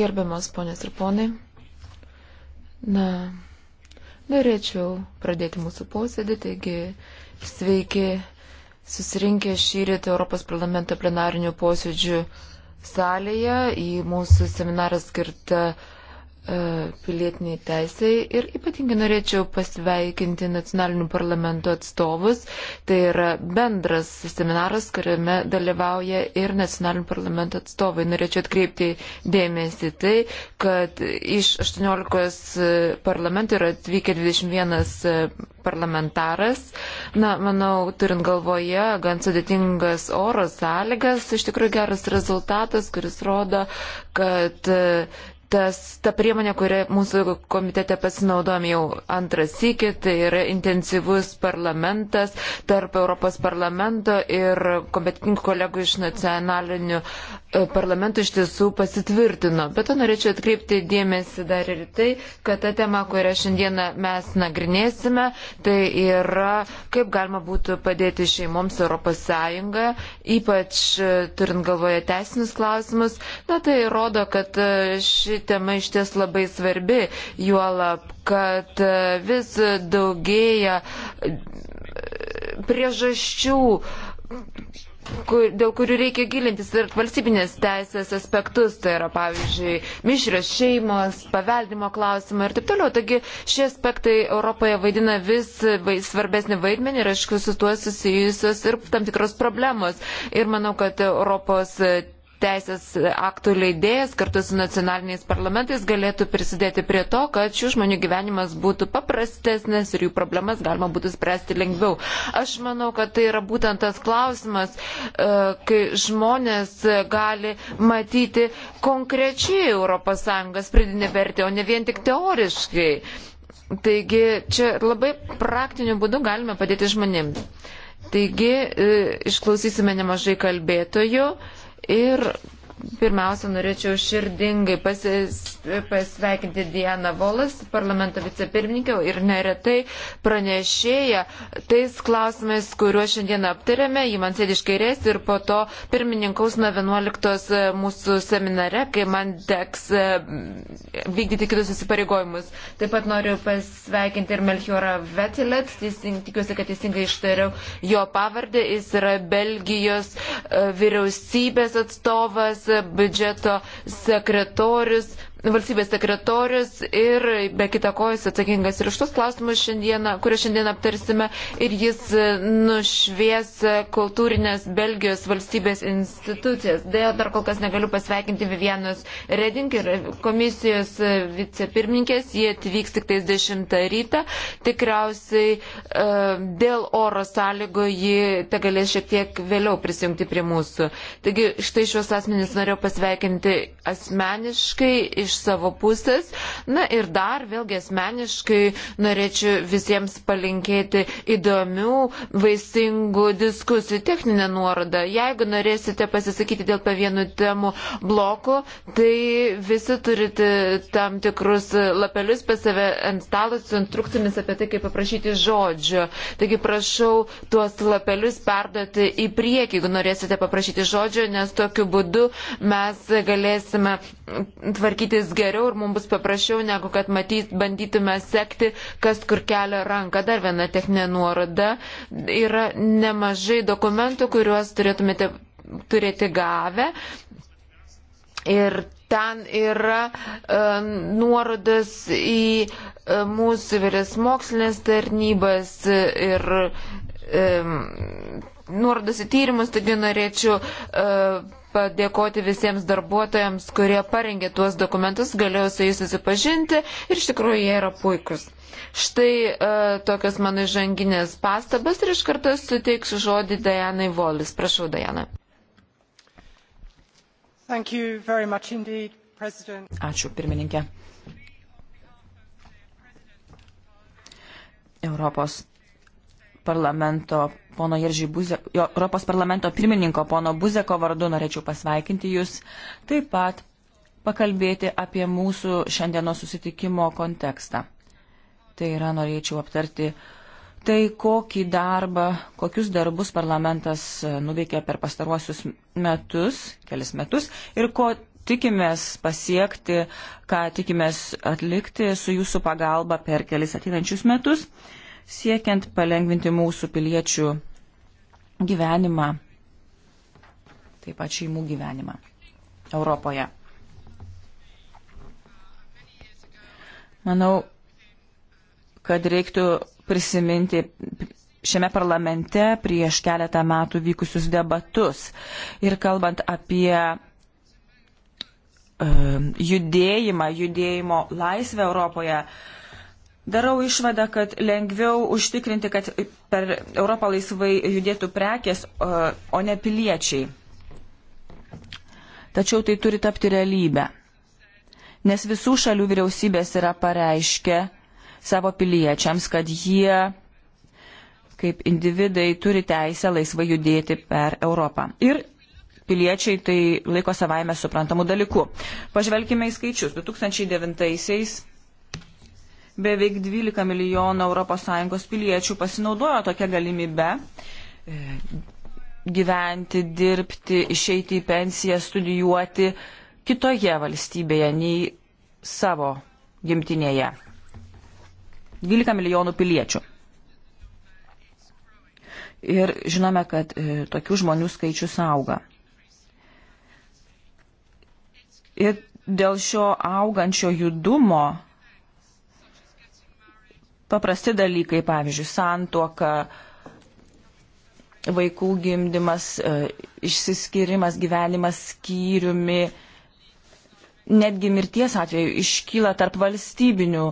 Gerbiamas ponės ir ponai, na, norėčiau pradėti mūsų posėdį, taigi sveiki susirinkę šį rytą Europos parlamento plenarinių posėdžių salėje į mūsų seminarą skirtą E, pilietiniai teisai ir ypatingai norėčiau pasveikinti nacionalinių parlamentų atstovus. Tai yra bendras seminaras, kuriame dalyvauja ir nacionalinių parlamentų atstovai. Norėčiau atkreipti dėmesį tai, kad iš 18 e, parlamentų yra atvykę 21 e, parlamentaras. Na, manau, turint galvoje gan sudėtingas oro sąlygas, iš tikrųjų geras rezultatas, kuris rodo, kad tas, ta priemonė, kurią mūsų komitete pasinaudom jau antras sykį, tai yra intensyvus parlamentas tarp Europos parlamento ir kompetitinkų kolegų iš nacionalinių e, parlamentų iš tiesų pasitvirtino. Bet to norėčiau atkreipti dėmesį dar ir tai, kad ta tema, kurią šiandieną mes nagrinėsime, tai yra kaip galima būtų padėti šeimoms Europos Sąjungoje, ypač e, turint galvoje teisinius klausimus. Na tai rodo, kad e, ši tema iš ties labai svarbi, juolab, kad e, vis daugėja e, priežasčių kur, dėl kurių reikia gilintis ir valstybinės teisės aspektus, tai yra, pavyzdžiui, mišrios šeimos, paveldimo klausimai ir taip toliau. Taigi šie aspektai Europoje vaidina vis svarbesnį vaidmenį ir, aišku, su tuo susijusios ir tam tikros problemos. Ir manau, kad Europos teisės aktų leidėjas kartu su nacionaliniais parlamentais galėtų prisidėti prie to, kad šių žmonių gyvenimas būtų paprastesnis ir jų problemas galima būtų spręsti lengviau. Aš manau, kad tai yra būtent tas klausimas, e, kai žmonės gali matyti konkrečiai ES pridinę vertę, o ne vien tik teoriškai. Taigi čia labai praktiniu būdu galime padėti žmonėms. Taigi e, išklausysime nemažai kalbėtojų ir Pirmiausia, norėčiau širdingai pasis, pasveikinti Dianą Volas, parlamento vicepirmininkę ir neretai pranešėja tais klausimais, kuriuos šiandien aptarėme. Ji man sėdi iš kairės ir po to pirmininkaus nuo 11 e, mūsų seminare, kai man teks e, vykdyti kitus įsipareigojimus. Taip pat noriu pasveikinti ir Melchiorą Vetilet. Tikiuosi, kad teisingai ištariau jo pavardę. Jis yra Belgijos e, vyriausybės atstovas biudžeto sekretorius valstybės sekretorius ir be kita ko jis atsakingas ir už tos klausimus, šiandieną, kuriuos šiandien aptarsime, ir jis e, nušvies e, kultūrinės Belgijos valstybės institucijas. Dėl dar kol kas negaliu pasveikinti Vivianos Redink ir komisijos e, vicepirmininkės, jie atvyks tik tais 10 rytą. Tikriausiai dėl oro sąlygo ji te galės šiek tiek vėliau prisijungti prie mūsų. Taigi štai šios asmenys norėjau pasveikinti asmeniškai iš iš savo pusės. Na ir dar vėlgi asmeniškai norėčiau visiems palinkėti įdomių, vaisingų diskusijų techninę nuorodą. Jeigu norėsite pasisakyti dėl pavienų temų blokų, tai visi turite tam tikrus lapelius pas save ant stalo su instrukcijomis apie tai, kaip paprašyti žodžio. Taigi prašau tuos lapelius perduoti į priekį, jeigu norėsite paprašyti žodžio, nes tokiu būdu mes galėsime tvarkytis geriau ir mums bus paprasčiau, negu kad matyt, bandytume sekti, kas kur kelia ranką. Dar viena techninė nuoroda. Yra nemažai dokumentų, kuriuos turėtumėte turėti gavę. Ir ten yra e, nuorodas į e, mūsų vyres mokslinės tarnybas ir e, nuorodas į tyrimus, taigi norėčiau. E, padėkoti visiems darbuotojams, kurie parengė tuos dokumentus, galėjau su jais susipažinti ir iš tikrųjų jie yra puikus. Štai e, tokios mano žanginės pastabas ir iš karto suteiksiu žodį Dajanai Volis. Prašau, Dajana. Indeed, Ačiū, pirmininkė. Europos parlamento, pono Jeržiai Buzeko, Europos parlamento pirmininko, pono Buzeko vardu norėčiau pasveikinti jūs, taip pat pakalbėti apie mūsų šiandieno susitikimo kontekstą. Tai yra, norėčiau aptarti tai, kokį darbą, kokius darbus parlamentas nuveikė per pastaruosius metus, kelis metus ir ko tikimės pasiekti, ką tikimės atlikti su jūsų pagalba per kelis ateinančius metus. Uh, siekiant palengvinti mūsų piliečių gyvenimą, taip pat šeimų gyvenimą Europoje. Manau, kad reiktų prisiminti šiame parlamente prieš keletą metų vykusius debatus ir kalbant apie e, judėjimą, judėjimo laisvę Europoje, uh, Darau išvadą, kad lengviau užtikrinti, kad per Europą laisvai judėtų prekės, o ne piliečiai. Tačiau tai turi tapti realybę. Nes visų šalių vyriausybės yra pareiškę savo piliečiams, kad jie kaip individai turi teisę laisvai judėti per Europą. Ir piliečiai tai laiko savaime suprantamų dalykų. Pažvelkime į skaičius. 2009-aisiais Beveik 12 milijonų ES piliečių pasinaudojo tokią galimybę e, gyventi, dirbti, išeiti į pensiją, studijuoti kitoje valstybėje nei savo gimtinėje. 12 milijonų piliečių. Ir žinome, kad e, tokių žmonių skaičius auga. Ir dėl šio augančio judumo paprasti dalykai, pavyzdžiui, santuoka, vaikų gimdymas, e, išsiskirimas, gyvenimas skyriumi, netgi mirties atveju iškyla tarp valstybinių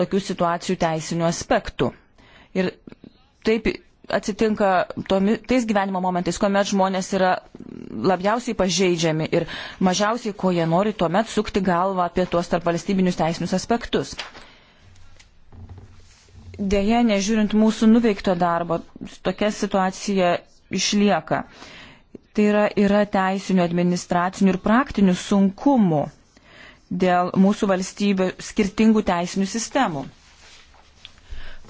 tokių situacijų teisinių aspektų. Ir taip atsitinka tomi, tais gyvenimo momentais, kuomet žmonės yra labiausiai pažeidžiami ir mažiausiai, ko jie nori, tuomet sukti galvą apie tuos tarp valstybinius teisinius aspektus. Deja, nežiūrint mūsų nuveikto darbo, tokia situacija išlieka. Tai yra, yra teisinių, administracinių ir praktinių sunkumų dėl mūsų valstybių skirtingų teisinių sistemų.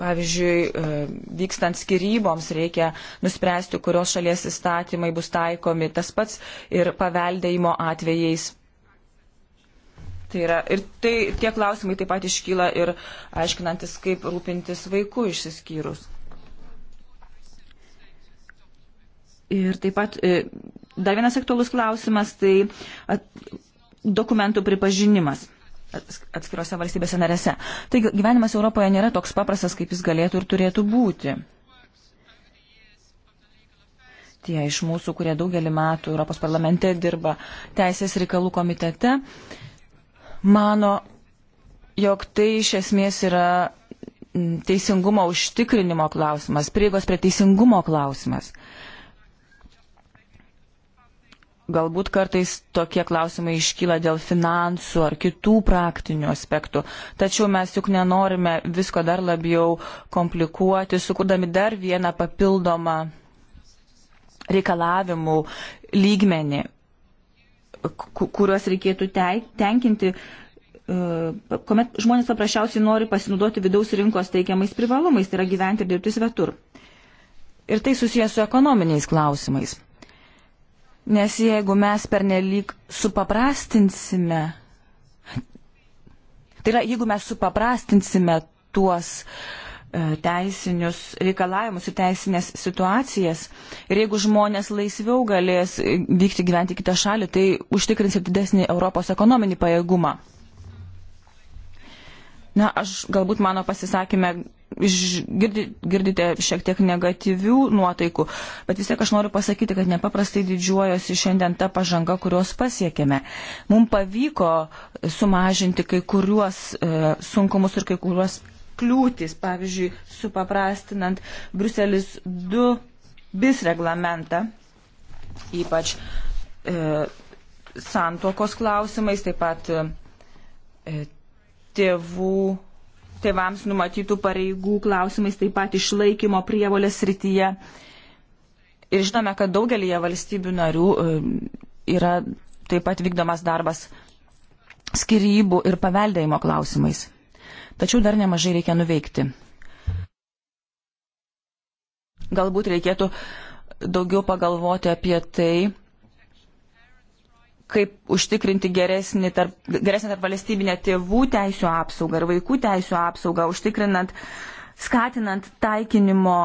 Pavyzdžiui, e, vykstant skiryboms reikia nuspręsti, kurios šalies įstatymai bus taikomi tas pats ir paveldėjimo atvejais Tai yra, ir tai, tie klausimai taip pat iškyla ir aiškinantis, kaip rūpintis vaikų išsiskyrus. Ir taip pat e, dar vienas aktualus klausimas, tai at, dokumentų pripažinimas atskirose valstybėse narėse. Taigi gyvenimas Europoje nėra toks paprastas, kaip jis galėtų ir turėtų būti. Tie iš mūsų, kurie daugelį metų Europos parlamente dirba Teisės reikalų komitete, uh, mano, jog tai iš esmės yra teisingumo užtikrinimo klausimas, prieigos prie teisingumo klausimas. Galbūt kartais tokie klausimai iškyla dėl finansų ar kitų praktinių aspektų, tačiau mes juk nenorime visko dar labiau komplikuoti, sukurdami dar vieną papildomą reikalavimų lygmenį kuriuos reikėtų tenkinti, e, kuomet žmonės paprasčiausiai nori pasinaudoti vidaus rinkos teikiamais privalumais, tai yra gyventi ir dirbti svetur. Ir tai susijęs su ekonominiais klausimais. Nes jeigu mes pernelyg supaprastinsime, tai yra, jeigu mes supaprastinsime tuos uh, teisinius reikalavimus ir teisinės situacijas. Ir jeigu žmonės laisviau galės vykti gyventi kitą šalį, tai užtikrins ir didesnį Europos ekonominį pajėgumą. Na, aš galbūt mano pasisakymę girdi, girdite šiek tiek negatyvių nuotaikų, bet vis tiek aš noriu pasakyti, kad nepaprastai didžiuojosi šiandien tą pažangą, kurios pasiekėme. Mums pavyko sumažinti kai kuriuos e, sunkumus ir kai kuriuos kliūtis, pavyzdžiui, supaprastinant Bruselis 2 bis reglamentą, ypač e, santuokos klausimais, taip pat e, tėvų, tėvams numatytų pareigų klausimais, taip pat išlaikymo prievolės rytyje. Ir žinome, kad daugelįje valstybių narių e, yra taip pat vykdomas darbas skirybų ir paveldėjimo klausimais. Tačiau dar nemažai reikia nuveikti. Galbūt reikėtų daugiau pagalvoti apie tai, kaip užtikrinti geresnį tarp, geresnį tarp valstybinę tėvų teisų apsaugą ir vaikų teisų apsaugą, užtikrinant, skatinant taikinimo.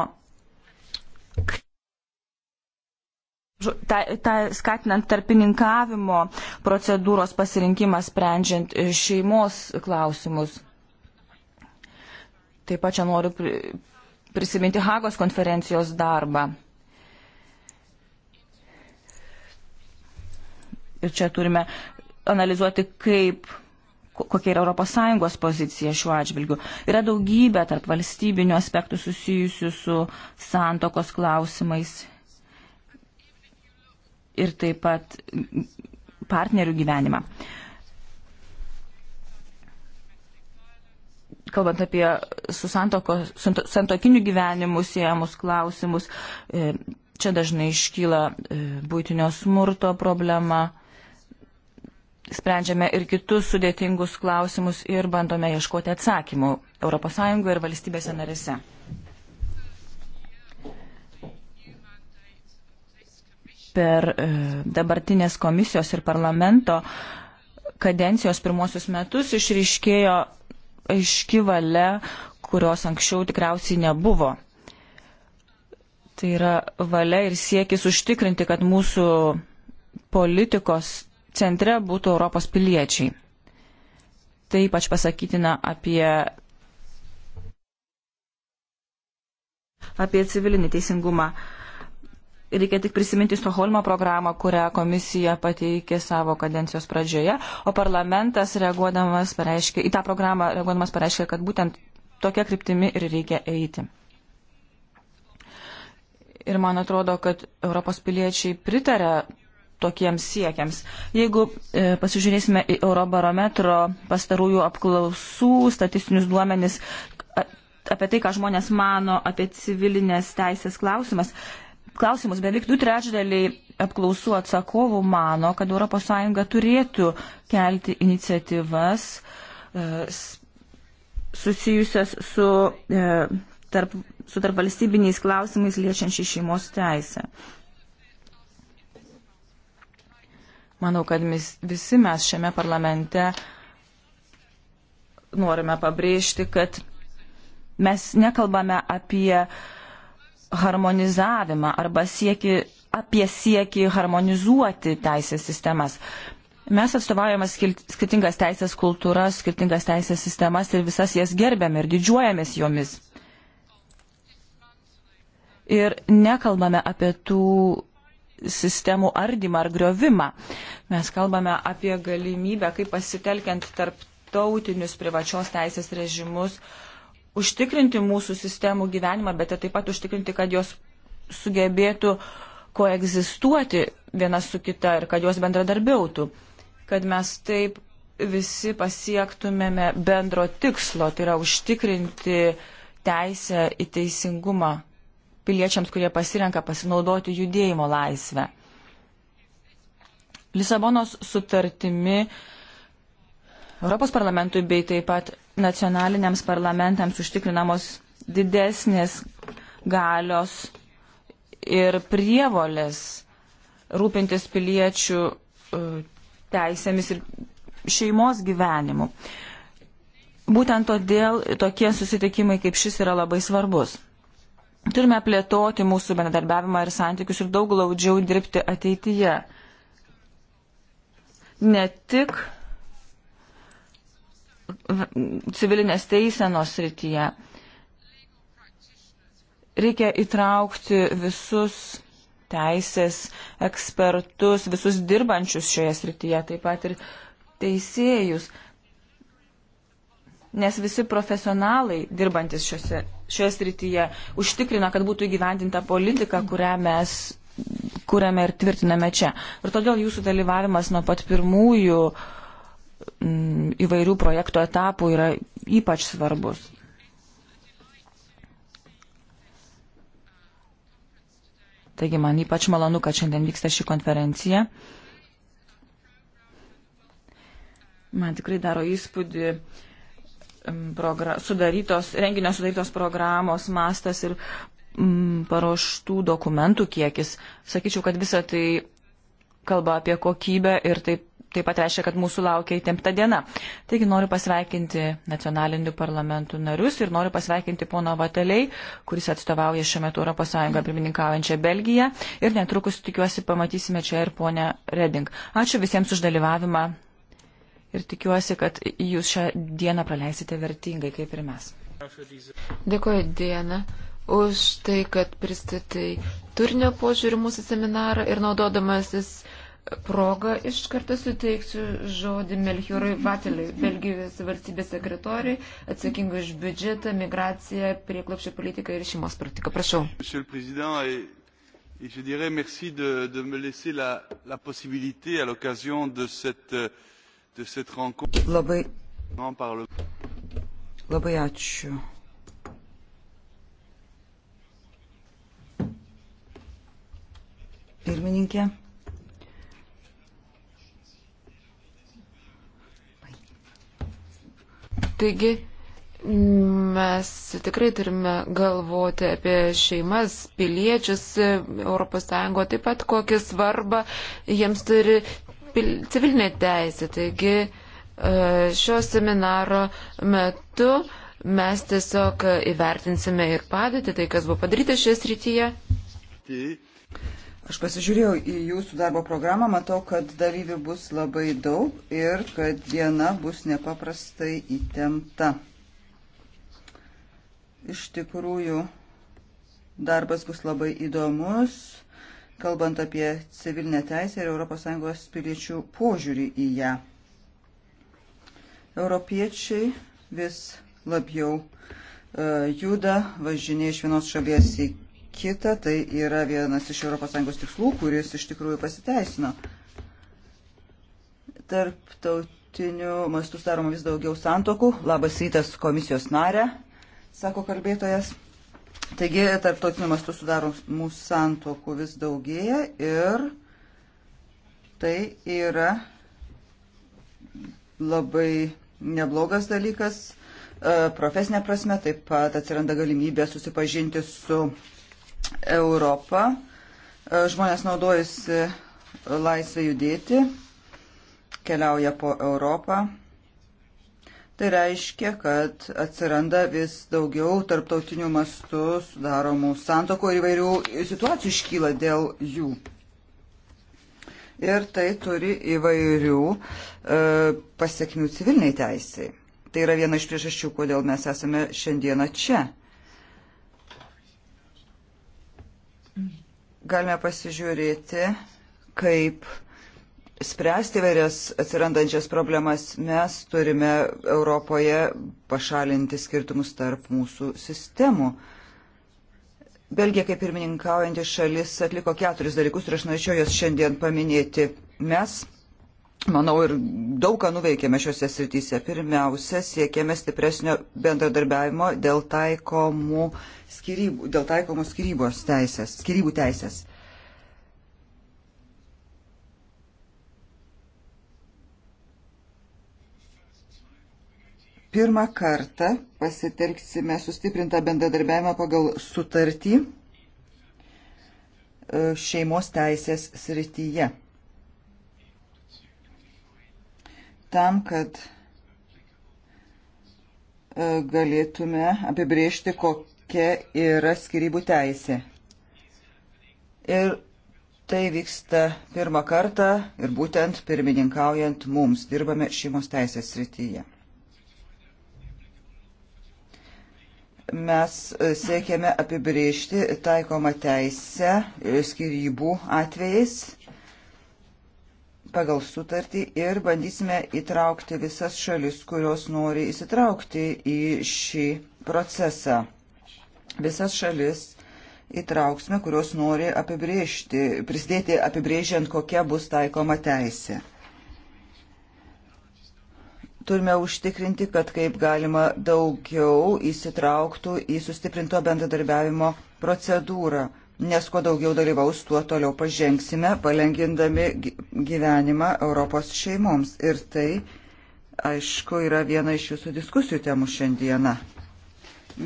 Ta, ta, skatinant tarpininkavimo procedūros pasirinkimą sprendžiant šeimos klausimus. Taip pat čia noriu prisiminti Hagos konferencijos darbą. Ir čia turime analizuoti, kaip, kokia yra ES pozicija šiuo atžvilgiu. Yra daugybė tarp valstybinių aspektų susijusių su santokos klausimais ir taip pat partnerių gyvenimą. Uh, kalbant apie su santoko, santokiniu gyvenimu siejamus klausimus, e, čia dažnai iškyla e, būtinio smurto problema. Sprendžiame ir kitus sudėtingus klausimus ir bandome ieškoti atsakymų ES ir valstybėse narėse. Per e, dabartinės komisijos ir parlamento kadencijos pirmosius metus išryškėjo aiški valia, kurios anksčiau tikriausiai nebuvo. Tai yra valia ir siekis užtikrinti, kad mūsų politikos centre būtų Europos piliečiai. Tai ypač pasakytina apie, apie civilinį teisingumą. Uh, Reikia tik prisiminti Stoholmo programą, kurią komisija pateikė savo kadencijos pradžioje, o parlamentas reaguodamas pareiškė, į tą programą reaguodamas pareiškė, kad būtent tokia kryptimi ir reikia eiti. Ir man atrodo, kad Europos piliečiai pritarė tokiems siekiams. Jeigu e, pasižiūrėsime į Eurobarometro pastarųjų apklausų statistinius duomenis apie tai, ką žmonės mano apie civilinės teisės klausimas, klausimus beveik du trečdaliai apklausų atsakovų mano, kad ES turėtų kelti iniciatyvas e, susijusias su, e, tarp, su tarpvalstybiniais klausimais liečiančiai šeimos teisę. Manau, kad mes, visi mes šiame parlamente norime pabrėžti, kad mes nekalbame apie uh, harmonizavimą arba sieki, apie sieki harmonizuoti teisės sistemas. Mes atstovaujame skirtingas teisės kultūras, skirtingas teisės sistemas ir visas jas gerbėme ir didžiuojamės jomis. Ir nekalbame apie tų sistemų ardymą ar griovimą. Mes kalbame apie galimybę, kaip pasitelkiant tarptautinius privačios teisės režimus, uh, užtikrinti mūsų sistemų gyvenimą, bet ir taip pat užtikrinti, kad jos sugebėtų koegzistuoti viena su kita ir kad jos bendradarbiautų, kad mes taip visi pasiektumėme bendro tikslo, tai yra užtikrinti teisę į teisingumą piliečiams, kurie pasirenka pasinaudoti judėjimo laisvę. Lisabonos sutartimi Europos parlamentui bei taip pat nacionaliniams parlamentams užtikrinamos didesnės galios ir prievolės rūpintis piliečių e, teisėmis ir šeimos gyvenimu. Būtent todėl tokie susitikimai kaip šis yra labai svarbus. Turime plėtoti mūsų bendradarbiavimą ir santykius ir daug glaudžiau dirbti ateityje. Ne tik civilinės teisenos srityje. Reikia įtraukti visus teisės ekspertus, visus dirbančius šioje srityje, taip pat ir teisėjus, nes visi profesionalai dirbantis šiose, šioje srityje užtikrina, kad būtų įgyvendinta politika, kurią mes kuriame ir tvirtiname čia. Ir todėl jūsų dalyvavimas nuo pat pirmųjų uh, įvairių projektų etapų yra ypač svarbus. Taigi man ypač malonu, kad šiandien vyksta ši konferencija. Man tikrai daro įspūdį sudarytos, renginio sudarytos programos mastas ir mm, paruoštų dokumentų kiekis. Sakyčiau, kad visa tai kalba apie kokybę ir taip taip pat reiškia, kad mūsų laukia įtempta diena. Taigi noriu pasveikinti nacionalinių parlamentų narius ir noriu pasveikinti pono Vateliai, kuris atstovauja šiuo metu ES pirmininkaujančią Belgiją. Ir netrukus tikiuosi pamatysime čia ir ponę Reding. Ačiū visiems už dalyvavimą ir tikiuosi, kad jūs šią dieną praleisite vertingai, kaip ir mes. Dėkuoju, Diena, už tai, kad pristatai turinio požiūrį mūsų seminarą ir naudodamasis progą iš karto suteiksiu žodį Melchiorui Vateliui, Belgijos valstybės sekretoriui, atsakingu už biudžetą, migraciją, prieklapšio politiką ir šeimos politiką. Prašau. Et je dirais merci de, de me laisser la, la possibilité à l'occasion de cette, de cette rencontre. Labai, labai ačiū. Pirmininkė. Taigi mes tikrai turime galvoti apie šeimas, piliečius ES, taip pat kokią svarbą jiems turi civilinė teisė. Taigi e, šio seminaro metu mes tiesiog įvertinsime ir padėtį tai, kas buvo padaryta šioje srityje. Aš pasižiūrėjau į jūsų darbo programą, matau, kad dalyvių bus labai daug ir kad diena bus nepaprastai įtempta. Iš tikrųjų, darbas bus labai įdomus, kalbant apie civilinę teisę ir ES piliečių požiūrį į ją. Europiečiai vis labiau uh, juda, važinė iš vienos šalies į kita, tai yra vienas iš ES tikslų, kuris iš tikrųjų pasiteisino. Tarptautiniu mastu staroma vis daugiau santokų. Labas rytas komisijos narė, sako kalbėtojas. Taigi, tarptautiniu mastu sudaro mūsų santokų vis daugėja ir tai yra labai neblogas dalykas. E, profesinė prasme taip pat atsiranda galimybė susipažinti su Europą. E, žmonės naudojasi laisvę judėti, keliauja po Europą. Tai reiškia, kad atsiranda vis daugiau tarptautinių mastų sudaromų santokų ir įvairių situacijų iškyla dėl jų. Ir tai turi įvairių e, pasiekmių civiliniai teisai. Tai yra viena iš priežasčių, kodėl mes esame šiandieną čia. galime pasižiūrėti, kaip spręsti vairias atsirandančias problemas. Mes turime Europoje pašalinti skirtumus tarp mūsų sistemų. Belgija kaip pirmininkaujantis šalis atliko keturis dalykus ir aš norėčiau juos šiandien paminėti. Mes Manau, ir daug ką nuveikėme šiuose srityse. Pirmiausia, siekėme stipresnio bendradarbiavimo dėl taikomų skirybų, dėl taikomų skirybos teisės, skirybų teisės. Pirmą kartą pasitelksime sustiprintą bendradarbiavimą pagal sutartį e, šeimos teisės srityje. tam, kad e, galėtume apibriežti, kokia yra skirybų teisė. Ir tai vyksta pirmą kartą ir būtent pirmininkaujant mums dirbame šeimos teisės srityje. Mes e, siekiame apibriežti taikomą teisę e, skirybų atvejais pagal sutartį ir bandysime įtraukti visas šalis, kurios nori įsitraukti į šį procesą. Visas šalis įtrauksime, kurios nori apibriežti, prisidėti apibrėžiant, kokia bus taikoma teisė. Turime užtikrinti, kad kaip galima daugiau įsitrauktų į sustiprinto bendradarbiavimo procedūrą nes kuo daugiau dalyvaus, tuo toliau pažengsime, palengindami gyvenimą Europos šeimoms. Ir tai, aišku, yra viena iš jūsų diskusijų temų šiandieną.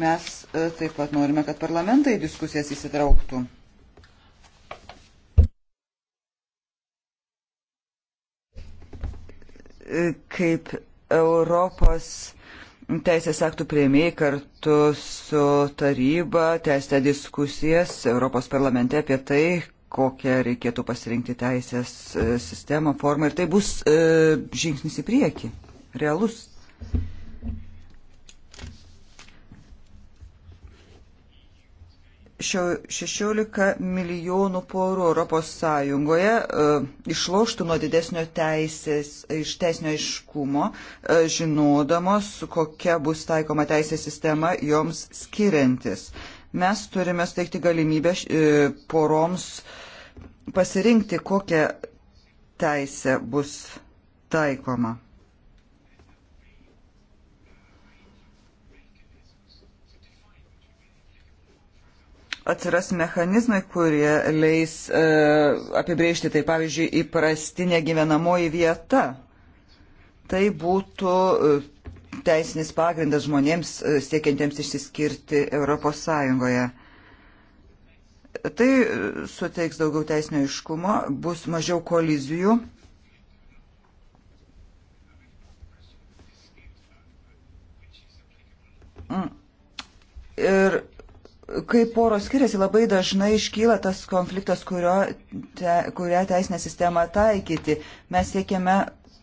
Mes e, taip pat norime, kad parlamentai diskusijas įsitrauktų. E, kaip Europos Teisės aktų prieimėjai kartu su taryba tęsė diskusijas Europos parlamente apie tai, kokią reikėtų pasirinkti teisės e, sistemą, formą ir tai bus e, žingsnis į priekį, realus. 16 milijonų porų Europos Sąjungoje uh, išloštų nuo didesnio teisės, iš teisinio aiškumo, uh, žinodamos, kokia bus taikoma teisės sistema joms skiriantis. Mes turime steigti galimybę uh, poroms pasirinkti, kokia teisė bus taikoma. atsiras mechanizmai, kurie leis e, apibrėžti tai, pavyzdžiui, įprastinė gyvenamoji vieta. Tai būtų e, teisinis pagrindas žmonėms e, siekiantiems išsiskirti Europos Sąjungoje. Tai e, suteiks daugiau teisinio iškumo, bus mažiau kolizijų. Mm. Ir kai poros skiriasi, labai dažnai iškyla tas konfliktas, kurio, te, kurią teisinę sistemą taikyti. Mes siekiame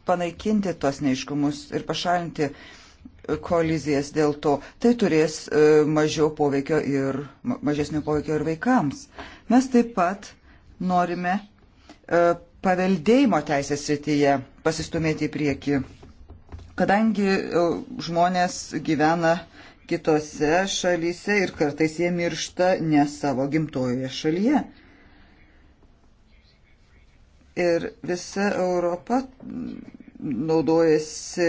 panaikinti tos neiškumus ir pašalinti kolizijas dėl to. Tai turės e, mažiau poveikio ir mažesnio poveikio ir vaikams. Mes taip pat norime e, paveldėjimo teisės srityje pasistumėti į priekį. Kadangi e, žmonės gyvena uh, kitose šalyse ir kartais jie miršta ne savo gimtojoje šalyje. Ir visa Europa naudojasi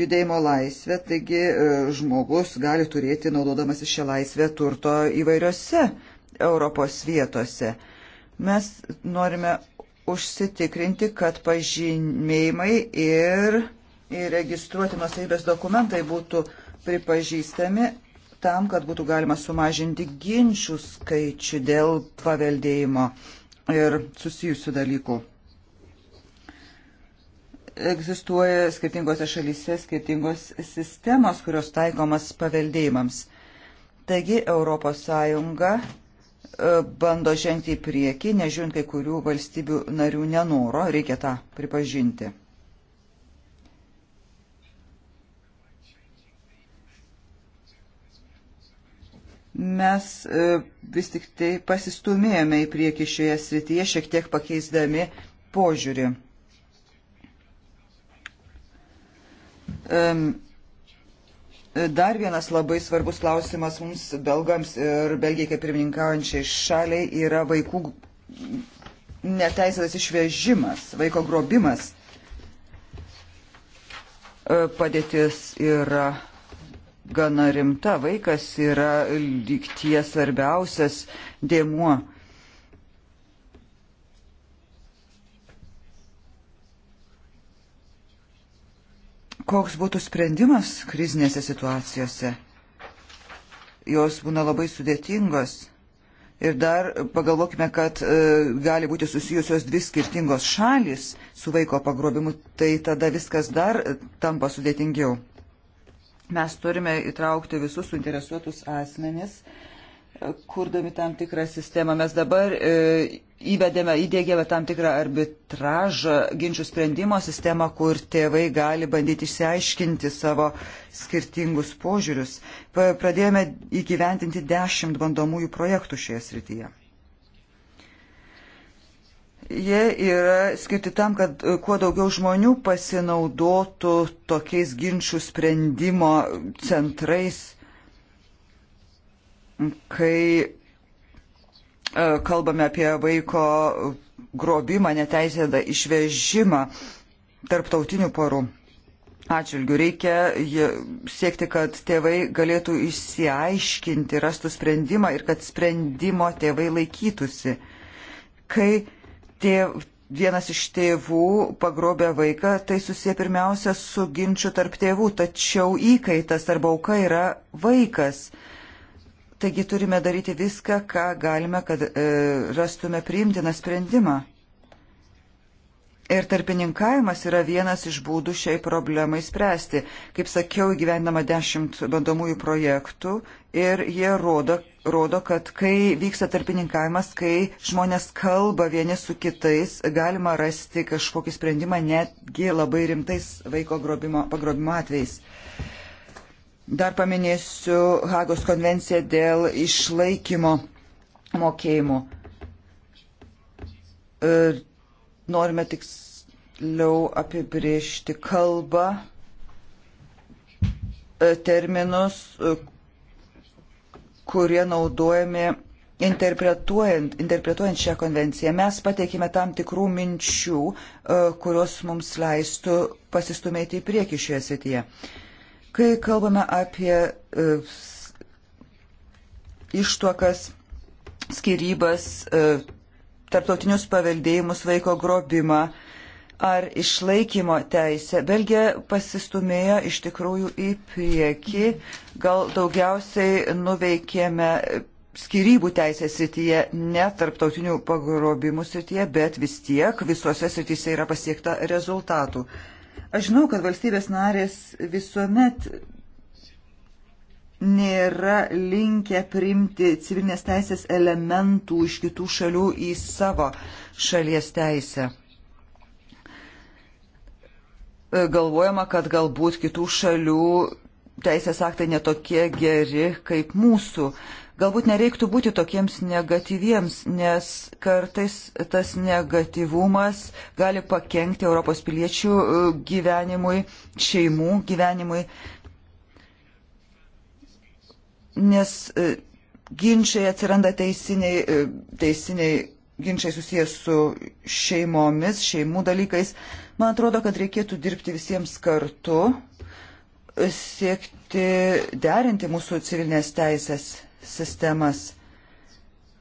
judėjimo laisvę, taigi e, žmogus gali turėti, naudodamas šią laisvę, turto įvairiose Europos vietose. Mes norime užsitikrinti, kad pažymėjimai ir įregistruoti nusavybės dokumentai būtų uh, pripažįstami tam, kad būtų galima sumažinti ginčių skaičių dėl paveldėjimo ir susijusių dalykų. Egzistuoja skirtingose šalyse skirtingos sistemos, kurios taikomas paveldėjimams. Taigi ES e, bando žengti į priekį, nežiūrint kai kurių valstybių narių nenoro, reikia tą pripažinti. mes e, vis tik tai pasistumėjome į priekį šioje srityje, šiek tiek pakeisdami požiūrį. Dar vienas labai svarbus klausimas mums belgams ir Belgijai kaip pirmininkaujančiai šaliai yra vaikų neteisėtas išvežimas, vaiko grobimas. E, padėtis yra gana rimta. Vaikas yra lygties svarbiausias dėmuo. Koks būtų sprendimas krizinėse situacijose? Jos būna labai sudėtingos. Ir dar pagalvokime, kad e, gali būti susijusios dvi skirtingos šalis su vaiko pagrobimu, tai tada viskas dar e, tampa sudėtingiau. Mes turime įtraukti visus suinteresuotus asmenis, e, kurdami tam tikrą sistemą. Mes dabar e, įvedėme, įdėgėme tam tikrą arbitražą ginčių sprendimo sistemą, kur tėvai gali bandyti išsiaiškinti savo skirtingus požiūrius. Pradėjome įgyventinti dešimt bandomųjų projektų šioje srityje jie yra skirti tam, kad e, kuo daugiau žmonių pasinaudotų tokiais ginčių sprendimo centrais, kai e, kalbame apie vaiko grobimą, neteisėtą išvežimą tarptautinių porų atžvilgių. Reikia siekti, kad tėvai galėtų išsiaiškinti, rastų sprendimą ir kad sprendimo tėvai laikytųsi. Kai tėv, vienas iš tėvų pagrobė vaiką, tai susiję pirmiausia su ginčiu tarp tėvų, tačiau įkaitas arba auka yra vaikas. Taigi turime daryti viską, ką galime, kad e, rastume priimtiną sprendimą. Ir tarpininkavimas yra vienas iš būdų šiai problemai spręsti. Kaip sakiau, gyvenama dešimt bandomųjų projektų ir jie rodo, rodo, kad kai vyksta tarpininkavimas, kai žmonės kalba vieni su kitais, galima rasti kažkokį sprendimą netgi labai rimtais vaiko grobimo, pagrobimo atvejais. Dar paminėsiu Hagos konvenciją dėl išlaikymo mokėjimų. Ir e, Norime tiksliau apibriežti kalbą, e, terminus, e, kurie naudojami interpretuojant, interpretuojant šią konvenciją. Mes pateikime tam tikrų minčių, e, kurios mums leistų pasistumėti į priekį šioje srityje. Kai kalbame apie ištuokas, skirybas, tarptautinius paveldėjimus, vaiko grobimą ar išlaikymo teisę. Belgija pasistumėjo iš tikrųjų į priekį, gal daugiausiai nuveikėme skirybų teisės srityje, ne tarptautinių pagrobimų srityje, bet vis tiek visose srityse yra pasiekta rezultatų. Aš žinau, kad valstybės narės visuomet nėra linkę primti civilinės teisės elementų iš kitų šalių į savo šalies teisę. Galvojama, kad galbūt kitų šalių teisės aktai netokie geri kaip mūsų. Galbūt nereiktų būti tokiems negatyviems, nes kartais tas negatyvumas gali pakengti Europos piliečių e, gyvenimui, šeimų gyvenimui, nes e, ginčiai atsiranda teisiniai, e, teisiniai ginčiai susijęs su šeimomis, šeimų dalykais. Man atrodo, kad reikėtų dirbti visiems kartu, e, siekti derinti mūsų civilinės teisės sistemas,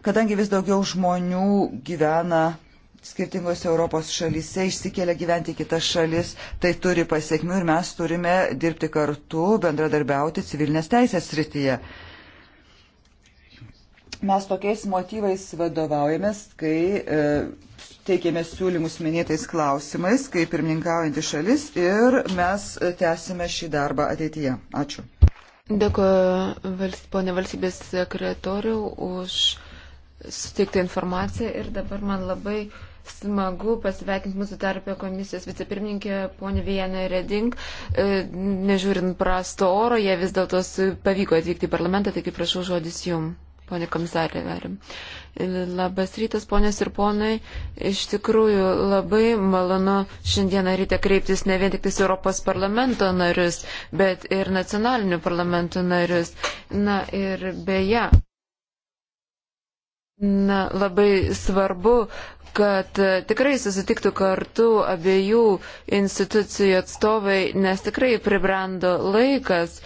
kadangi vis daugiau žmonių gyvena skirtingose Europos šalyse išsikelia gyventi kitas šalis, tai turi pasiekmių ir mes turime dirbti kartu, bendradarbiauti civilinės teisės srityje. Mes tokiais motyvais vadovaujamės, kai e, teikėme siūlymus minėtais klausimais, kaip pirmininkaujantį šalis ir mes tęsime šį darbą ateityje. Ačiū. Dėkuoju, vals, ponė valstybės sekretoriu, už suteiktą informaciją ir dabar man labai uh, smagu pasveikinti mūsų tarpę komisijos vicepirmininkė ponė Viena Reding. E, nežiūrint prasto oro, jie vis dėlto pavyko atvykti į parlamentą, taigi prašau žodis jum. Pone komisarė, verim. E, labas rytas, ponės ir ponai. Iš tikrųjų, labai malonu šiandieną ryte kreiptis ne vien tik tais Europos parlamento narius, bet ir nacionalinių parlamentų narius. Na ir beje. Na, labai svarbu, kad e, tikrai susitiktų kartu abiejų institucijų atstovai, nes tikrai pribrendo laikas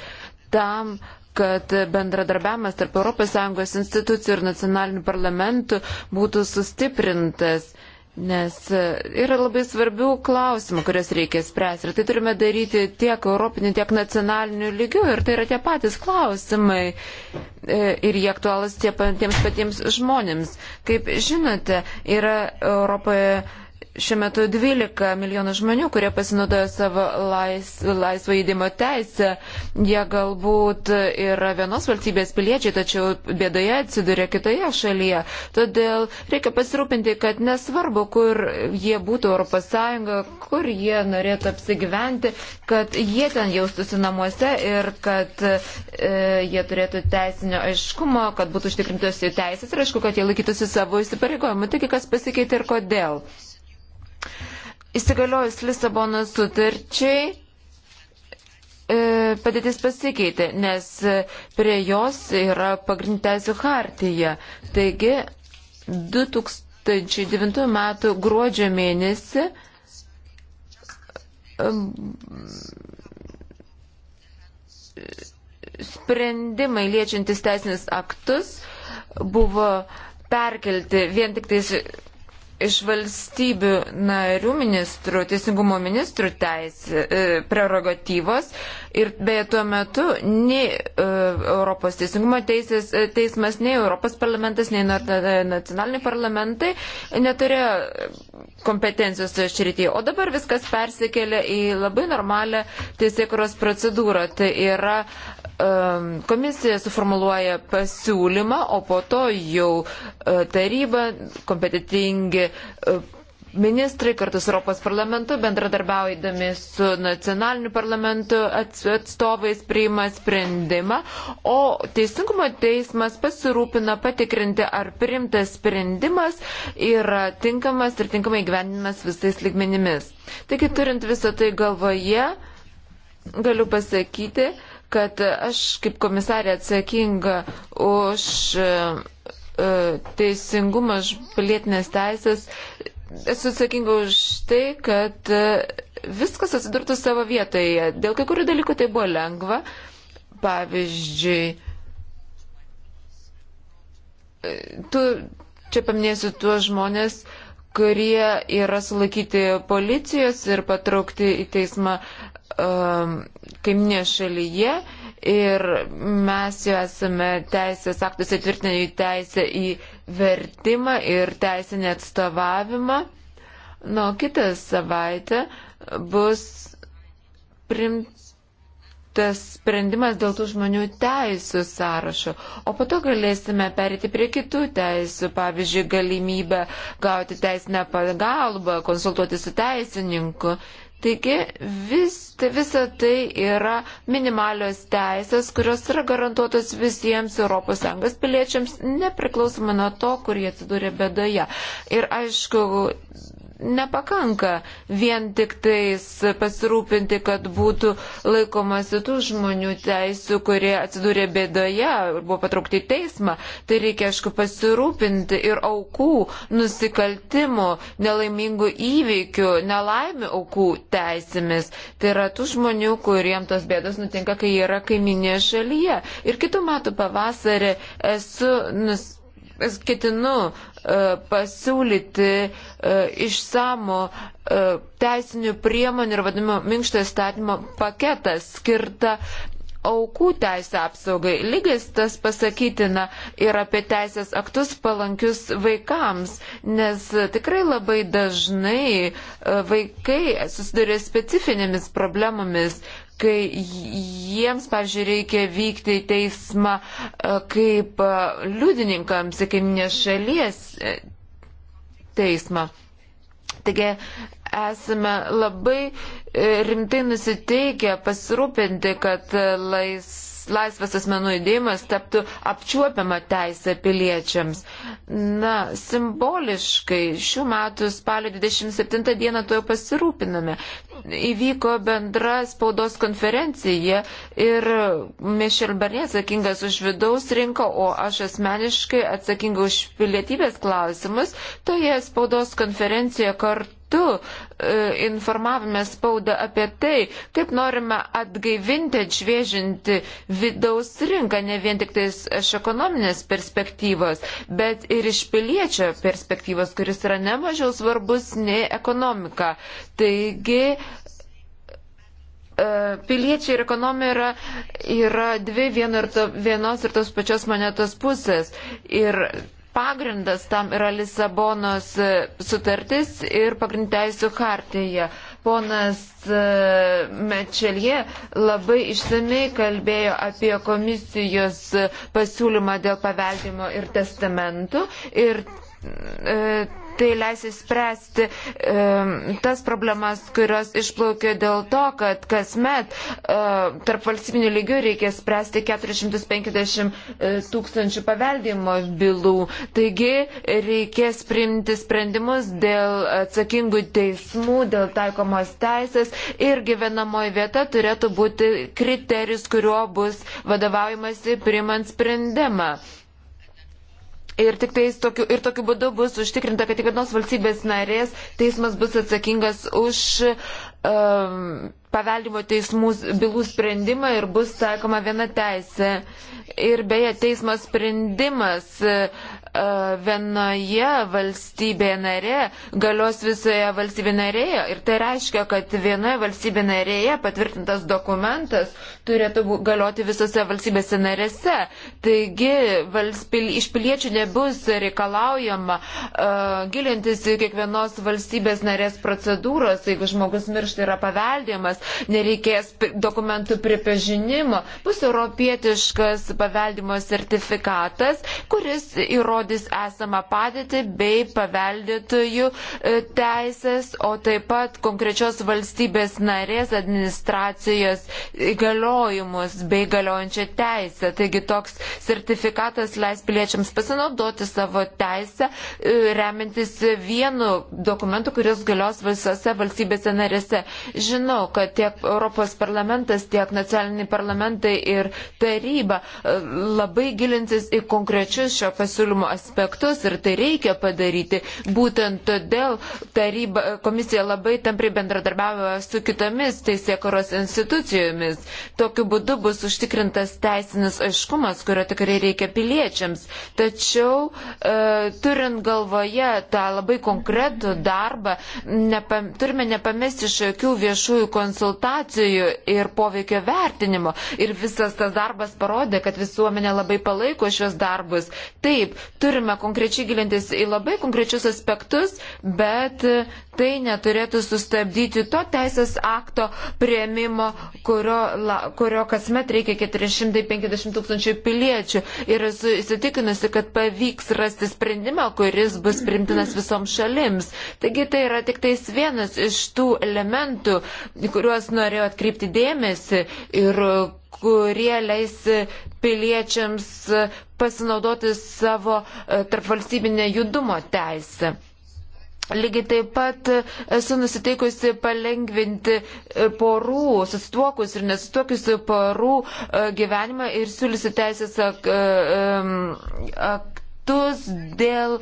tam, kad bendradarbiavimas tarp ES institucijų ir nacionalinių parlamentų būtų sustiprintas. Nes e, yra labai svarbių klausimų, kurias reikia spręsti. Ir tai turime daryti tiek europiniu, tiek nacionaliniu lygiu. Ir tai yra tie patys klausimai. E, ir jie aktualas tie patiems patiems žmonėms. Kaip žinote, yra Europoje šiuo metu 12 milijonų žmonių, kurie pasinaudoja savo lais, laisvą įdimo teisę. Jie galbūt yra vienos valstybės piliečiai, tačiau bėdoje atsiduria kitoje šalyje. Todėl reikia pasirūpinti, kad nesvarbu, kur jie būtų ES, kur jie norėtų apsigyventi, kad jie ten jaustųsi namuose ir kad e, jie turėtų teisinio aiškumo, kad būtų užtikrintos jų teisės ir aišku, kad jie laikytųsi savo įsipareigojimų. Taigi, kas pasikeitė ir kodėl? Įsigaliojus Lisabono sutarčiai e, padėtis pasikeitė, nes prie jos yra pagrindteisių hartija. Taigi 2009 m. gruodžio mėnesį e, sprendimai liečiantis teisinis aktus buvo perkelti vien tik tais iš valstybių narių ministrų, teisingumo ministrų teisė, e, prerogatyvos ir beje tuo metu nei e, Europos teisingumo teisės, e, teismas, nei Europos parlamentas, nei nacionaliniai parlamentai neturėjo kompetencijos toje šrityje. O dabar viskas persikėlė į labai normalią teisėkuros procedūrą. Tai yra Um, komisija suformuluoja pasiūlymą, o po to jau uh, taryba, kompetitingi uh, ministrai kartu su Europos parlamentu, bendradarbiaudami su nacionaliniu parlamentu atstovais priima sprendimą, o Teisingumo teismas pasirūpina patikrinti, ar primtas sprendimas yra tinkamas ir tinkamai gyvenimas visais ligmenimis. Taigi turint visą tai galvoje, galiu pasakyti, kad aš kaip komisarė atsakinga už e, e, teisingumą, už pilietinės teisės, esu atsakinga už tai, kad e, viskas atsidurtų savo vietoje. Dėl kai kurių dalykų tai buvo lengva. Pavyzdžiui, tu čia paminėsiu tuos žmonės, kurie yra sulaikyti policijos ir patraukti į teismą um, kaiminė šalyje ir mes jau esame teisės aktus įtvirtinę į teisę į vertimą ir teisinį atstovavimą. Nuo kitą savaitę bus primtas sprendimas dėl tų žmonių teisų sąrašo, o po to galėsime perėti prie kitų teisų, pavyzdžiui, galimybę gauti teisinę pagalbą, konsultuoti su teisininku Taigi vis, tai visa tai yra minimalios teisės, kurios yra garantuotos visiems ES piliečiams, nepriklausomai nuo to, kur jie atsidūrė bedoje. Ir aišku, nepakanka vien tik tais pasirūpinti, kad būtų laikomasi tų žmonių teisų, kurie atsidūrė bėdoje ir buvo patraukti į teismą. Tai reikia, aišku, pasirūpinti ir aukų, nusikaltimų, nelaimingų įvykių, nelaimių aukų teisėmis. Tai yra tų žmonių, kuriems tos bėdos nutinka, kai yra kaiminė šalyje. Ir kitų metų pavasarį esu nusipirkęs ketinu e, pasiūlyti e, išsamų e, teisinių priemonių ir vadinimo minkšto įstatymo paketą skirtą aukų teisę apsaugai. Lygis tas pasakytina ir apie teisės aktus palankius vaikams, nes tikrai labai dažnai vaikai susiduria specifinėmis problemomis, kai jiems, pavyzdžiui, reikia vykti į teismą e, kaip e, liudininkams, kaip nešalies e, teismą. Taigi esame labai rimtai nusiteikę pasirūpinti, kad lais laisvas asmenų judėjimas taptų apčiuopiama teisė piliečiams. Na, simboliškai šių metų spalio 27 dieną to jau pasirūpiname. Įvyko bendra spaudos konferencija ir Mišel Barnė atsakingas už vidaus rinką, o aš asmeniškai atsakinga už pilietybės klausimus. Toje spaudos konferencijoje kartu metu e, informavome spaudą apie tai, kaip norime atgaivinti, atšviežinti vidaus rinką, ne vien tik tais iš ekonominės perspektyvos, bet ir iš piliečio perspektyvos, kuris yra nemažiau svarbus nei ekonomika. Taigi, e, piliečiai ir ekonomija yra, yra dvi vieno ir to, vienos ir tos pačios monetos pusės. Ir pagrindas tam yra Lisabonos e, sutartis ir pagrindteisų hartija. Ponas e, Mečelie labai išsamei kalbėjo apie komisijos pasiūlymą dėl paveldimo ir testamentų ir e, tai leis išspręsti e, tas problemas, kurios išplaukė dėl to, kad kasmet e, tarp valstybinių lygių reikia spręsti 450 e, tūkstančių paveldimo bylų. Taigi reikės priimti sprendimus dėl atsakingų teismų, dėl taikomos teisės ir gyvenamoji vieta turėtų būti kriterijus, kuriuo bus vadovaujamasi primant sprendimą. Ir tik tais tokiu, ir tokiu būdu bus užtikrinta, kad tik vienos valstybės narės teismas bus atsakingas už um, paveldimo teismų bylų sprendimą ir bus taikoma viena teisė. Ir beje, teismo sprendimas uh, vienoje valstybėje narė galios visoje valstybėje narėje. Ir tai reiškia, kad vienoje valstybėje narėje patvirtintas dokumentas turėtų galioti visose valstybėse narėse. Taigi valspil, iš piliečių nebus reikalaujama uh, gilintis į kiekvienos valstybės narės procedūros. Jeigu žmogus miršta yra paveldimas, nereikės dokumentų pripažinimo. Bus europietiškas paveldimo sertifikatas, kuris įrodo parodys esamą padėtį bei paveldėtojų e, teisės, o taip pat konkrečios valstybės narės administracijos įgaliojimus bei galiojančią teisę. Taigi toks sertifikatas leis piliečiams pasinaudoti savo teisę, e, remintis vienu dokumentu, kuris galios visose valstybėse narėse. Žinau, kad tiek Europos parlamentas, tiek nacionaliniai parlamentai ir taryba e, labai gilinsis į konkrečius šio pasiūlymo aspektus ir tai reikia padaryti. Būtent todėl taryba, komisija labai tampriai bendradarbiavo su kitomis teisėkoros institucijomis. Tokiu būdu bus užtikrintas teisinis aiškumas, kurio tikrai reikia piliečiams. Tačiau e, turint galvoje tą labai konkretų darbą, nepam, turime nepamesti iš jokių viešųjų konsultacijų ir poveikio vertinimo. Ir visas tas darbas parodė, kad visuomenė labai palaiko šios darbus. Taip, turime konkrečiai gilintis į labai konkrečius aspektus, bet tai neturėtų sustabdyti to teisės akto prieimimo, kurio, la, kurio kasmet reikia 450 tūkstančių piliečių. Ir esu įsitikinusi, kad pavyks rasti sprendimą, kuris bus primtinas visoms šalims. Taigi tai yra tik tais vienas iš tų elementų, kuriuos norėjau atkreipti dėmesį ir kurie leis piliečiams pasinaudoti savo e, tarpvalstybinę judumo teisę. Lygiai taip pat esu nusiteikusi palengvinti e, porų, susituokus ir nesusituokusių porų e, gyvenimą ir siūlysiu teisės ak, e, ak, aktus dėl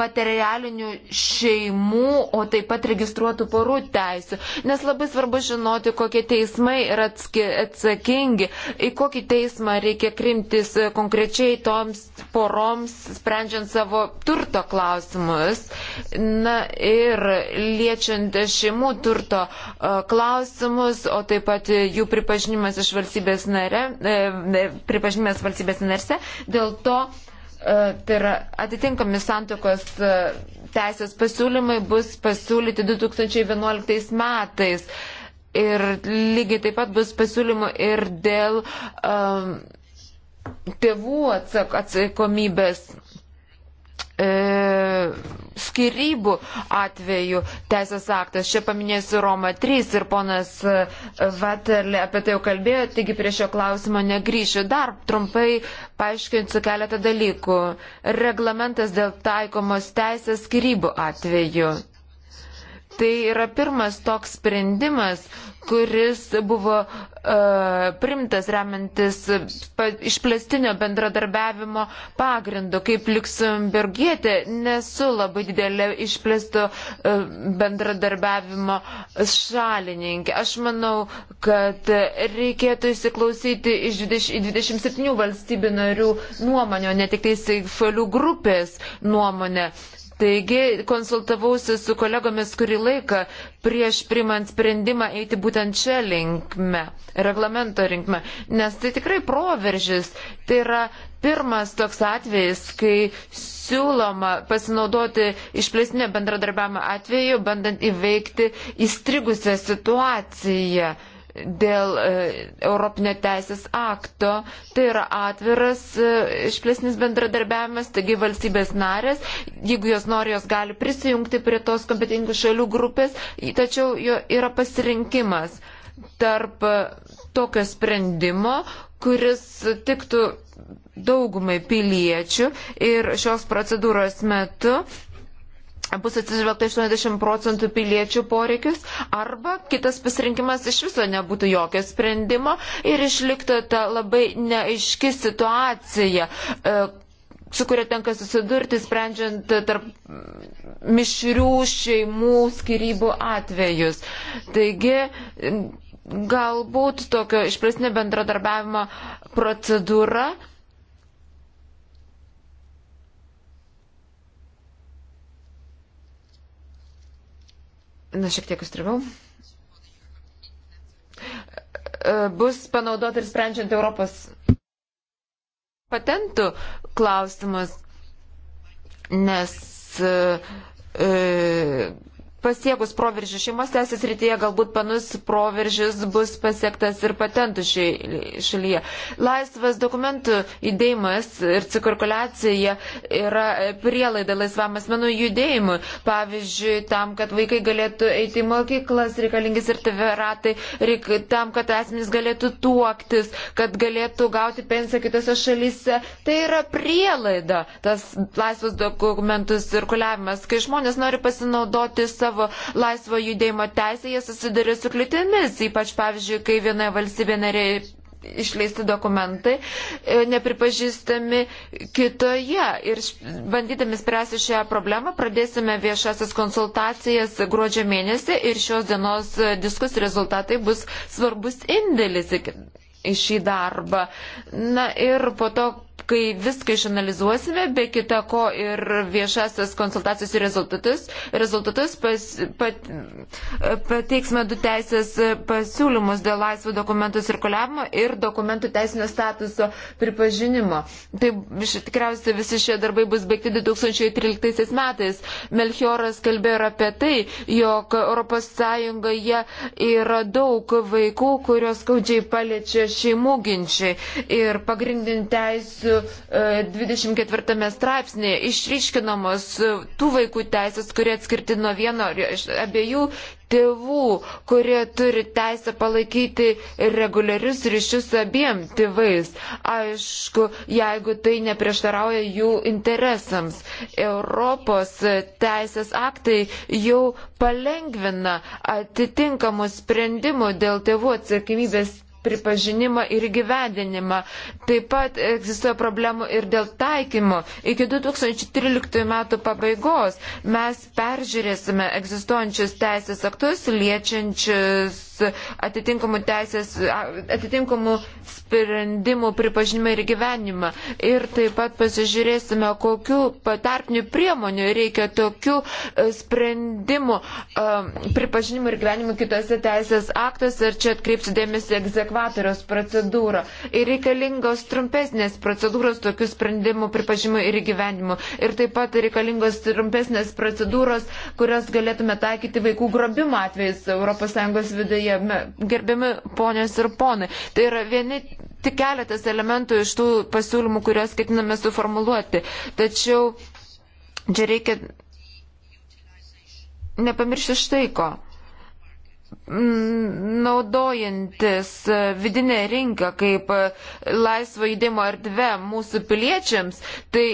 materialinių šeimų, o taip pat registruotų porų teisų. Nes labai svarbu žinoti, kokie teismai yra atsakingi, į kokį teismą reikia krimtis konkrečiai toms poroms, sprendžiant savo turto klausimus. Na ir liečiant šeimų turto e, klausimus, o taip pat jų pripažinimas iš valstybės nare, e, pripažinimas valstybės narse. Dėl to E, tai yra atitinkami santokos e, teisės pasiūlymai bus pasiūlyti 2011 metais. Ir lygiai taip pat bus pasiūlymų ir dėl um, tėvų atsakomybės. E, skirybų atveju teisės aktas. Čia paminėsiu Roma 3 ir ponas e, Vatelė apie tai jau kalbėjo, taigi prie šio klausimo negryšiu. Dar trumpai paaiškinsiu keletą dalykų. Reglamentas dėl taikomos teisės skirybų atveju. Tai yra pirmas toks sprendimas, kuris buvo uh, primtas remiantis išplėstinio bendradarbiavimo pagrindu. Kaip Luxemburgietė nesu labai didelė išplėsto uh, bendradarbiavimo šalininkė. Aš manau, kad reikėtų įsiklausyti iš 20, 27 valstybių narių nuomonę, ne tik tai šalių grupės nuomonę. Uh, Taigi konsultavausi su kolegomis kurį laiką prieš primant sprendimą eiti būtent čia linkme, reglamento linkme, nes tai tikrai proveržis. Tai yra pirmas toks atvejis, kai siūloma pasinaudoti išplėstinio bendradarbiavimo atveju, bandant įveikti įstrigusią situaciją dėl e, Europinio teisės akto. Tai yra atviras e, išplėsnis bendradarbiavimas, taigi valstybės narės, jeigu jos nori, jos gali prisijungti prie tos kompetingų šalių grupės, tačiau jo yra pasirinkimas tarp tokio sprendimo, kuris tiktų daugumai piliečių ir šios procedūros metu bus atsižvelgta 80 procentų piliečių poreikius, arba kitas pasirinkimas iš viso nebūtų jokio sprendimo ir išliktų ta labai neaiški situacija e, su kuria tenka susidurti, sprendžiant tarp mišrių šeimų skirybų atvejus. Taigi, galbūt tokio išpresnė bendradarbiavimo procedūra na, šiek tiek įstrigau, e, bus panaudota ir sprendžiant Europos patentų klausimus, nes e, e Pasiekus proveržį šeimos teisės rytyje galbūt panus proveržis bus pasiektas ir patentų šalyje. Laisvas dokumentų judėjimas ir cirkuliacija yra prielaida laisvam asmenų judėjimui. Pavyzdžiui, tam, kad vaikai galėtų eiti į mokyklas, reikalingi sertifikatai, reik, tam, kad asmenys galėtų tuoktis, kad galėtų gauti pensiją kitose šalyse. Tai yra prielaida tas laisvas dokumentų cirkuliavimas, kai žmonės nori pasinaudoti savo savo laisvo judėjimo teisę, jie susiduria su kliūtimis, ypač pavyzdžiui, kai viena valstybė narė išleisti dokumentai e, nepripažįstami kitoje. Ir bandydami spręsti šią problemą, pradėsime viešasias konsultacijas gruodžio mėnesį ir šios dienos diskusijų rezultatai bus svarbus indėlis į šį darbą. Na ir po to kai viską išanalizuosime, be kita ko ir viešasias konsultacijos rezultatus, rezultatus pas, pat, pateiksime du teisės pasiūlymus dėl laisvo dokumentų cirkuliavimo ir dokumentų teisinio statuso pripažinimo. Tai tikriausiai visi šie darbai bus baigti 2013 metais. Melchioras kalbėjo apie tai, jog ES yra daug vaikų, kurios skaudžiai paliečia šeimų ginčiai ir pagrindinį teisų E, teisų 24 straipsnėje išryškinamos e, tų vaikų teisės, kurie atskirti nuo vieno ar abiejų tėvų, kurie turi teisę palaikyti reguliarius ryšius abiem tėvais. Aišku, jeigu tai neprieštarauja jų interesams. Europos teisės aktai jau palengvina atitinkamų sprendimų dėl tėvų atsakymybės pripažinimą ir gyvendinimą. Taip pat egzistuoja problemų ir dėl taikymo. Iki 2013 metų pabaigos mes peržiūrėsime egzistuojančius teisės aktus liečiančius atitinkamų teisės, atitinkamų sprendimų pripažinimą ir gyvenimą. Ir taip pat pasižiūrėsime, kokiu patarpiniu priemoniu reikia tokių e, sprendimų e, pripažinimų ir gyvenimų kitose teisės aktuose. Ir čia atkreipsiu dėmesį egzekvatorios procedūrą. Ir reikalingos trumpesnės procedūros tokių sprendimų pripažinimų ir gyvenimų. Ir taip pat reikalingos trumpesnės procedūros, kurias galėtume taikyti vaikų grobimo atvejais ES viduje srityje. Gerbiami ponės ir ponai, tai yra vieni tik keletas elementų iš tų pasiūlymų, kuriuos ketiname suformuluoti. Tačiau čia reikia nepamiršti štai ko. Mm, naudojantis e, vidinę rinką kaip e, laisvo judėjimo erdvę mūsų piliečiams, tai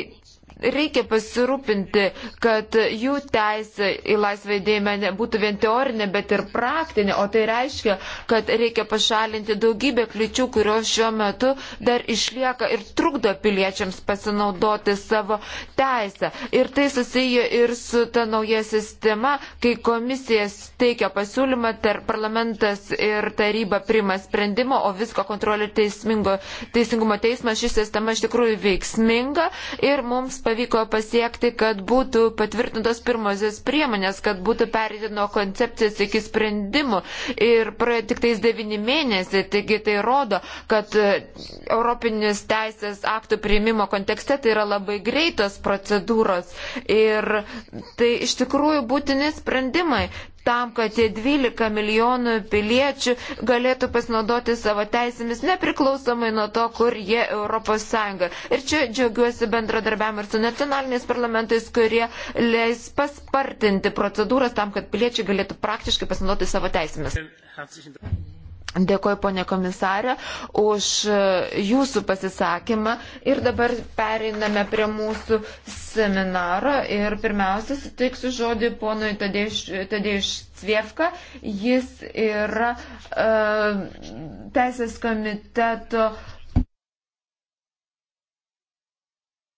reikia pasirūpinti, kad jų teisė į laisvą judėjimą nebūtų vien teorinė, bet ir praktinė, o tai reiškia, kad reikia pašalinti daugybę kliučių, kurios šiuo metu dar išlieka ir trukdo piliečiams pasinaudoti savo teisę. Ir tai susiję ir su ta nauja sistema, kai komisijas teikia pasiūlymą, tarp parlamentas ir taryba priima sprendimą, o visko kontrolė teisingumo teismas, ši sistema iš tikrųjų veiksminga ir mums pavyzdžiui pavyko pasiekti, kad būtų patvirtintos pirmosios priemonės, kad būtų perėti nuo koncepcijos iki sprendimų. Ir praėjo tik tais devini mėnesiai, taigi tai rodo, kad e, Europinis teisės aktų priimimo kontekste tai yra labai greitos procedūros ir tai iš tikrųjų būtini sprendimai tam, kad tie 12 milijonų piliečių galėtų pasinaudoti savo teisėmis nepriklausomai nuo to, kur jie Europos Sąjunga. Ir čia džiaugiuosi bendradarbiavimu ir su nacionaliniais parlamentais, kurie leis paspartinti procedūras tam, kad piliečiai galėtų praktiškai pasinaudoti savo teisėmis. Dėkoju, ponė komisarė, už e, jūsų pasisakymą. Ir dabar pereiname prie mūsų seminaro. Ir pirmiausia, suteiksiu žodį ponui Tadėš Cvievka. Jis yra uh, Teisės komiteto.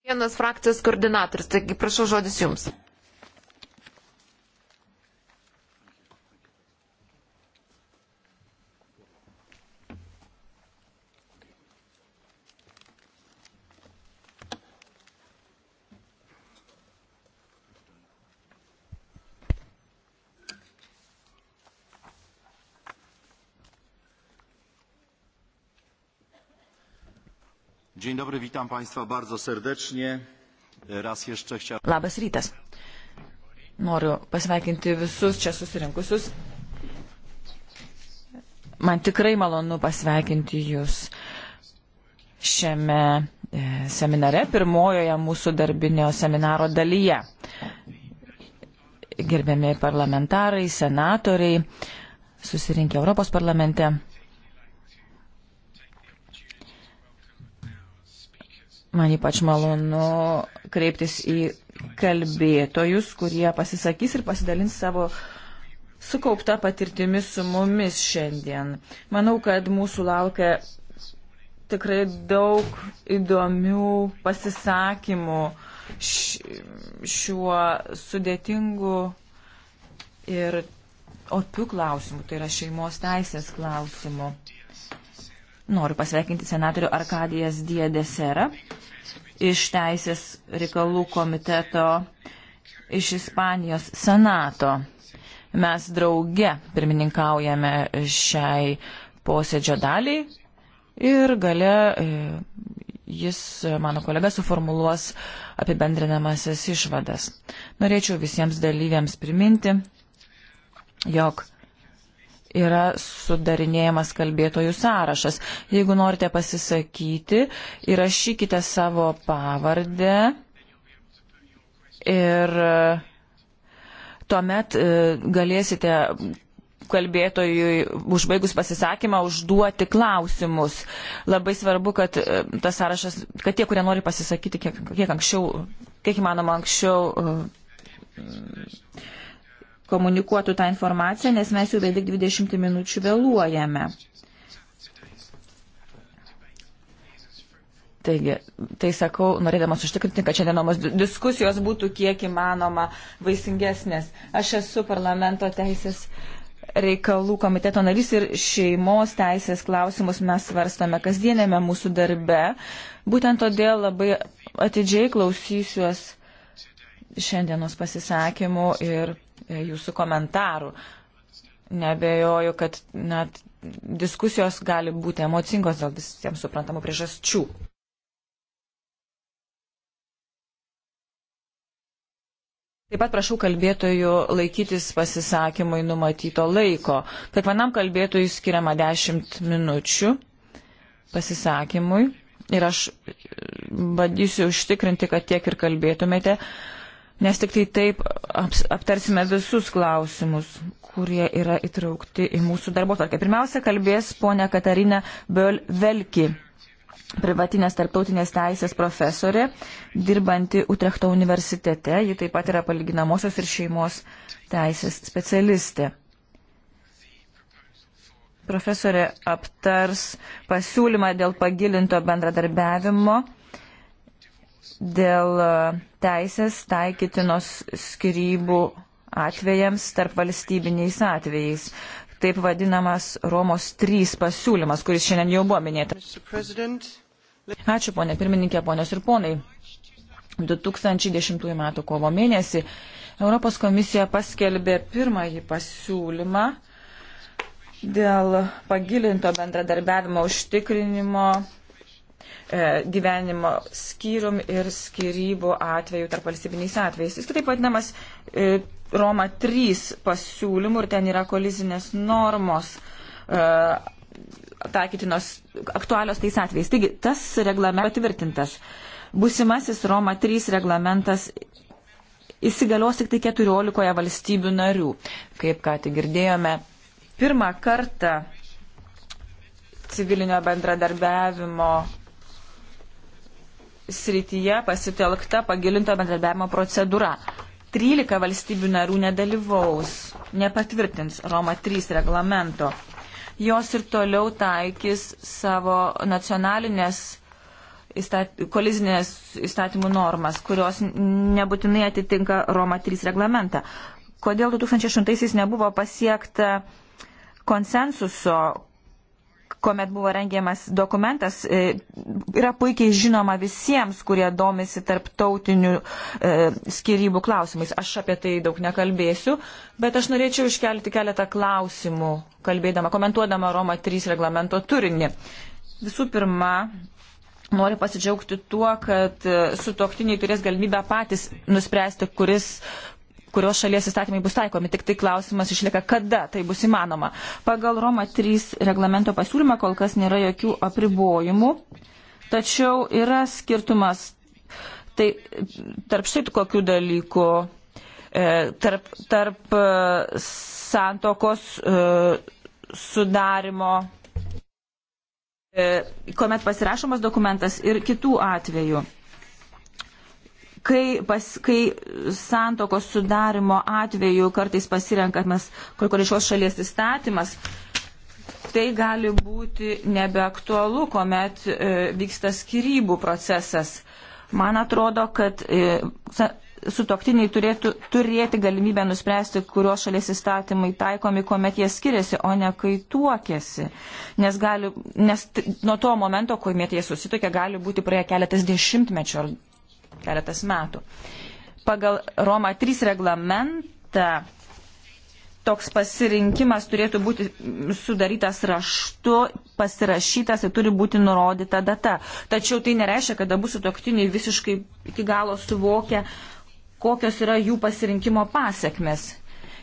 Vienas frakcijos koordinatorius. Taigi, prašau žodis jums. Dzień dobry, witam Państwa bardzo serdecznie. Raz jeszcze chciałem. Labas rytas. Noriu pasveikinti visus čia susirinkusius. Man tikrai malonu pasveikinti Jūs šiame e, seminare, pirmojoje mūsų darbinio seminaro dalyje. Gerbiami parlamentarai, senatoriai, susirinkę Europos parlamente. Man ypač malonu kreiptis į kalbėtojus, kurie pasisakys ir pasidalins savo sukaupta patirtimi su mumis šiandien. Manau, kad mūsų laukia tikrai daug įdomių pasisakymų šiuo sudėtingu ir opiu klausimu, tai yra šeimos teisės klausimu. Noriu pasveikinti senatorių Arkadijas Diedeserą iš Teisės reikalų komiteto iš Ispanijos senato. Mes drauge pirmininkaujame šiai posėdžio daliai ir gale e, jis, mano kolega, suformuluos apibendrinamasis išvadas. Norėčiau visiems dalyviams priminti, jog yra sudarinėjamas kalbėtojų sąrašas. Jeigu norite pasisakyti, įrašykite savo pavardę ir e, tuomet e, galėsite kalbėtojui užbaigus pasisakymą užduoti klausimus. Labai svarbu, kad e, tas sąrašas, kad tie, kurie nori pasisakyti, kiek, kiek anksčiau, kiek įmanoma anksčiau. Uh, komunikuotų tą informaciją, nes mes jau beveik 20 minučių vėluojame. Taigi, tai sakau, norėdamas užtikrinti, kad šiandienomos diskusijos būtų kiek įmanoma vaisingesnės. Aš esu parlamento teisės reikalų komiteto narys ir šeimos teisės klausimus mes svarstame kasdienėme mūsų darbe. Būtent todėl labai atidžiai klausysiuos šiandienos pasisakymų ir E, jūsų komentarų. Nebejoju, kad net diskusijos gali būti emocingos dėl visiems suprantamų priežasčių. Taip pat prašau kalbėtojų laikytis pasisakymui numatyto laiko. Kiekvienam kalbėtojui skiriama 10 minučių pasisakymui ir aš bandysiu užtikrinti, kad tiek ir kalbėtumėte. Uh, nes tik tai taip aptarsime visus klausimus, kurie yra įtraukti į mūsų darbo tvarkę. Pirmiausia, kalbės ponia Katarina Böl-Velki, privatinės tarptautinės teisės profesorė, dirbanti Utrechto universitete. Ji taip pat yra palyginamosios ir šeimos teisės specialistė. Profesorė aptars pasiūlymą dėl pagilinto bendradarbiavimo, dėl teisės taikytinos skirybų atvejams tarp valstybiniais atvejais. Taip vadinamas Romos 3 pasiūlymas, kuris šiandien jau buvo minėtas. Ačiū, ponė pirmininkė, ponios ir ponai. 2010 m. kovo mėnesį Europos komisija paskelbė pirmąjį pasiūlymą dėl pagilinto bendradarbiavimo užtikrinimo E, gyvenimo skyrium ir skirybų atveju tarp valstybiniais atvejais. Jis kitaip vadinamas e, Roma 3 pasiūlymų ir ten yra kolizinės normos e, taikytinos aktualios tais atvejais. Taigi, tas reglamentas patvirtintas. Busimasis Roma 3 reglamentas įsigalios tik tai 14 valstybių narių. Kaip ką tik girdėjome, pirmą kartą civilinio bendradarbiavimo srityje pasitelkta pagilinto bendradarbiavimo procedūra. 13 valstybių narių nedalyvaus, nepatvirtins Roma 3 reglamento. Jos ir toliau taikys savo nacionalinės įstat, kolizinės įstatymų normas, kurios nebūtinai atitinka Roma 3 reglamentą. Kodėl 2008-aisiais nebuvo pasiekta konsensuso, kuomet buvo rengiamas dokumentas, e, yra puikiai žinoma visiems, kurie domisi tarptautinių e, skirybų klausimais. Aš apie tai daug nekalbėsiu, bet aš norėčiau iškelti keletą klausimų, kalbėdama, komentuodama Roma 3 reglamento turinį. Visų pirma, noriu pasidžiaugti tuo, kad e, sutoktiniai turės galimybę patys nuspręsti, kuris kurios šalies įstatymai bus taikomi. Tik tai klausimas išlieka, kada tai bus įmanoma. Pagal Roma 3 reglamento pasiūlymą kol kas nėra jokių apribojimų, tačiau yra skirtumas tai, tarp šitų kokių dalykų. E, tarp, tarp e, santokos e, sudarimo kuomet pasirašomas dokumentas ir kitų atvejų kai, pas, kai santokos sudarimo atveju kartais pasirenkamas kokios šalies įstatymas, tai gali būti nebeaktualu, kuomet e, vyksta skirybų procesas. Man atrodo, kad e, sutoktiniai turėtų turėti galimybę nuspręsti, kurios šalies įstatymai taikomi, kuomet jie skiriasi, o ne kai tuokėsi. Nes, gali, nes nuo to momento, kuomet jie susitokia, gali būti praėję keletas dešimtmečių ar keletas metų. Pagal Roma 3 reglamentą toks pasirinkimas turėtų būti sudarytas raštu, pasirašytas ir turi būti nurodyta data. Tačiau tai nereiškia, kad abu sutoktiniai visiškai iki galo suvokia, kokios yra jų pasirinkimo pasiekmes.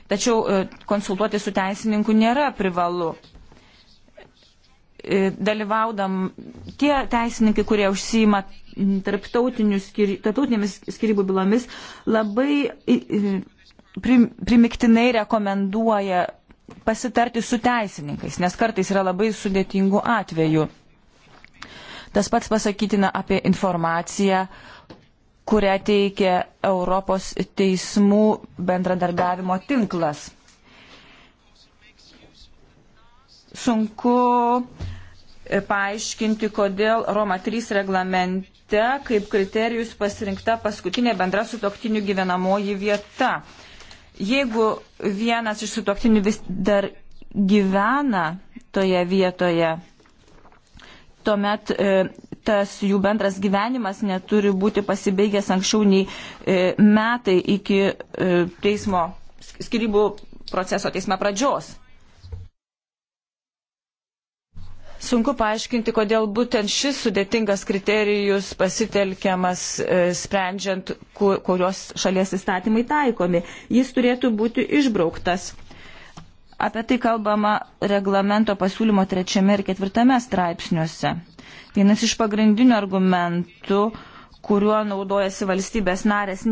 Tačiau e, konsultuoti su teisininku nėra privalu. E, dalyvaudam tie teisininkai, kurie užsima skiri, tarptautinėmis skirybų bylomis labai prim, primiktinai rekomenduoja pasitarti su teisininkais, nes kartais yra labai sudėtingų atvejų. Tas pats pasakytina apie informaciją, kurią teikia Europos teismų bendradarbiavimo tinklas. Sunku paaiškinti, kodėl Roma 3 reglamente kaip kriterijus pasirinkta paskutinė bendra sutoktinių gyvenamoji vieta. Jeigu vienas iš sutoktinių vis dar gyvena toje vietoje, tuomet e, tas jų bendras gyvenimas neturi būti pasibaigęs anksčiau nei e, metai iki e, teismo skirybų proceso teisme pradžios. Sunku paaiškinti, kodėl būtent šis sudėtingas kriterijus pasitelkiamas e, sprendžiant, kurios šalies įstatymai taikomi. Jis turėtų būti išbrauktas. Apie tai kalbama reglamento pasiūlymo trečiame ir ketvirtame straipsniuose. Vienas iš pagrindinių argumentų, kuriuo naudojasi valstybės narės,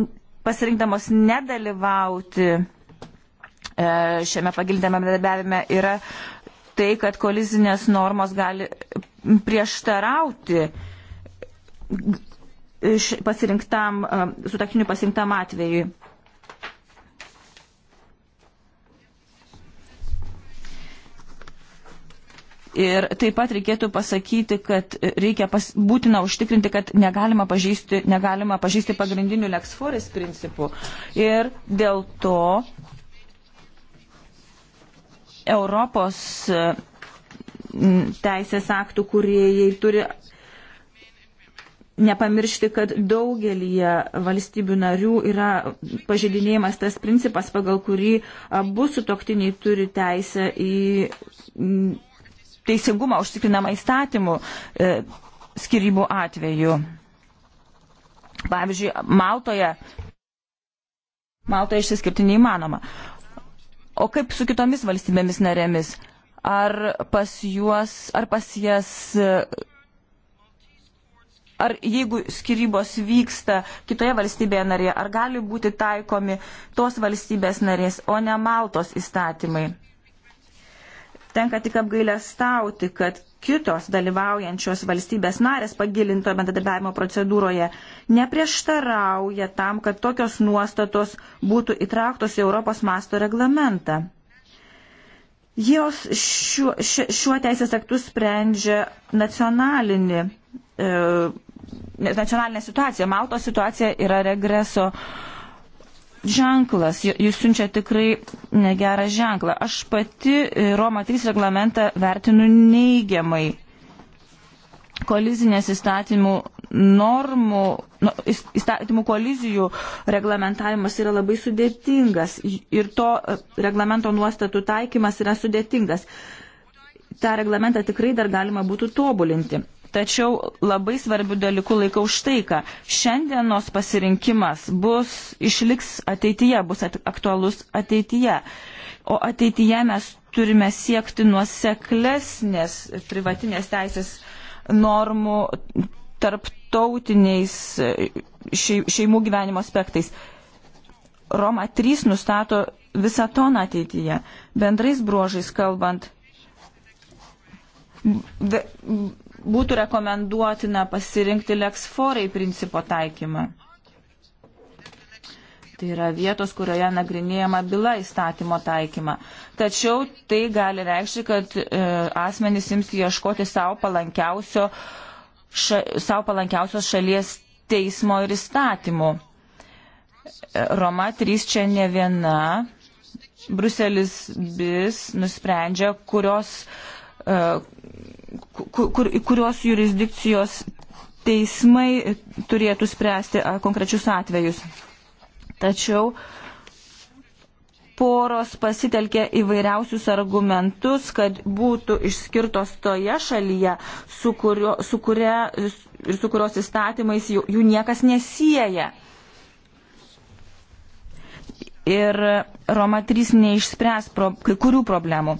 pasirinkdamos nedalyvauti e, šiame pagildame bendradarbiavime, yra tai, kad kolizinės normos gali prieštarauti pasirinktam, sutaktiniu pasirinktam atvejui. Ir taip pat reikėtų pasakyti, kad reikia pas, būtina užtikrinti, kad negalima pažįsti, negalima pažįsti pagrindinių leksforės principų. Ir dėl to Europos e, teisės aktų kuriejai turi nepamiršti, kad daugelį valstybių narių yra pažydinėjimas tas principas, pagal kurį abu sutoktiniai turi teisę į teisingumą užtikrinamą įstatymų e, skirybų atveju. Pavyzdžiui, Maltoje. Maltoje išsiskirti neįmanoma. O kaip su kitomis valstybėmis narėmis? Ar pas juos, ar pas jas, ar jeigu skirybos vyksta kitoje valstybėje narėje, ar gali būti taikomi tos valstybės narės, o ne Maltos įstatymai? Tenka tik apgailę stauti, kad kitos dalyvaujančios valstybės narės pagilinto bendradarbiavimo procedūroje neprieštarauja tam, kad tokios nuostatos būtų įtrauktos į Europos masto reglamentą. Jos šiuo, šiuo teisės aktu sprendžia nacionalinį, e, nacionalinę situaciją. Malto situacija yra regreso ženklas, jūs siunčia tikrai negerą ženklą. Aš pati e, Roma 3 reglamentą vertinu neigiamai. Kolizinės įstatymų normų, no, nu, įstatymų kolizijų reglamentavimas yra labai sudėtingas ir to e, reglamento nuostatų taikymas yra sudėtingas. Ta reglamentą tikrai dar galima būtų tobulinti. Tačiau labai svarbių dalykų laikau štai ką. Šiandienos pasirinkimas bus, išliks ateityje, bus at, aktualus ateityje. O ateityje mes turime siekti nuoseklesnės privatinės teisės normų tarptautiniais e, šeimų gyvenimo aspektais. Roma 3 nustato visą toną ateityje. Bendrais bruožais kalbant, būtų rekomenduotina pasirinkti leksforai principo taikymą. Tai yra vietos, kurioje nagrinėjama byla įstatymo taikymą. Tačiau tai gali reikšti, kad e, asmenys ims ieškoti savo palankiausio, ša, savo palankiausios šalies teismo ir įstatymų. E, Roma 3 čia ne viena. Bruselis bis nusprendžia, kurios e, kur, kurios jurisdikcijos teismai turėtų spręsti konkrečius atvejus. Tačiau poros pasitelkė įvairiausius argumentus, kad būtų išskirtos toje šalyje, su, kurio, su, kuria, ir su kurios įstatymais jų, jų niekas nesieja. Ir Roma 3 neišspręs pro, kai kurių problemų.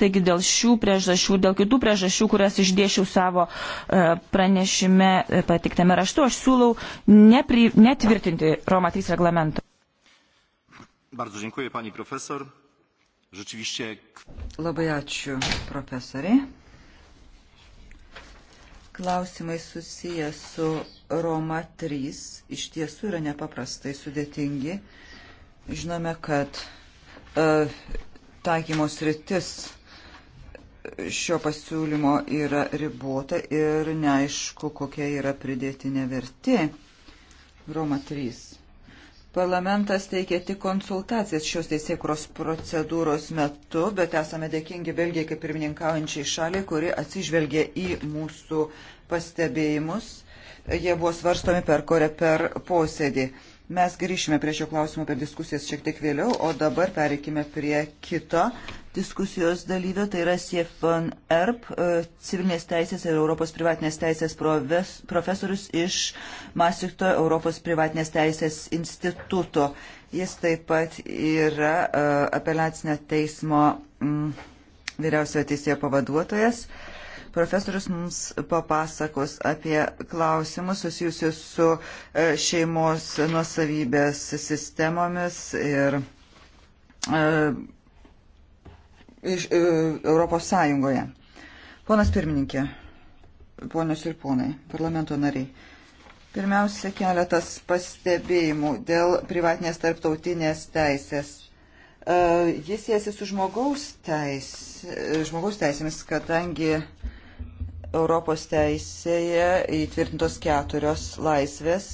Taigi dėl šių priežasčių, dėl kitų priežasčių, kurias išdėšiau savo e, pranešime e, patiktame raštu, aš siūlau nepri, netvirtinti Roma 3 reglamento. Bardzo dziękuję pani profesor. Rzeczywiście. Labai ačiū profesoriai. Klausimai susiję su Roma 3 iš tiesų yra nepaprastai sudėtingi. Žinome, kad e, taikymos rytis šio pasiūlymo yra ribota ir neaišku, kokia yra pridėtinė vertė. Roma 3. Parlamentas teikia tik konsultacijas šios teisėkros procedūros metu, bet esame dėkingi Belgijai kaip pirmininkaujančiai šaliai, kuri atsižvelgia į mūsų pastebėjimus. Jie buvo svarstomi per korę per posėdį. Mes grįšime prie šio klausimo per diskusijas šiek tiek vėliau, o dabar pereikime prie kito diskusijos dalyvio, tai yra Siefan Erb, e, civilinės teisės ir Europos privatinės teisės profesorius iš Masikto Europos privatinės teisės instituto. Jis taip pat yra e, apeliacinio teismo vyriausiojo teisėjo pavaduotojas. Uh, Profesorius mums papasakos apie klausimus susijusius su e, šeimos nuosavybės sistemomis ir e, iš e, Europos Sąjungoje. Ponas pirmininkė, ponios ir ponai, parlamento nariai. Pirmiausia, keletas pastebėjimų dėl privatinės tarptautinės teisės. Jis jėsi su žmogaus, teis, žmogaus teisėmis, kadangi Europos teisėje įtvirtintos keturios laisvės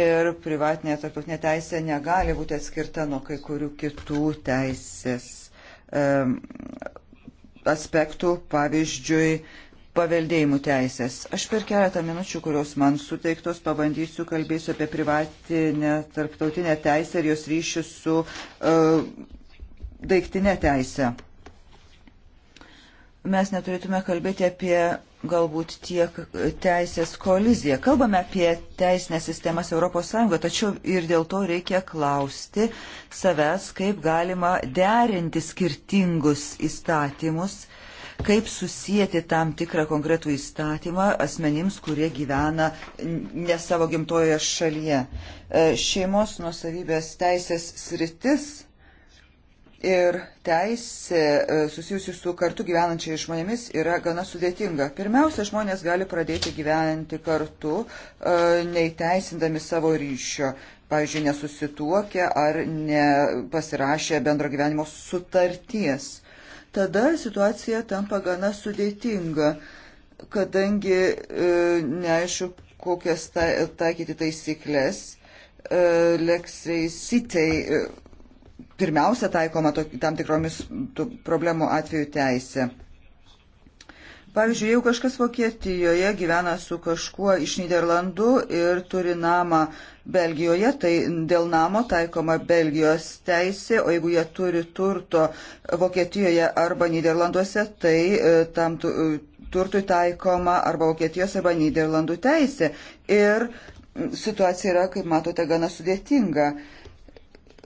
ir privatinė tarptautinė teisė negali būti atskirta nuo kai kurių kitų teisės um, aspektų, pavyzdžiui, paveldėjimų teisės. Aš per keletą minučių, kurios man suteiktos, pabandysiu kalbėsiu apie privatinę tarptautinę teisę ir jos ryšius su uh, daiktinė teisė mes neturėtume kalbėti apie galbūt tiek teisės koliziją. Kalbame apie teisinės sistemas ES, tačiau ir dėl to reikia klausti savęs, kaip galima derinti skirtingus įstatymus, kaip susijęti tam tikrą konkretų įstatymą asmenims, kurie gyvena ne savo gimtojoje šalyje. E, šeimos nusavybės teisės sritis ir teisė e, susijusi su kartu gyvenančiai žmonėmis yra gana sudėtinga. Pirmiausia, žmonės gali pradėti gyventi kartu, e, neįteisindami savo ryšio. Pavyzdžiui, nesusituokę ar nepasirašę bendro gyvenimo sutarties. Tada situacija tampa gana sudėtinga, kadangi e, neaišku, kokias taikyti taisyklės. Leksei Sitei pirmiausia taikoma to, tam tikromis problemų atveju teisė. Pavyzdžiui, jeigu kažkas Vokietijoje gyvena su kažkuo iš Niderlandų ir turi namą Belgijoje, tai dėl namo taikoma Belgijos teisė, o jeigu jie turi turto Vokietijoje arba Niderlanduose, tai e, tam turtui taikoma arba Vokietijos arba Niderlandų teisė. Ir situacija yra, kaip matote, gana sudėtinga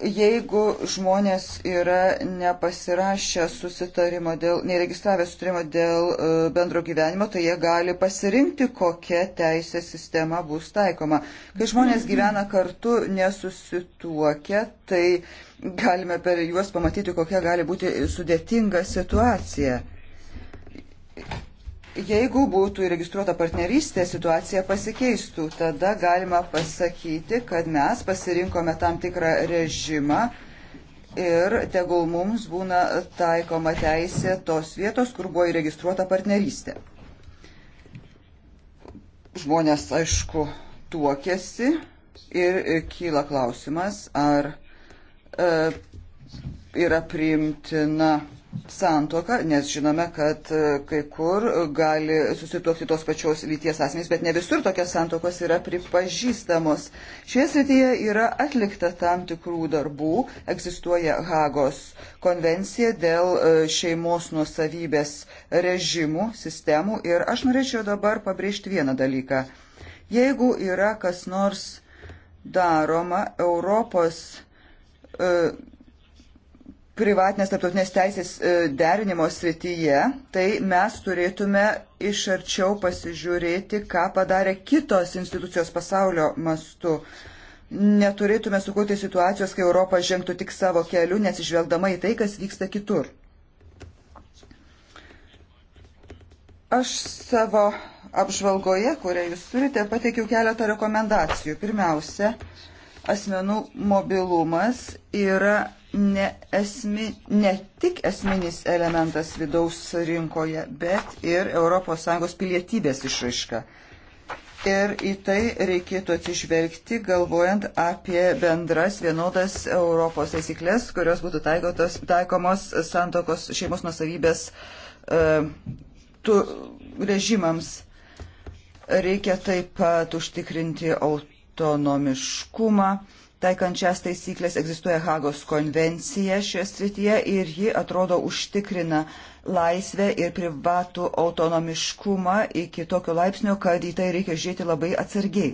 jeigu žmonės yra nepasirašę susitarimo dėl, neregistravę susitarimo dėl e, bendro gyvenimo, tai jie gali pasirinkti, kokia teisė sistema bus taikoma. Kai žmonės gyvena kartu nesusituokę, tai galime per juos pamatyti, kokia gali būti sudėtinga situacija. Jeigu būtų įregistruota partnerystė, situacija pasikeistų. Tada galima pasakyti, kad mes pasirinkome tam tikrą režimą ir tegul mums būna taikoma teisė tos vietos, kur buvo įregistruota partnerystė. Žmonės, aišku, tuokėsi ir kyla klausimas, ar e, yra priimtina. Na, santuoką, nes žinome, kad e, kai kur gali susituokti tos pačios lyties asmenys, bet ne visur tokios santuokos yra pripažįstamos. Šioje srityje yra atlikta tam tikrų darbų, egzistuoja Hagos konvencija dėl e, šeimos nuosavybės režimų, sistemų ir aš norėčiau dabar pabrėžti vieną dalyką. Jeigu yra kas nors daroma Europos e, privatinės tarptautinės teisės e, derinimo srityje, tai mes turėtume iš arčiau pasižiūrėti, ką padarė kitos institucijos pasaulio mastu. Neturėtume sukurti situacijos, kai Europa žengtų tik savo keliu, nesižvelgdama į tai, kas vyksta kitur. Aš savo apžvalgoje, kurią jūs turite, pateikiau keletą rekomendacijų. Pirmiausia, asmenų mobilumas yra ne, esmi, ne tik esminis elementas vidaus rinkoje, bet ir ES pilietybės išraiška. Ir į tai reikėtų atsižvelgti, galvojant apie bendras vienodas Europos taisyklės, kurios būtų taikotos, taikomos santokos šeimos nusavybės uh, e, tu, režimams. Reikia taip pat užtikrinti autonomiškumą. Uh, Taikančias taisyklės egzistuoja Hagos konvencija šioje srityje ir ji atrodo užtikrina laisvę ir privatų autonomiškumą iki tokio laipsnio, kad į tai reikia žiūrėti labai atsargiai.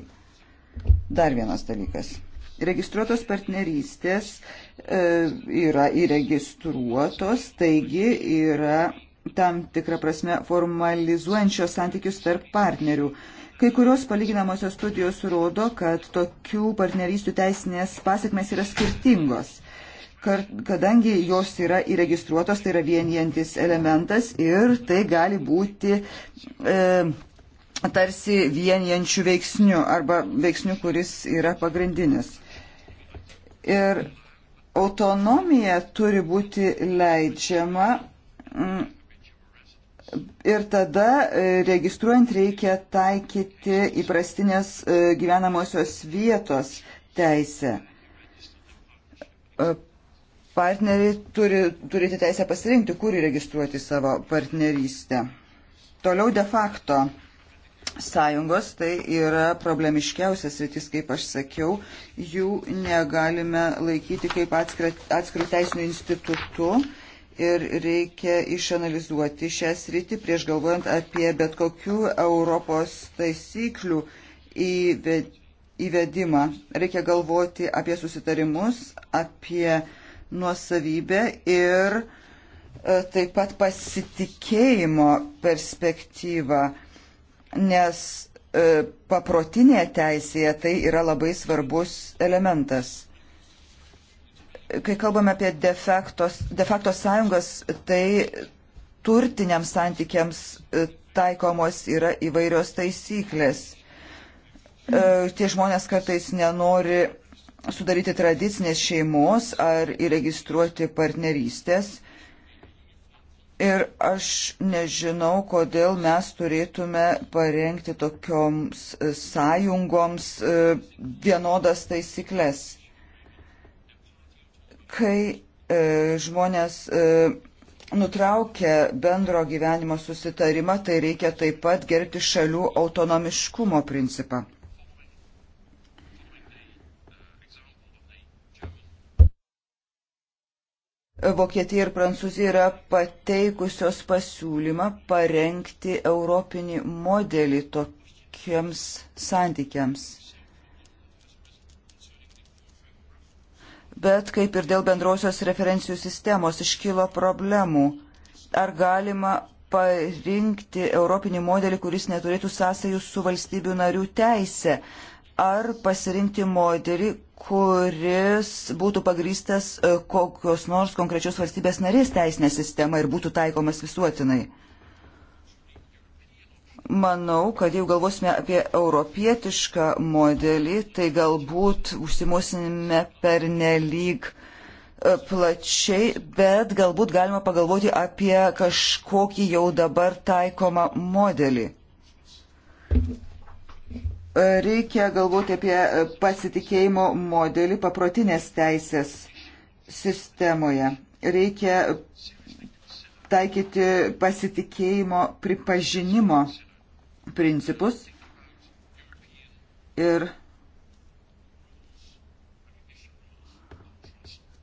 Dar vienas dalykas. Registruotos partnerystės e, yra įregistruotos, taigi yra tam tikrą prasme formalizuojančios santykius tarp partnerių. E, Kai kurios palyginamosios studijos rodo, kad tokių partnerystų teisinės pasiekmes yra skirtingos, kadangi jos yra įregistruotos, tai yra vienijantis elementas ir tai gali būti e, tarsi vienijančių veiksnių arba veiksnių, kuris yra pagrindinis. Ir autonomija turi būti leidžiama. Mm, Ir tada e, registruojant reikia taikyti įprastinės e, gyvenamosios vietos teisę. E, partneriai turi turėti teisę pasirinkti, kur įregistruoti savo partnerystę. Toliau de facto sąjungos, tai yra problemiškiausias rytis, kaip aš sakiau, jų negalime laikyti kaip atskirų teisinių institutų ir reikia išanalizuoti šią sritį prieš galvojant apie bet kokių Europos taisyklių įvedimą. Reikia galvoti apie susitarimus, apie nuosavybę ir e, taip pat pasitikėjimo perspektyvą, nes e, paprotinėje teisėje tai yra labai svarbus elementas. Kai kalbame apie defektos, defektos sąjungas, tai turtiniams santykiams e, taikomos yra įvairios taisyklės. E, tie žmonės kartais nenori sudaryti tradicinės šeimos ar įregistruoti partnerystės. Ir aš nežinau, kodėl mes turėtume parengti tokioms e, sąjungoms e, vienodas taisyklės kai e, žmonės e, nutraukia bendro gyvenimo susitarimą, tai reikia taip pat gerti šalių autonomiškumo principą. Vokietija ir Prancūzija yra pateikusios pasiūlymą parengti europinį modelį tokiems santykiams. bet kaip ir dėl bendrosios referencijų sistemos iškilo problemų. Ar galima parinkti europinį modelį, kuris neturėtų sąsajų su valstybių narių teisė, ar pasirinkti modelį, kuris būtų pagrystas e, kokios nors konkrečios valstybės narės teisinė sistema ir būtų taikomas visuotinai manau, kad jeigu galvosime apie europietišką modelį, tai galbūt užsimosime per nelyg e, plačiai, bet galbūt galima pagalvoti apie kažkokį jau dabar taikomą modelį. E, reikia galvoti apie e, pasitikėjimo modelį paprotinės teisės sistemoje. Reikia taikyti pasitikėjimo pripažinimo principus ir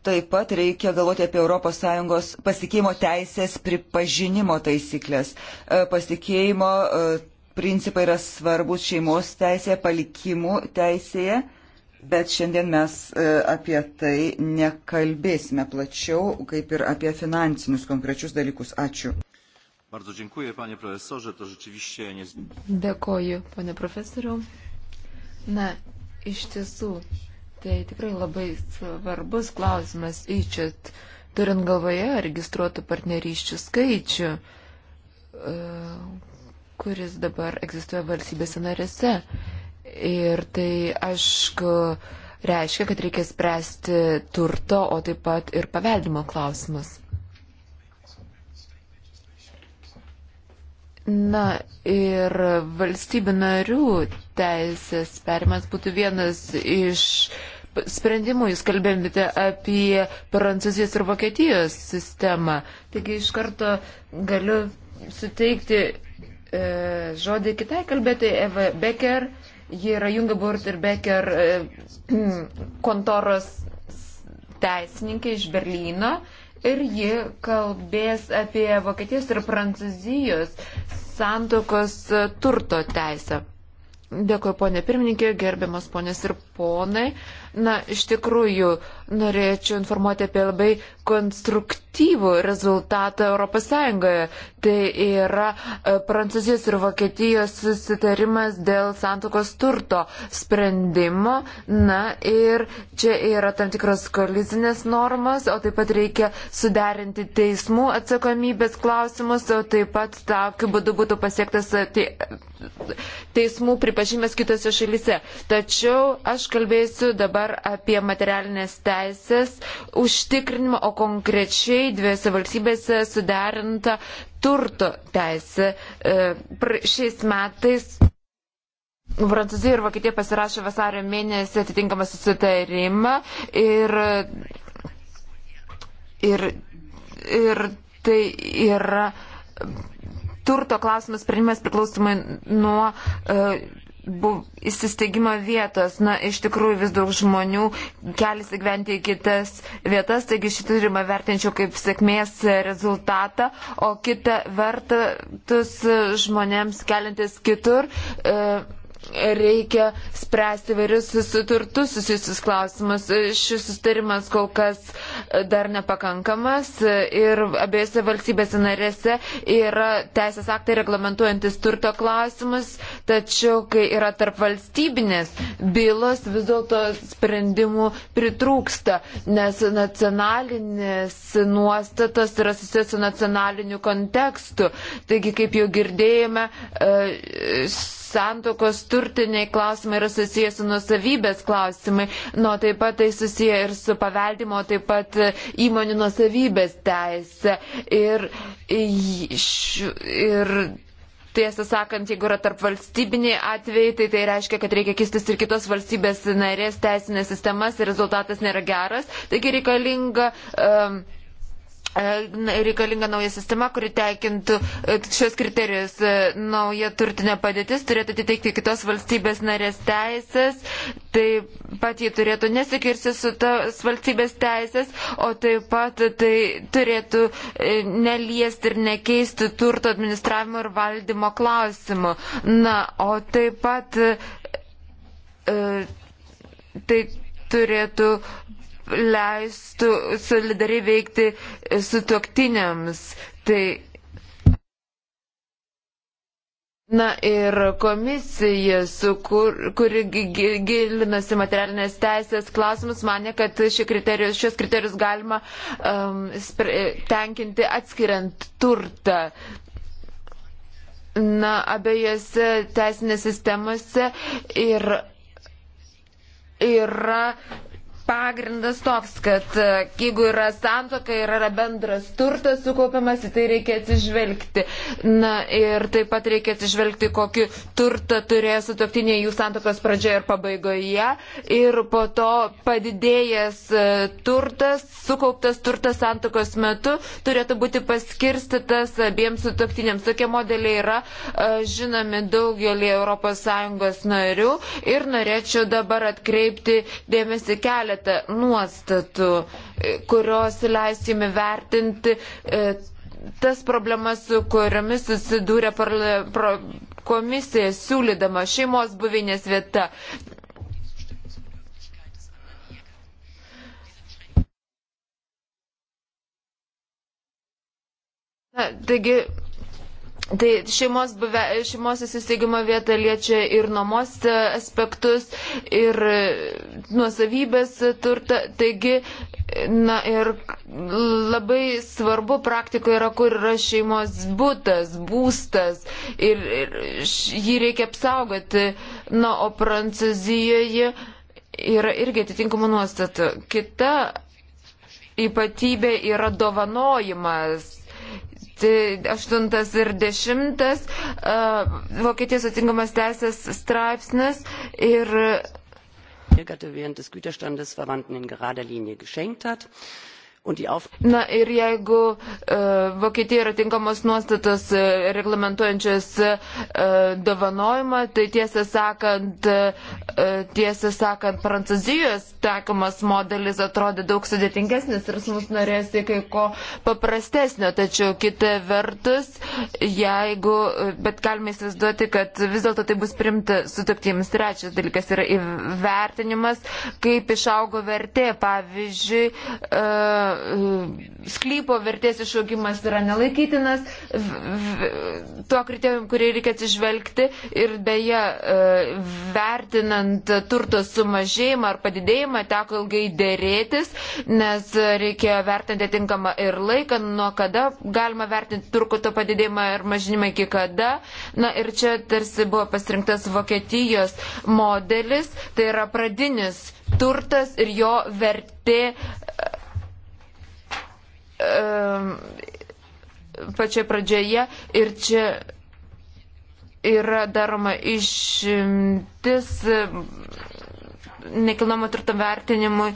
taip pat reikia galvoti apie ES pasikeimo teisės pripažinimo taisyklės. E, pasikeimo e, principai yra svarbus šeimos teisėje, palikimų teisėje, bet šiandien mes e, apie tai nekalbėsime plačiau, kaip ir apie finansinius konkrečius dalykus. Ačiū. Bardzo dziękuję, panie profesorze, to rzeczywiście nie... Dėkoju, panie profesoriu. Na, iš tiesų, tai tikrai labai svarbus klausimas įčiat, turint galvoje registruotų partnerysčių skaičių, e, kuris dabar egzistuoja valstybėse narėse. Ir tai, aišku, reiškia, kad reikia spręsti turto, o taip pat ir paveldimo klausimus. Na ir valstybių narių teisės perimas būtų vienas iš sprendimų, jūs kalbėjote apie Prancūzijos ir Vokietijos sistemą. Taigi iš karto galiu suteikti e, žodį kitai kalbėtojai Eva Becker. Ji yra Jungaburt ir Becker e, kontoros teisininkė iš Berlyno. E, ir ji kalbės apie Vokietijos ir Prancūzijos santokos turto teisę. Dėkuoju, ponė pirmininkė, gerbiamas ponės ir ponai. Na, iš tikrųjų, norėčiau informuoti apie labai konstruktyvų rezultatą ES. Tai yra e, Prancūzijos ir Vokietijos susitarimas dėl santokos turto sprendimo. Na ir čia yra tam tikros kolizinės normas, o taip pat reikia suderinti teismų atsakomybės klausimus, o taip pat tokiu būdu būtų pasiektas e, te, teismų pripažinimas kitose šalyse. Tačiau aš kalbėsiu dabar dabar apie materialinės teisės užtikrinimą, o konkrečiai dviejose valstybėse suderinta turto teisė. E, šiais metais Prancūzija ir Vokietija pasirašė vasario mėnesį atitinkamą susitarimą ir, ir, ir tai yra turto klausimas sprendimas priklausomai nuo. Uh, įsisteigimo vietos. Na, iš tikrųjų vis daug žmonių keliasi gyventi į kitas vietas, taigi šį tyrimą vertinčiau kaip sėkmės rezultatą, o kitą vertus žmonėms keliantis kitur. E, reikia spręsti vairius susiturtus susijusius klausimus. Šis sustarimas kol kas dar nepakankamas ir abiejose valstybėse narėse yra teisės aktai reglamentuojantis turto klausimus, tačiau kai yra tarp valstybinės bylos, vis dėlto sprendimų pritrūksta, nes nacionalinės nuostatos yra susijęs su nacionaliniu kontekstu. Taigi, kaip jau girdėjome, e, santokos turtiniai klausimai yra susijęs su nusavybės klausimai, nu taip pat tai susiję ir su paveldimo, taip pat e, įmonių nusavybės teisė. Ir, ir Tiesą sakant, jeigu yra tarp valstybiniai atvejai, tai tai reiškia, kad reikia kistis ir kitos valstybės narės teisinės sistemas ir rezultatas nėra geras. Taigi reikalinga. Um, E, reikalinga nauja sistema, kuri teikintų e, šios kriterijus. E, nauja turtinė padėtis turėtų atitikti kitos valstybės narės teisės, taip pat jie turėtų nesikirsti su tos valstybės teisės, o taip pat tai turėtų neliesti ir nekeisti turto administravimo ir valdymo klausimų. Na, o taip pat tai turėtų leistų solidariai veikti su toktinėms. Tai Na ir komisija, kur, kuri gilinasi materialinės teisės klausimus, mane, kad ši kriterijus, šios kriterijus galima um, tenkinti atskiriant turtą. Na, abiejose teisinės sistemose ir yra pagrindas toks, kad e, jeigu yra santoka ir yra bendras turtas sukaupiamas, į tai reikia atsižvelgti. Na ir taip pat reikia atsižvelgti, kokį turtą turėjo sutoktinė jų santokos pradžioje ir pabaigoje. Ir po to padidėjęs e, turtas, sukauptas turtas santokos metu turėtų būti paskirstytas abiems sutoktinėms. Tokie modeliai yra e, žinomi daugelį ES narių. Ir norėčiau dabar atkreipti dėmesį kelią keletą nuostatų, e, kurios leisime vertinti e, tas problemas, su kuriomis susidūrė parla, pro, komisija siūlydama šeimos buvinės vieta. Na, taigi Tai šeimos, buve, šeimos įsisteigimo vieta liečia ir nuomos aspektus, ir nuosavybės turtą. Taigi, na ir labai svarbu praktikoje yra, kur yra šeimos būtas, būstas, ir, ir jį reikia apsaugoti. Na, o Prancūzijoje yra irgi atitinkama nuostata. Kita ypatybė yra dovanojimas 8 ir 10 Vokietijos atsingamas teisės straipsnis ir bürgerte während des güterstandes verwandten in gerader linie geschenkt hat. Na ir jeigu e, Vokietija yra tinkamos nuostatos e, reglamentuojančios e, dovanojimą, tai tiesą sakant, e, tiesą sakant, Prancūzijos tekamas modelis atrodė daug sudėtingesnis ir mums norėsi kai ko paprastesnio, tačiau kita vertus, jeigu, e, bet galime įsivaizduoti, kad vis dėlto tai bus primta sutaktims. Trečias dalykas yra įvertinimas, kaip išaugo vertė, pavyzdžiui, e, sklypo vertės išaugimas yra nelaikytinas, tuo kriterijum, kurį reikia atsižvelgti ir beje, e, vertinant turto sumažėjimą ar padidėjimą, teko ilgai dėrėtis, nes reikėjo vertinti atinkamą ir laiką, nuo kada galima vertinti turto padidėjimą ir mažinimą iki kada. Na ir čia tarsi buvo pasirinktas Vokietijos modelis, tai yra pradinis turtas ir jo vertė pačioje pradžioje ir čia yra daroma išimtis nekilnojamo turto vertinimui.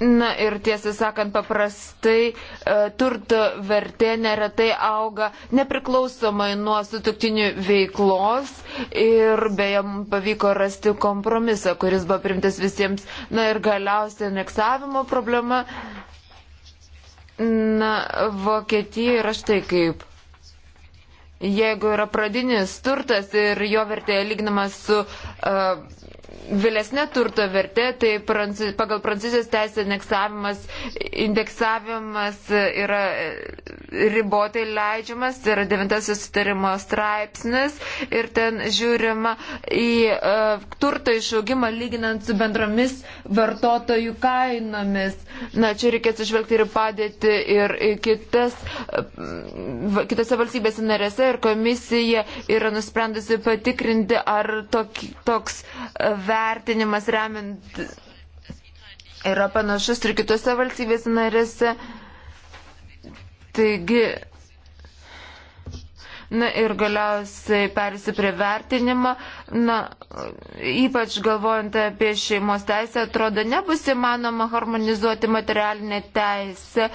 Na ir tiesą sakant, paprastai e, turto vertė neretai auga nepriklausomai nuo sutuktinių veiklos ir beje pavyko rasti kompromisą, kuris buvo primtas visiems. Na ir galiausiai aneksavimo problema. Na, Vokietija yra štai kaip. Jeigu yra pradinis turtas ir jo vertė lyginama su. Uh, e, vėlesnė turto vertė, tai prancūz, pagal prancūzijos teisę indeksavimas, indeksavimas yra ribotai leidžiamas, tai yra devintasis sutarimo straipsnis ir ten žiūrima į uh, turto išaugimą lyginant su bendromis vartotojų kainomis. Na, čia reikės išvelgti ir padėti ir kitas, uh, kitose valstybėse narėse ir komisija yra nusprendusi patikrinti, ar tok, toks uh, vertinimas remint yra panašus ir kitose valstybės narėse. Taigi Na ir galiausiai persi prie vertinimo. Na, ypač galvojant apie šeimos teisę, atrodo, nebus įmanoma harmonizuoti materialinę teisę,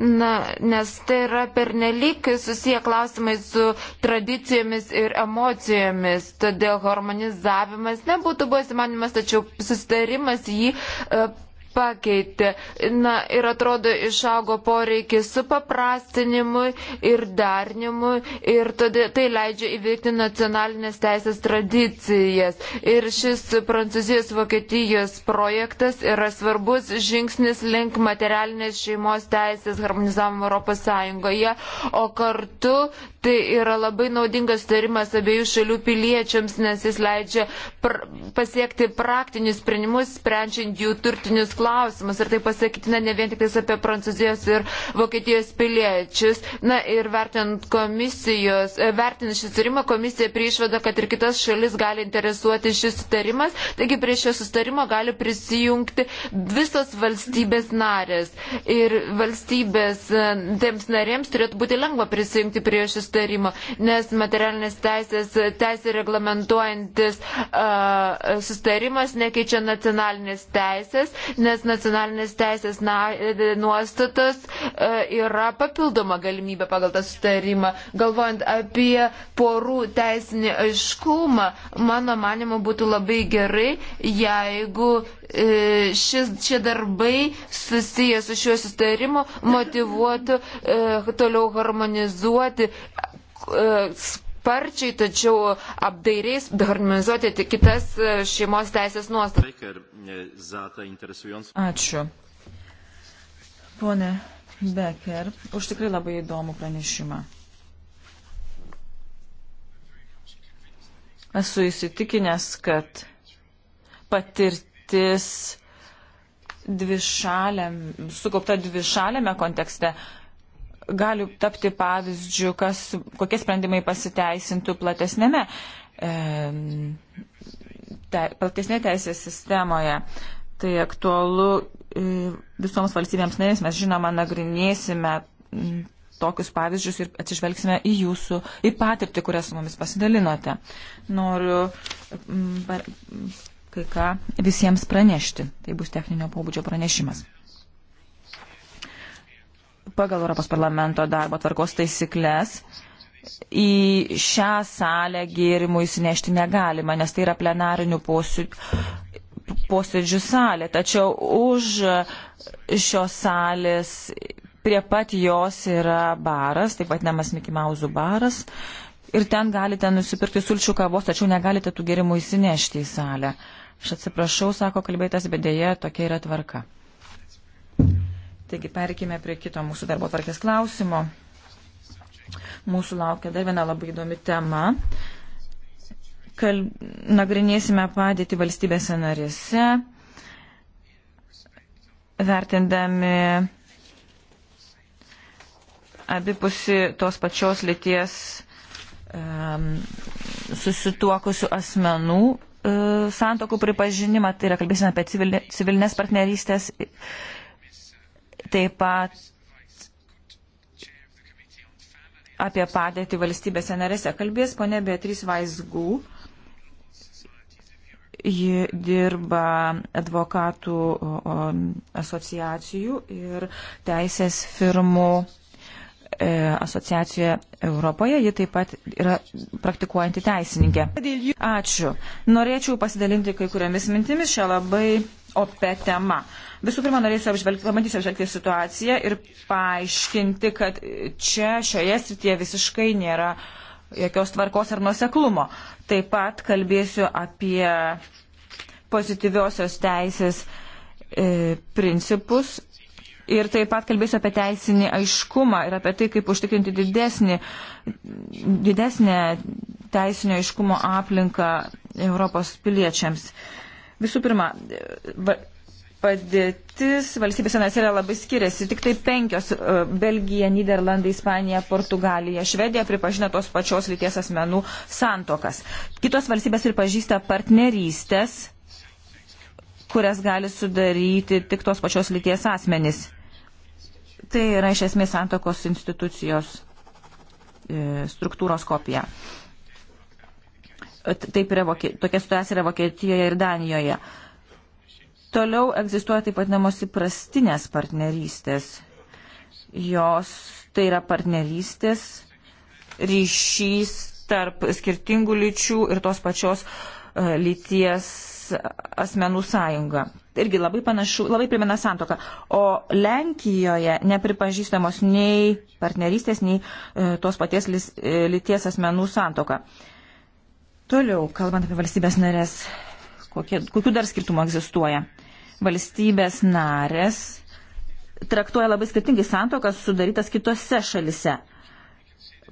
na, nes tai yra pernelyg susiję klausimai su tradicijomis ir emocijomis. Todėl harmonizavimas nebūtų buvęs įmanomas, tačiau susitarimas jį. Uh, pakeitė. Na ir atrodo išaugo poreikis supaprastinimui ir darnimui ir tada tai leidžia įveikti nacionalinės teisės tradicijas. Ir šis Prancūzijos-Vokietijos projektas yra svarbus žingsnis link materialinės šeimos teisės harmonizavimo Europos Sąjungoje, o kartu Tai yra labai naudingas tarimas abiejų šalių piliečiams, nes jis leidžia pr pasiekti praktinius sprendimus, sprendžiant jų turtinius klausimus. Ir tai pasakytina ne vien tik apie Prancūzijos ir Vokietijos piliečius. Na ir vertinant komisijos, e, vertinant šį tarimą, komisija priešvada, kad ir kitas šalis gali interesuoti šis sutarimas. Taigi prie šio sutarimo gali prisijungti visos valstybės narės. Ir valstybės e, tiems narėms turėtų būti lengva prisijungti prie šis sutarimas susitarimo, nes materialinės teisės teisė reglamentuojantis uh, susitarimas nekeičia nacionalinės teisės, nes nacionalinės teisės na, nuostatos uh, yra papildoma galimybė pagal tą susitarimą. Galvojant apie porų teisinį aiškumą, mano manimo būtų labai gerai, jeigu e, šis, šie darbai susijęs su šiuo sustarimu motivuotų e, toliau harmonizuoti E, sparčiai, tačiau apdairiai harmonizuoti tik kitas e, šeimos teisės nuostatas. E, Ačiū. Pone Becker, už tikrai labai įdomų pranešimą. Esu įsitikinęs, kad patirtis dvišalėm, sukaupta dvišalėme kontekste gali tapti pavyzdžių, kas, kokie sprendimai pasiteisintų platesnėme, e, te, platesnėje teisės sistemoje. Tai aktualu e, visoms valstybėms narėms. Mes žinoma nagrinėsime tokius pavyzdžius ir atsižvelgsime į jūsų, į patirtį, kurią su mumis pasidalinote. Noriu m, bar, kai ką visiems pranešti. Tai bus techninio pobūdžio pranešimas pagal Europos parlamento darbo tvarkos taisyklės į šią salę gėrimų įsinešti negalima, nes tai yra plenarinių posėdžių, posėdžių salė. Tačiau už šios salės prie pat jos yra baras, taip pat namas Mikimauzų baras. Ir ten galite nusipirkti sulčių kavos, tačiau negalite tų gėrimų įsinešti į salę. Aš atsiprašau, sako kalbėtas, bet dėja tokia yra tvarka. Taigi perkime prie kito mūsų darbo tvarkės klausimo. Mūsų laukia dar viena labai įdomi tema. Kal... Nagrinėsime padėti valstybėse narėse, vertindami abipusi tos pačios lyties um, susituokusių asmenų uh, santokų pripažinimą, tai yra kalbėsime apie civilinės partnerystės taip pat apie padėtį valstybėse narėse. Kalbės ponė Beatrys Vaisgų. Ji dirba advokatų asociacijų ir teisės firmų e, asociacijoje Europoje. Ji taip pat yra praktikuojanti teisininkė. Ačiū. Norėčiau pasidalinti kai kuriamis mintimis šią labai opę temą. Visų pirma, norėsiu apžvelgti, pabandysiu apžvelgti situaciją ir paaiškinti, kad čia šioje srityje visiškai nėra jokios tvarkos ar nuseklumo. Taip pat kalbėsiu apie pozityviosios teisės e, principus ir taip pat kalbėsiu apie teisinį aiškumą ir apie tai, kaip užtikrinti didesnį, didesnę teisinio aiškumo aplinką Europos piliečiams. Visų pirma, va, padėtis valstybėse nes yra labai skiriasi. Tik tai penkios e, - Belgija, Niderlandai, Ispanija, Portugalija, Švedija pripažino tos pačios lyties asmenų santokas. Kitos valstybės pripažįsta partnerystės, kurias gali sudaryti tik tos pačios lyties asmenys. Tai yra iš esmės santokos institucijos e, struktūros kopija. Taip yra, tokia situacija yra Vokietijoje ir Danijoje. Toliau egzistuoja taip vadinamos įprastinės partnerystės. Jos tai yra partnerystės, ryšys tarp skirtingų lyčių ir tos pačios uh, lyties asmenų sąjunga. Irgi labai panašu, labai primena santoką. O Lenkijoje nepripažįstamos nei partnerystės, nei uh, tos paties lis, uh, e, lyties asmenų santoka. Toliau, kalbant apie valstybės narės Kokie, kokių dar skirtumų egzistuoja? Valstybės narės traktuoja labai skirtingai santokas sudarytas kitose šalise.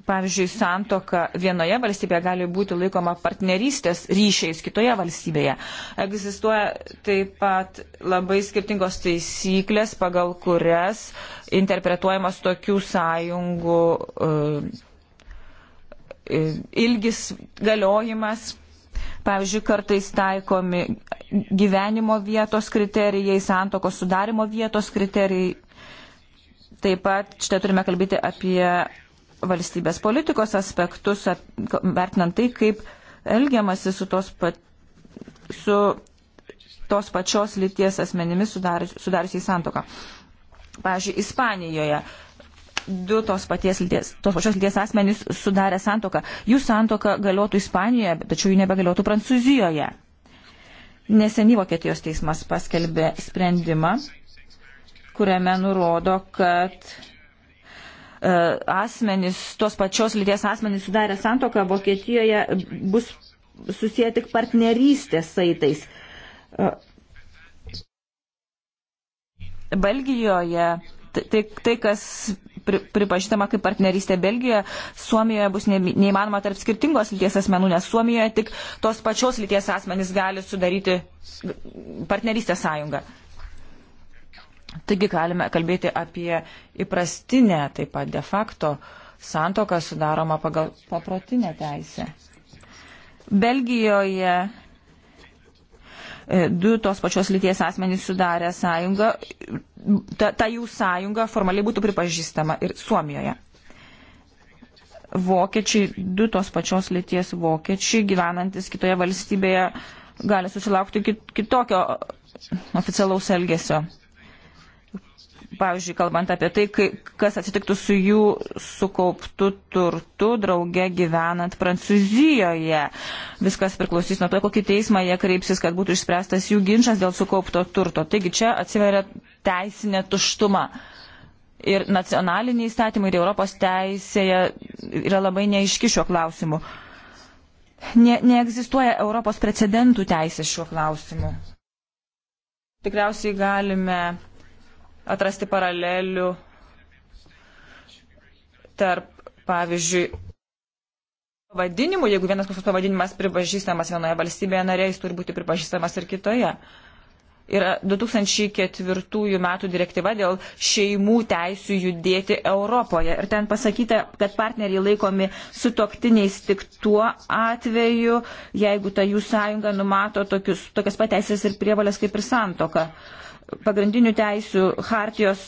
Pavyzdžiui, santoka vienoje valstybėje gali būti laikoma partnerystės ryšiais kitoje valstybėje. Egzistuoja taip pat labai skirtingos taisyklės, pagal kurias interpretuojamas tokių sąjungų uh, ilgis galiojimas Pavyzdžiui, kartais taikomi gyvenimo vietos kriterijai, santokos sudarimo vietos kriterijai. Taip pat čia turime kalbėti apie valstybės politikos aspektus, vertinant tai, kaip elgiamasi su tos, pa, su tos pačios lyties asmenimis sudariusiai santoką. Pavyzdžiui, Ispanijoje du tos, paties, lyties, tos pačios lyties asmenys sudarė santoką. Jų santoka galiotų Ispanijoje, tačiau jų nebegaliotų Prancūzijoje. Neseniai Vokietijos teismas paskelbė sprendimą, kuriame nurodo, kad e, asmenys, tos pačios lyties asmenys sudarė santoką Vokietijoje bus susiję tik partnerystės saitais. E, Belgijoje tai, tai, tai kas pri, pripažįstama kaip partnerystė Belgijoje, Suomijoje bus ne, neįmanoma tarp skirtingos lyties asmenų, nes Suomijoje tik tos pačios lyties asmenys gali sudaryti partnerystę sąjungą. Taigi galime kalbėti apie įprastinę, taip pat de facto santoką sudaroma pagal paprotinę teisę. Belgijoje E, du tos pačios lyties asmenys sudarę sąjungą, ta, ta jų sąjunga formaliai būtų pripažįstama ir Suomijoje. Vokiečiai, du tos pačios lyties vokiečiai gyvenantis kitoje valstybėje gali susilaukti kitokio oficialaus elgesio pavyzdžiui, kalbant apie tai, kai, kas atsitiktų su jų sukauptu turtu drauge gyvenant Prancūzijoje. Viskas priklausys nuo to, kokį teismą jie kreipsis, kad būtų išspręstas jų ginčas dėl sukaupto turto. Taigi čia atsiveria teisinė tuštuma. Ir nacionaliniai įstatymai ir Europos teisėje yra labai neiški šiuo klausimu. Ne, neegzistuoja Europos precedentų teisė šiuo klausimu. Tikriausiai galime atrasti paralelių tarp, pavyzdžiui, pavadinimų, jeigu vienas koks pavadinimas pripažįstamas vienoje valstybėje narėje, jis turi būti pripažįstamas ir kitoje. Yra 2004 metų direktyva dėl šeimų teisių judėti Europoje. Ir ten pasakyta, kad partneriai laikomi sutoktiniais tik tuo atveju, jeigu ta jų sąjunga numato tokius, tokias pateisės ir prievalės kaip ir santoka. Uh, pagrindinių teisių hartijos,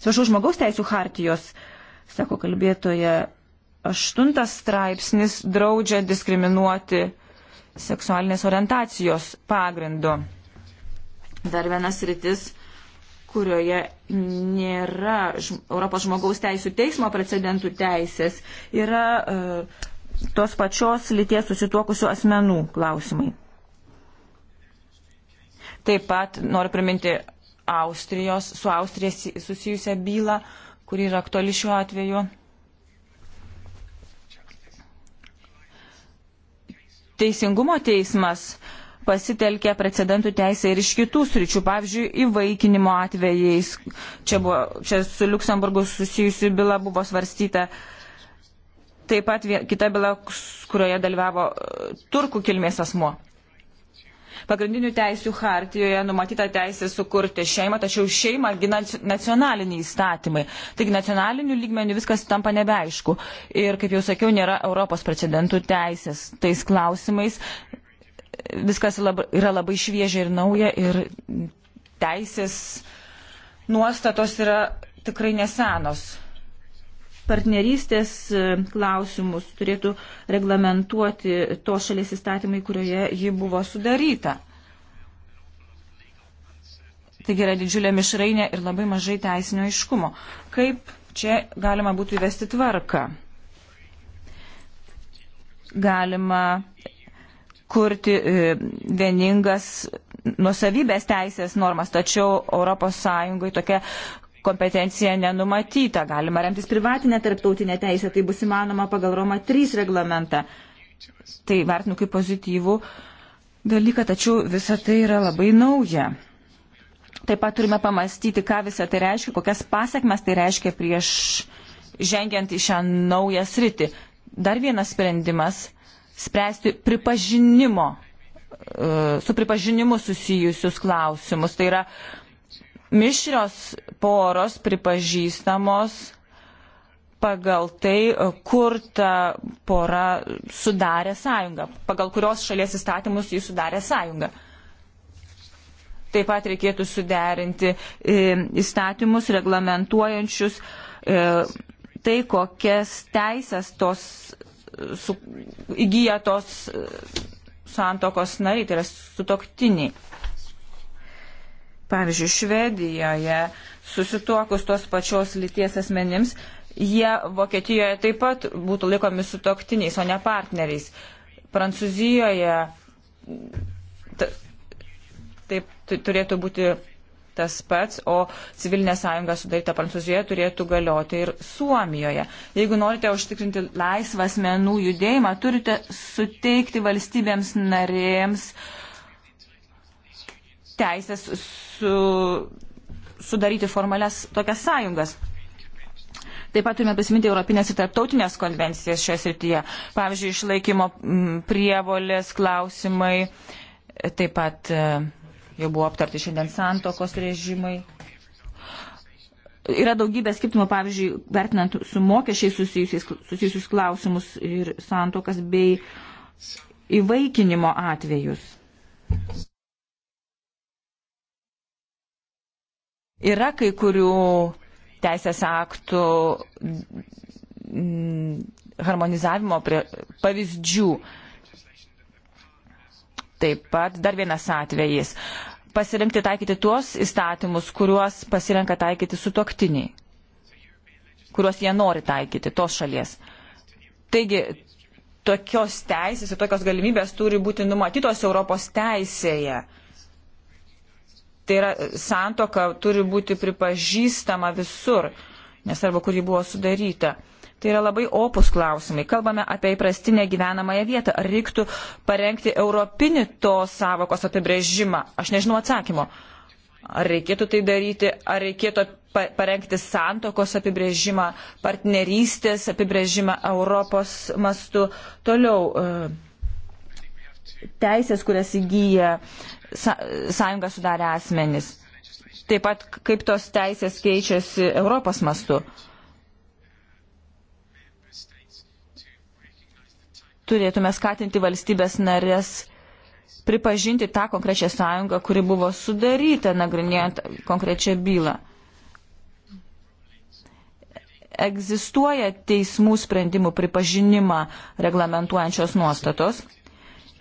svašau žmogaus teisių hartijos, sako kalbėtoje, aštuntas straipsnis draudžia diskriminuoti seksualinės orientacijos pagrindu. Dar vienas rytis, kurioje nėra Europos žmogaus teisų teismo precedentų teisės, yra uh, tos pačios lyties susituokusių asmenų klausimai. Taip pat noriu priminti Austrijos, su Austrija susijusią bylą, kuri yra aktuali šiuo atveju. Teisingumo teismas pasitelkė precedentų teisę ir iš kitų sričių, pavyzdžiui, įvaikinimo atvejais. Čia, buvo, čia su Luksemburgu susijusi byla buvo svarstyta. Taip pat vien, kita byla, kurioje dalyvavo e, turkų kilmės asmo. Pagrindinių teisių hartijoje numatyta teisė sukurti šeimą, tačiau šeimą gina nacionaliniai įstatymai. Taigi nacionaliniu lygmeniu viskas tampa nebeaišku. Ir, kaip jau sakiau, nėra Europos precedentų teisės tais klausimais. Viskas lab, yra labai šviežia ir nauja ir teisės nuostatos yra tikrai nesenos partnerystės e, klausimus turėtų reglamentuoti to šalies įstatymai, kurioje ji buvo sudaryta. Taigi yra didžiulė mišrainė ir labai mažai teisinio iškumo. Kaip čia galima būtų įvesti tvarką? Galima kurti e, vieningas nusavybės teisės normas, tačiau ES tokia kompetencija nenumatyta. Galima remtis privatinę tarptautinę teisę, tai bus įmanoma pagal Roma 3 reglamentą. Tai vertinu kaip pozityvų dalyką, tačiau visa tai yra labai nauja. Taip pat turime pamastyti, ką visa tai reiškia, kokias pasiekmes tai reiškia prieš žengiant į šią naują sritį. Dar vienas sprendimas - spręsti pripažinimo, e, su pripažinimu susijusius klausimus. Tai yra mišrios poros pripažįstamos pagal tai, kur ta pora sudarė sąjungą, pagal kurios šalies įstatymus jį sudarė sąjungą. Taip pat reikėtų suderinti e, įstatymus reglamentuojančius e, tai, kokias teisės tos su, įgyja tos e, santokos nariai, tai yra sutoktiniai. Pavyzdžiui, Švedijoje susituokus tos pačios lyties asmenims, jie Vokietijoje taip pat būtų laikomi sutoktiniais, o ne partneriais. Prancūzijoje taip turėtų būti tas pats, o civilinė sąjunga sudaryta Prancūzijoje turėtų galioti ir Suomijoje. Jeigu norite užtikrinti laisvą asmenų judėjimą, turite suteikti valstybėms narėms teisės su, sudaryti formalias tokias sąjungas. Taip pat turime prisiminti Europinės ir tarptautinės konvencijas šioje srityje. Pavyzdžiui, išlaikymo mm, prievolės klausimai, taip pat e, jau buvo aptarti šiandien santokos režimai. Yra daugybė skirtumų, pavyzdžiui, vertinant su mokesčiai susijusius klausimus ir santokas bei įvaikinimo atvejus. Yra kai kurių teisės aktų mm, harmonizavimo prie, pavyzdžių. Taip pat dar vienas atvejis. Pasirinkti taikyti tuos įstatymus, kuriuos pasirenka taikyti su toktiniai, kuriuos jie nori taikyti, tos šalies. Taigi, tokios teisės ir tokios galimybės turi būti numatytos Europos teisėje. Tai yra santoka turi būti pripažįstama visur, nesvarbu, kur ji buvo sudaryta. Tai yra labai opus klausimai. Kalbame apie įprastinę gyvenamąją vietą. Ar reiktų parengti europinį to savokos apibrėžimą? Aš nežinau atsakymo. Ar reikėtų tai daryti, ar reikėtų parengti santokos apibrėžimą, partnerystės apibrėžimą Europos mastu. Toliau e, teisės, kurias įgyja sąjungą sudarę asmenys. Taip pat kaip tos teisės keičiasi Europos mastu. Turėtume skatinti valstybės narės pripažinti tą konkrečią sąjungą, kuri buvo sudaryta nagrinėjant konkrečią bylą. Egzistuoja teismų sprendimų pripažinimą reglamentuojančios nuostatos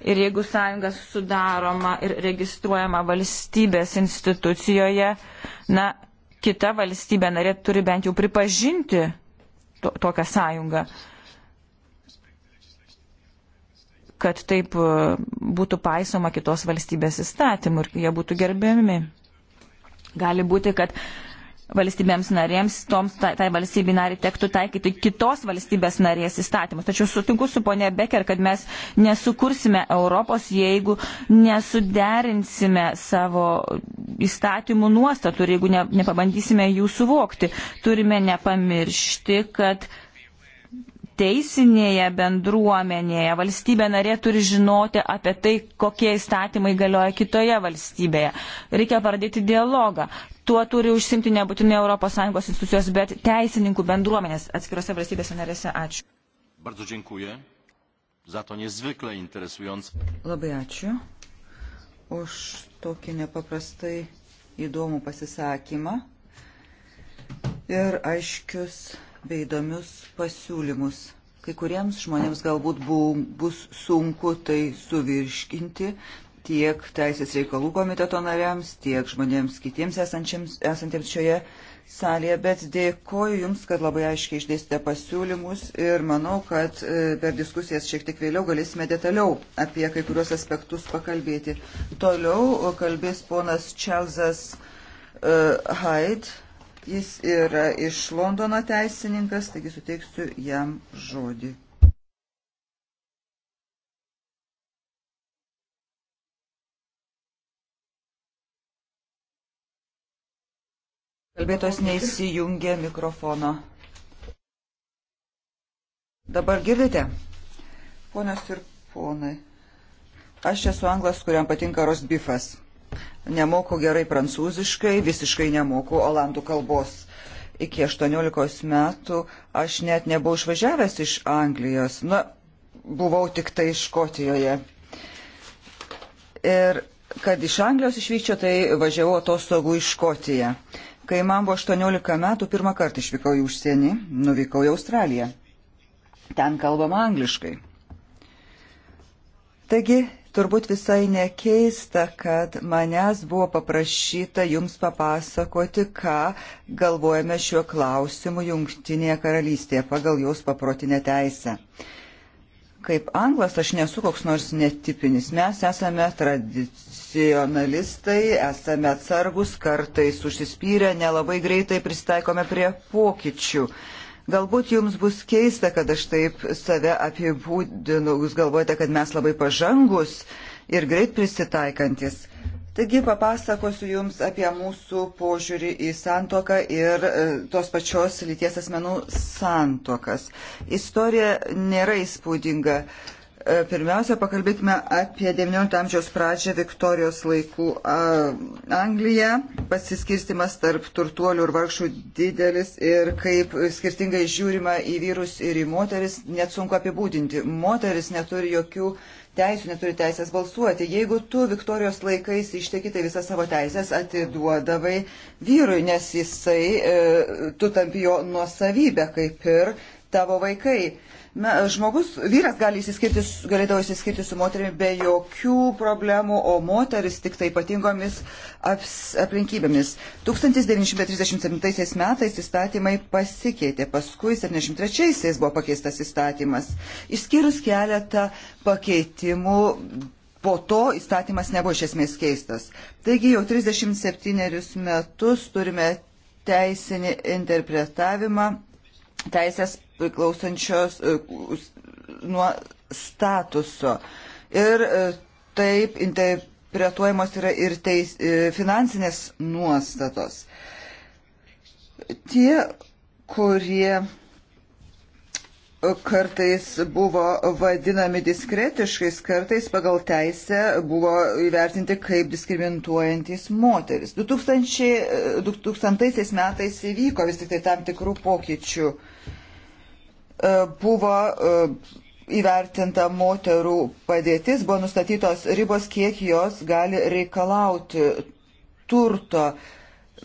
Ir jeigu sąjunga sudaroma ir registruojama valstybės institucijoje, na, kita valstybė narė turi bent jau pripažinti to, tokią sąjungą, kad taip e, būtų paisoma kitos valstybės įstatymų ir jie būtų gerbiami. Gali būti, kad valstybėms narėms, toms tai, tai valstybei nariai tektų taikyti kitos valstybės narės įstatymus. Tačiau sutinku su ponė Becker, kad mes nesukursime Europos, jeigu nesuderinsime savo įstatymų nuostatų ir jeigu ne, nepabandysime jų suvokti. Turime nepamiršti, kad uh, teisinėje bendruomenėje valstybė narė turi žinoti apie tai, kokie įstatymai galioja kitoje valstybėje. Reikia pradėti dialogą. Tuo turi užsimti nebūtinai ES institucijos, bet teisininkų bendruomenės atskirose valstybėse narėse. Ačiū. Bardzo dziękuję za to niezwykle interesujące. Labai ačiū už tokį nepaprastai įdomų pasisakymą ir aiškius bei įdomius pasiūlymus. Kai kuriems žmonėms galbūt bu, bus sunku tai suvirškinti tiek Teisės reikalų komiteto nariams, tiek žmonėms kitiems esantiems šioje salėje, bet dėkoju Jums, kad labai aiškiai išdėstėte pasiūlymus ir manau, kad e, per diskusijas šiek tiek vėliau galėsime detaliau apie kai kuriuos aspektus pakalbėti. Toliau kalbės ponas Čelzas uh, Haid. Uh, Jis yra iš Londono teisininkas, taigi suteiksiu jam žodį. Kalbėtos neįsijungia mikrofono. Dabar girdite? Ponios ir ponai, aš esu anglas, kuriam patinka rosbifas nemoku gerai prancūziškai, visiškai nemoku olandų kalbos. Iki 18 metų aš net nebuvau išvažiavęs iš Anglijos, na, buvau tik tai Škotijoje. Ir kad iš Anglijos išvykčiau, tai važiavau atostogų į Škotiją. Kai man buvo 18 metų, pirmą kartą išvykau į užsienį, nuvykau į Australiją. Ten kalbama angliškai. Taigi Turbūt visai nekeista, kad manęs buvo paprašyta jums papasakoti, ką galvojame šiuo klausimu Jungtinėje karalystėje pagal jos paprotinę teisę. Kaip anglas aš nesu koks nors netipinis. Mes esame tradicionalistai, esame atsargus, kartais užsispyrę, nelabai greitai pristaikome prie pokyčių. Uh, Galbūt jums bus keista, kad aš taip save apibūdinu, jūs galvojate, kad mes labai pažangus ir greit prisitaikantis. Taigi papasakosiu Jums apie mūsų požiūrį į santoką ir e, tos pačios lyties asmenų santokas. Istorija nėra įspūdinga. E, pirmiausia, pakalbėkime apie XIX amžiaus pradžią Viktorijos laikų Angliją, pasiskirstimas tarp turtuolių ir vargšų didelis ir kaip skirtingai žiūrima į vyrus ir į moteris, net sunku apibūdinti. Moteris neturi jokių teisų, neturi teisės balsuoti. Jeigu tu Viktorijos laikais ištekitai visą savo teisės atiduodavai vyrui, nes jisai, e, tu tampi jo nuosavybę kaip ir tavo vaikai Me, žmogus, vyras gali įsiskirti, galėdavo įsiskirti su moterimi be jokių problemų, o moteris tik tai ypatingomis aps, aplinkybėmis. 1937 metais įstatymai pasikeitė, paskui 73-aisiais buvo pakeistas įstatymas. Išskyrus keletą pakeitimų po to įstatymas nebuvo iš esmės keistas. Taigi jau 37 metus turime teisinį interpretavimą teisės priklausančios e, nuo statuso. Ir e, taip interpretuojamos yra ir teis, e, finansinės nuostatos. Tie, kurie kartais buvo vadinami diskretiškais, kartais pagal teisę buvo įvertinti kaip diskriminuojantis moteris. 2000, 2000 metais įvyko vis tik tai tam tikrų pokyčių. Uh, E, buvo e, įvertinta moterų padėtis, buvo nustatytos ribos, kiek jos gali reikalauti turto.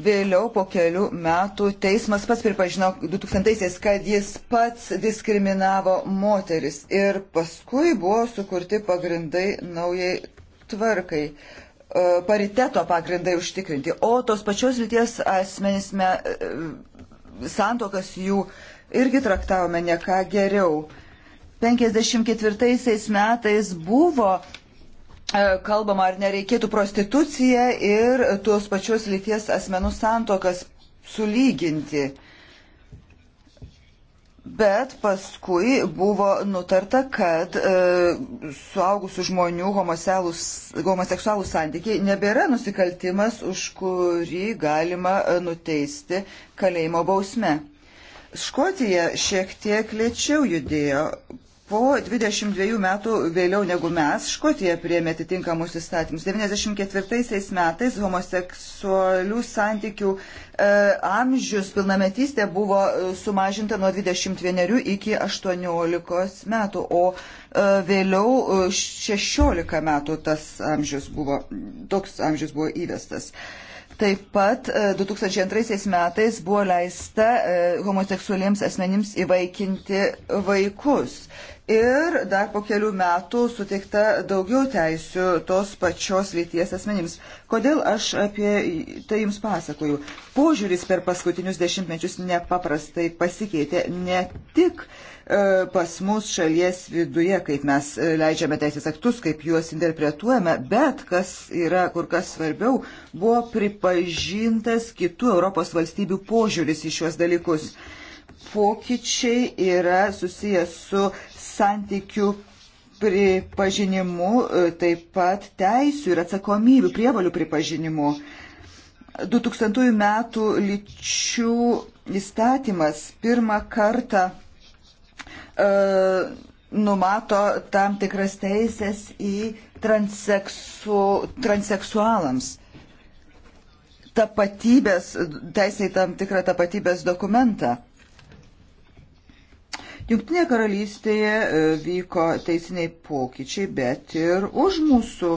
Vėliau po kelių metų teismas pats pripažino 2000-aisiais, kad jis pats diskriminavo moteris ir paskui buvo sukurti pagrindai naujai tvarkai e, pariteto pagrindai užtikrinti, o tos pačios lyties asmenys me, santokas jų irgi traktavome ne ką geriau. 54 metais buvo e, kalbama, ar nereikėtų prostituciją ir tuos pačios lyties asmenų santokas sulyginti. Bet paskui buvo nutarta, kad e, suaugusių žmonių homoseksualų santykiai nebėra nusikaltimas, už kurį galima e, nuteisti kalėjimo bausme. Škotija šiek tiek lėčiau judėjo. Po 22 metų vėliau negu mes, Škotija priemė atitinkamus įstatymus. 94 metais homoseksualių santykių e, amžius pilnametystė buvo e, sumažinta nuo 21 iki 18 metų, o e, vėliau 16 e, metų tas amžius buvo, toks amžius buvo įvestas. E, Taip pat 2002 e, metais buvo leista e, homoseksualiems asmenims įvaikinti vaikus. Ir dar po kelių metų suteikta daugiau teisių tos pačios lyties asmenims. Kodėl aš apie tai jums pasakoju? Požiūris per paskutinius dešimtmečius nepaprastai pasikeitė ne tik uh, E, pas mus šalies viduje, kaip mes e, leidžiame teisės aktus, kaip juos interpretuojame, bet kas yra kur kas svarbiau, buvo pripažintas kitų Europos valstybių požiūris į šiuos dalykus. Pokyčiai yra susijęs su santykių pripažinimu, e, taip pat teisų ir atsakomybių, prievalių pripažinimu. 2000 metų lyčių įstatymas pirmą kartą E, numato tam tikras teisės į transeksu, transeksualams tapatybės, teisė į tam tikrą tapatybės dokumentą. Junktinėje karalystėje e, vyko teisiniai pokyčiai, bet ir už mūsų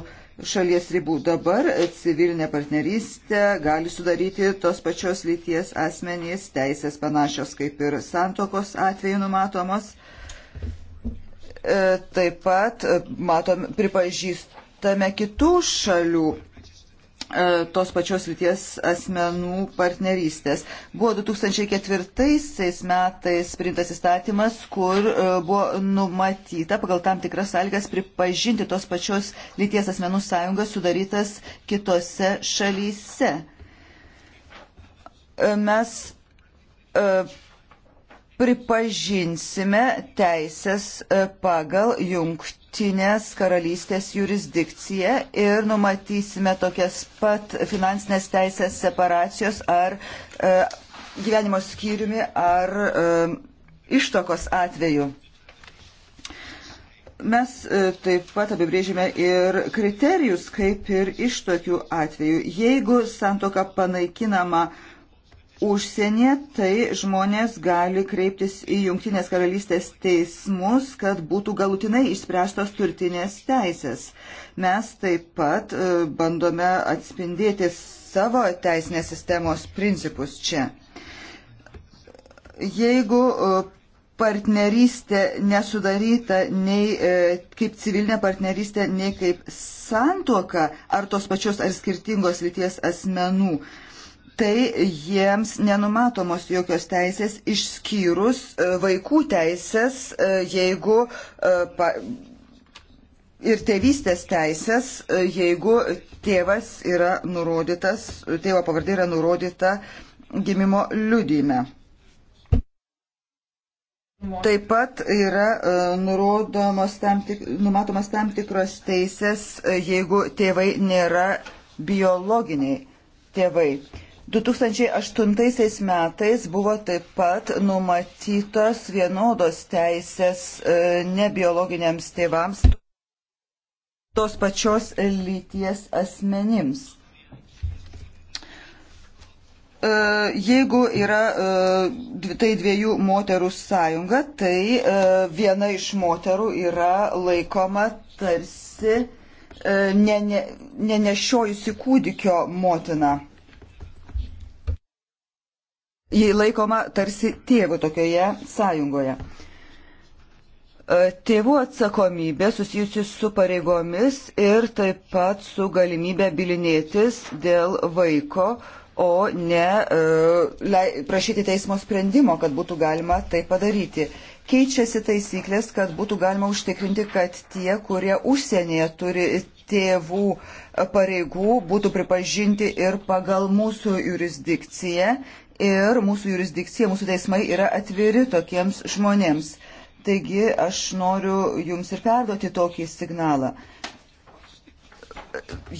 šalies ribų dabar civilinė partnerystė gali sudaryti tos pačios lyties asmenys teisės panašios kaip ir santokos atveju numatomos. E, taip pat e, matom, pripažįstame kitų šalių e, tos pačios lyties asmenų partnerystės. Buvo 2004 metais priimtas įstatymas, kur buvo numatyta pagal tam tikras sąlygas pripažinti tos pačios lyties asmenų sąjungas sudarytas kitose šalyse. Mes pripažinsime teisės e, pagal jungtinės karalystės jurisdikciją ir numatysime tokias pat finansinės teisės separacijos ar e, gyvenimo skyriumi ar e, ištokos atveju. Mes e, taip pat apibrėžime ir kriterijus, kaip ir iš tokių atvejų. Jeigu santoka panaikinama uh, užsienyje, tai žmonės gali kreiptis į Junktinės karalystės teismus, kad būtų galutinai išspręstos turtinės teisės. Mes taip pat e, bandome atspindėti savo teisinės sistemos principus čia. Jeigu e, partnerystė nesudaryta nei e, kaip civilinė partnerystė, nei kaip santuoka ar tos pačios ar skirtingos lyties asmenų tai jiems nenumatomos jokios teisės išskyrus e, vaikų teisės, e, jeigu e, ir tėvystės teisės, jeigu tėvas yra nurodytas, tėvo pavardė yra nurodyta gimimo liudyme. Taip pat yra nurodomos tam tik, numatomas tam tikros teisės, jeigu tėvai nėra biologiniai tėvai. 2008 metais buvo taip pat numatytos vienodos teisės e, nebiologiniams tėvams tos pačios lyties asmenims. E, jeigu yra e, tai dviejų moterų sąjunga, tai viena iš moterų yra laikoma tarsi nenešiojusi ne, ne kūdikio motina jį laikoma tarsi tėvų tokioje sąjungoje. E, tėvų atsakomybė susijusi su pareigomis ir taip pat su galimybė bilinėtis dėl vaiko, o ne e, prašyti teismo sprendimo, kad būtų galima tai padaryti. Keičiasi taisyklės, kad būtų galima užtikrinti, kad tie, kurie užsienyje turi tėvų pareigų, būtų pripažinti ir pagal mūsų jurisdikciją ir mūsų jurisdikcija, mūsų teismai yra atviri tokiems žmonėms. Taigi aš noriu jums ir perduoti tokį signalą.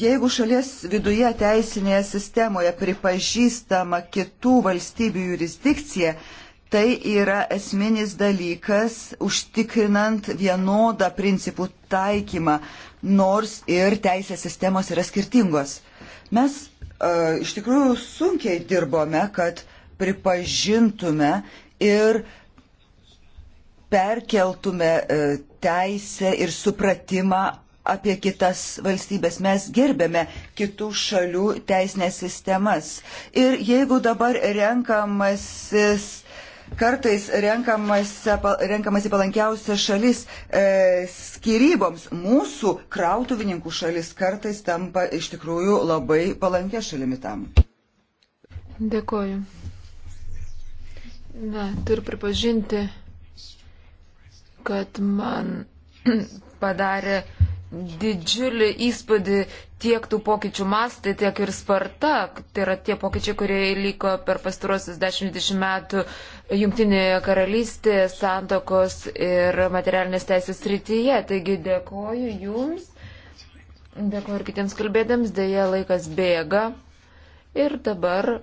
Jeigu šalies viduje teisinėje sistemoje pripažįstama kitų valstybių jurisdikcija, tai yra esminis dalykas užtikrinant vienodą principų taikymą, nors ir teisės sistemos yra skirtingos. Mes e, iš tikrųjų sunkiai dirbome, kad pripažintume ir perkeltume e, teisę ir supratimą apie kitas valstybės. Mes gerbėme kitų šalių teisinės sistemas. Ir jeigu dabar renkamasis, kartais renkamasi, renkamasi palankiausia šalis e, skiryboms, mūsų krautuvininkų šalis kartais tampa iš tikrųjų labai palankia šalimi tam. Dėkoju. Na, turiu pripažinti, kad man padarė didžiulį įspūdį tiek tų pokyčių mastai, tiek ir sparta. Tai yra tie pokyčiai, kurie liko per pastarosius 10-20 metų Junktinėje karalystėje, santokos ir materialinės teisės rytyje. Taigi dėkoju Jums, dėkoju ir kitiems kalbėdams, dėja laikas bėga. Ir dabar.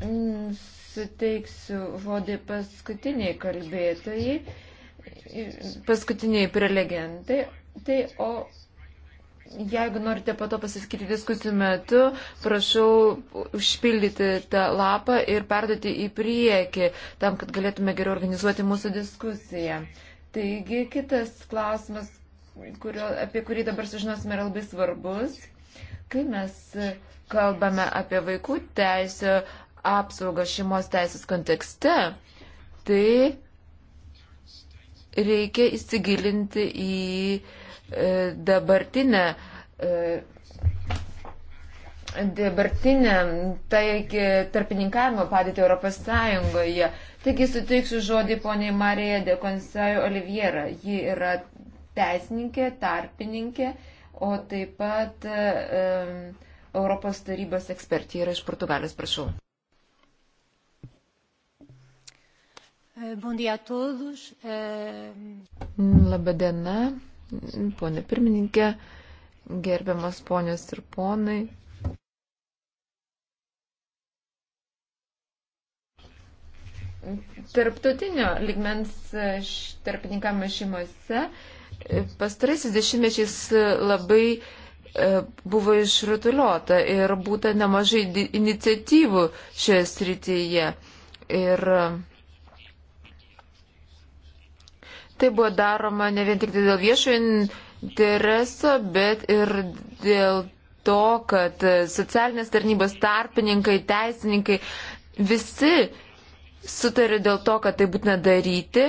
Mm, suteiksiu žodį paskutiniai kalbėtojai, paskutiniai prelegentai. Tai, o jeigu norite po to pasiskirti diskusijų metu, prašau užpildyti tą lapą ir perduoti į priekį, tam, kad galėtume geriau organizuoti mūsų diskusiją. Taigi, kitas klausimas, kurio, apie kurį dabar sužinosime, yra labai svarbus. Kai mes kalbame apie vaikų teisę, apsaugą šeimos teisės kontekste, tai reikia įsigilinti į e, dabartinę, e, dabartinę taigi, tarpininkavimo padėtį Europos Sąjungoje. Taigi suteiksiu žodį poniai Marija de Konsajo Oliviera. Ji yra teisininkė, tarpininkė, o taip pat e, Europos tarybos ekspertė yra iš Portugalijos, prašau. Eh, eh, Labadiena, ponė pirmininkė, gerbiamas ponios ir ponai. Tarptautinio ligmens tarpininkama šeimose e, pastaraisiais dešimtmečiais labai e, buvo išrutuliota ir būta nemažai iniciatyvų šioje srityje. Ir Tai buvo daroma ne vien tik dėl viešo intereso, bet ir dėl to, kad socialinės tarnybos tarpininkai, teisininkai, visi sutarė dėl to, kad tai būtina daryti,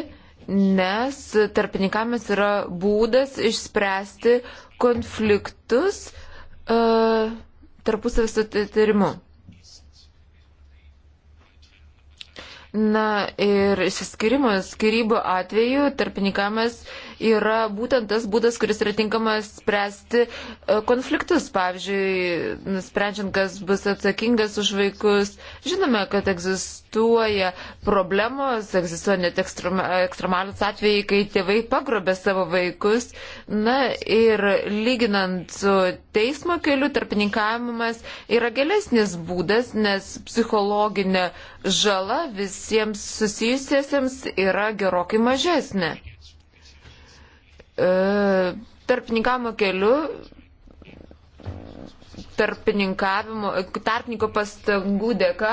nes tarpininkavimas yra būdas išspręsti konfliktus uh, tarpusavio sutarimu. Na ir išsiskirimo skirybų atveju tarpininkamas yra būtent tas būdas, kuris yra tinkamas spręsti e, konfliktus. Pavyzdžiui, nusprendžiant, kas bus atsakingas už vaikus. Žinome, kad egzistuoja problemos, egzistuoja net ekstremalus atvejai, kai tėvai pagrobė savo vaikus. Na ir lyginant su teismo keliu, tarpininkavimas yra gilesnis būdas, nes psichologinė žala vis visiems susijusiesiems yra gerokai mažesnė. E, tarpininkavimo keliu tarpininkavimo, tarpininko pastangų dėka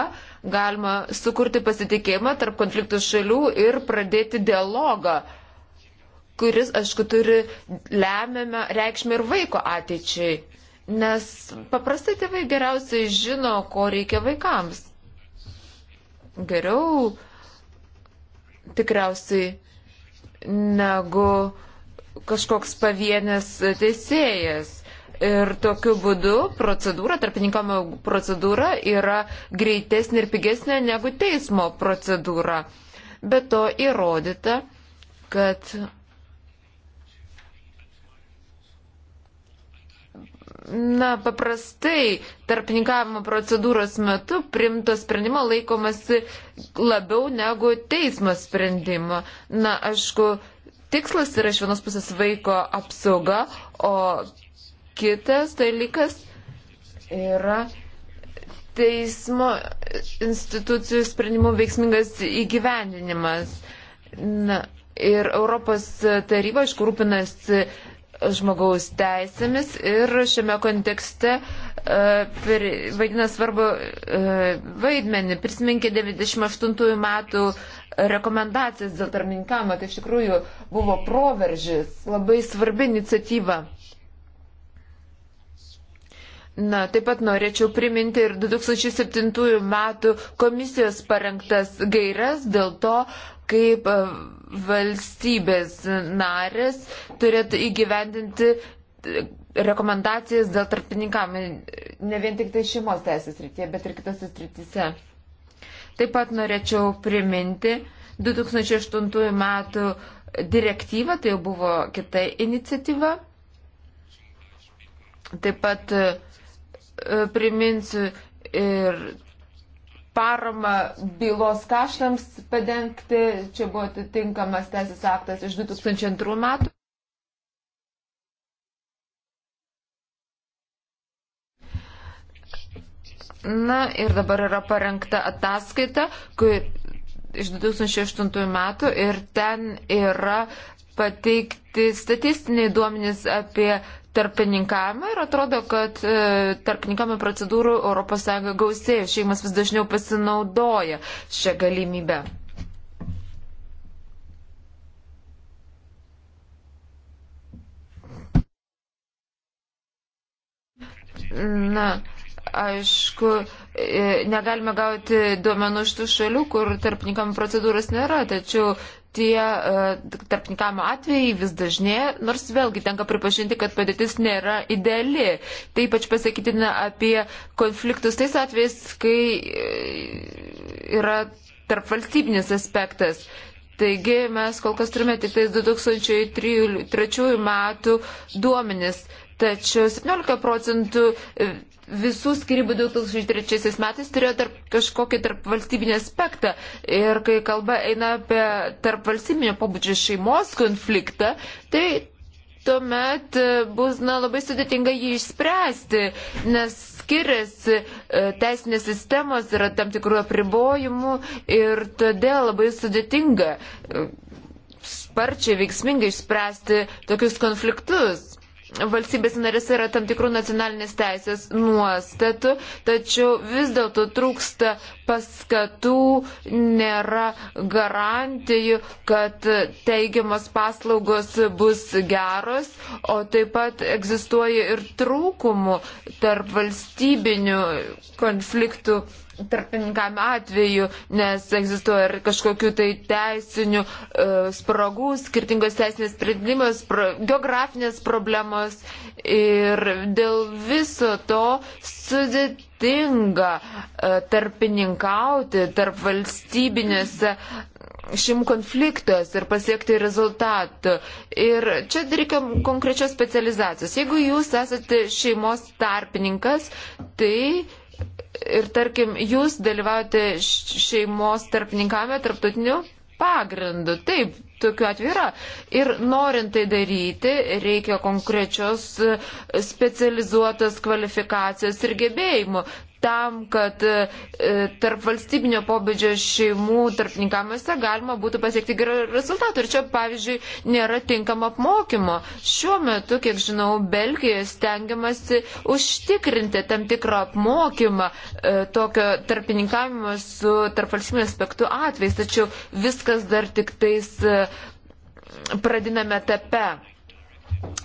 galima sukurti pasitikėjimą tarp konfliktų šalių ir pradėti dialogą, kuris, aišku, turi lemiamą reikšmę ir vaiko ateičiai. Nes paprastai tėvai geriausiai žino, ko reikia vaikams geriau tikriausiai negu kažkoks pavienis teisėjas. Ir tokiu būdu procedūra, tarpininkamo procedūra yra greitesnė ir pigesnė negu teismo procedūra. Be to įrodyta, kad Na, paprastai tarpininkavimo procedūros metu primto sprendimo laikomasi labiau negu teismo sprendimo. Na, aišku, tikslas yra iš vienos pusės vaiko apsauga, o kitas dalykas yra teismo institucijų sprendimų veiksmingas įgyvendinimas. Na, ir Europos taryba, aišku, rūpinasi žmogaus teisėmis ir šiame kontekste e, per, vaidina svarbu e, vaidmenį. Prisiminkė 98 metų rekomendacijas dėl tarmininkamo, tai iš tikrųjų buvo proveržis, labai svarbi iniciatyva. Na, taip pat norėčiau priminti ir 2007 metų komisijos parengtas gairias dėl to, kaip e, valstybės narės turėtų įgyvendinti rekomendacijas dėl tarpininkami ne vien tik tai šeimos teisės rytyje, bet ir kitose srityse. Taip pat norėčiau priminti 2008 metų direktyvą, tai jau buvo kita iniciatyva. Taip pat e, priminsiu ir paramą bylos kaštams padengti. Čia buvo atitinkamas teisės aktas iš 2002 metų. Na ir dabar yra parengta ataskaita, kur iš 2008 metų ir ten yra pateikti statistiniai duomenys apie tarpininkavimą ir atrodo, kad e, tarpininkavimo procedūrų ES gausėja, šeimas vis dažniau pasinaudoja šią galimybę. Na, aišku, e, negalime gauti duomenų iš tų šalių, kur tarpininkam procedūros nėra, tačiau tie e, tarpininkavimo atvejai vis dažnėja, nors vėlgi tenka pripažinti, kad padėtis nėra ideali. Tai ypač pasakytina apie konfliktus tais atvejais, kai e, yra tarpvalstybinis aspektas. Taigi mes kol kas turime tik tais 2003 metų duomenis. Tačiau 17 procentų visų skirybų 2003 metais turėjo tarp, kažkokį tarp valstybinį aspektą. Ir kai kalba eina apie tarp valstybinio pobūdžio šeimos konfliktą, tai tuomet e, bus na, labai sudėtinga jį išspręsti, nes skiriasi e, teisinės sistemos, yra tam tikrų apribojimų ir todėl labai sudėtinga e, sparčiai, veiksmingai išspręsti tokius konfliktus valstybės narėse yra tam tikrų nacionalinės teisės nuostatų, tačiau vis dėlto trūksta paskatų, nėra garantijų, kad teigiamas paslaugos bus geros, o taip pat egzistuoja ir trūkumų tarp valstybinių konfliktų tarpininkavimo atveju, nes egzistuoja ir kažkokių tai teisinių e, spragų, skirtingos teisinės sprendimas, pro, geografinės problemos ir dėl viso to sudėtinga e, tarpininkauti tarp valstybinėse šim konfliktas ir pasiekti rezultatų. Ir čia reikia konkrečios specializacijos. Jeigu jūs esate šeimos tarpininkas, tai ir tarkim, jūs dalyvaujate šeimos tarpininkame tarptautiniu pagrindu. Taip, tokiu atveju yra. Ir norint tai daryti, reikia konkrečios e, specializuotos kvalifikacijos ir gebėjimų tam, kad e, tarp valstybinio pobūdžio šeimų tarpininkamuose galima būtų pasiekti gerų rezultatų. Ir čia, pavyzdžiui, nėra tinkama apmokymo. Šiuo metu, kiek žinau, Belgijoje stengiamasi užtikrinti tam tikrą apmokymą e, tokio tarpininkavimo su tarp valstybinio aspektu atvejais, tačiau viskas dar tik tais e, pradiname etape.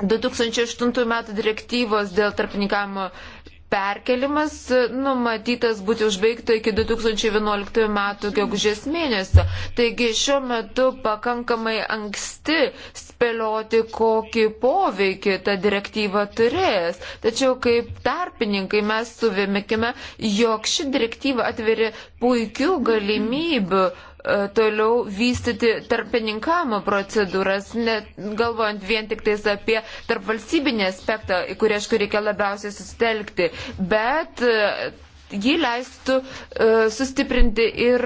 2008 m. direktyvos dėl tarpininkavimo perkelimas numatytas būti užbaigta iki 2011 metų gegužės mėnesio. Taigi šiuo metu pakankamai anksti spėlioti, kokį poveikį ta direktyva turės. Tačiau kaip tarpininkai mes suvimikime, jog ši direktyva atveria puikių galimybių E, toliau vystyti tarpininkamo procedūras, net galvojant vien tik tais apie tarpvalstybinį aspektą, į kurį, aišku, reikia labiausiai sustelkti, bet e, jį leistų e, sustiprinti ir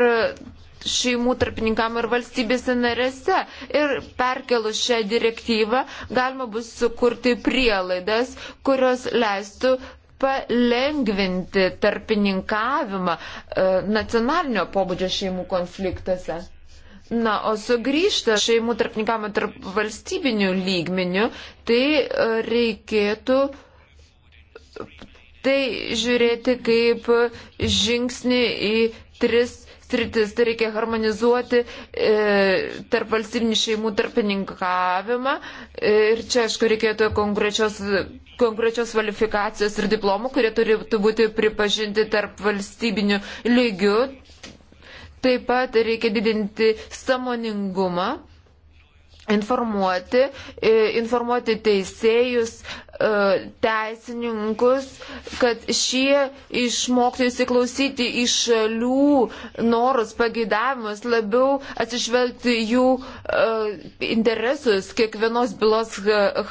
šeimų tarpininkam ir valstybėse narėse. Ir perkelus šią direktyvą galima bus sukurti prielaidas, kurios leistų palengvinti tarpininkavimą e, nacionalinio pobūdžio šeimų konfliktuose. Na, o sugrįžta šeimų tarpininkavimą tarp valstybinių lygminių, tai e, reikėtų tai žiūrėti kaip žingsnį į tris sritis, tai reikia harmonizuoti e, tarp valstybinių šeimų tarpininkavimą e, ir čia, aišku, reikėtų konkrečios, konkrečios kvalifikacijos ir diplomų, kurie turėtų būti pripažinti tarp valstybinių lygių. Taip pat reikia didinti samoningumą informuoti, e, informuoti teisėjus, E, teisininkus, kad šie išmoktų įsiklausyti į šalių norus, pageidavimus, labiau atsižvelgti jų e, interesus, kiekvienos bylos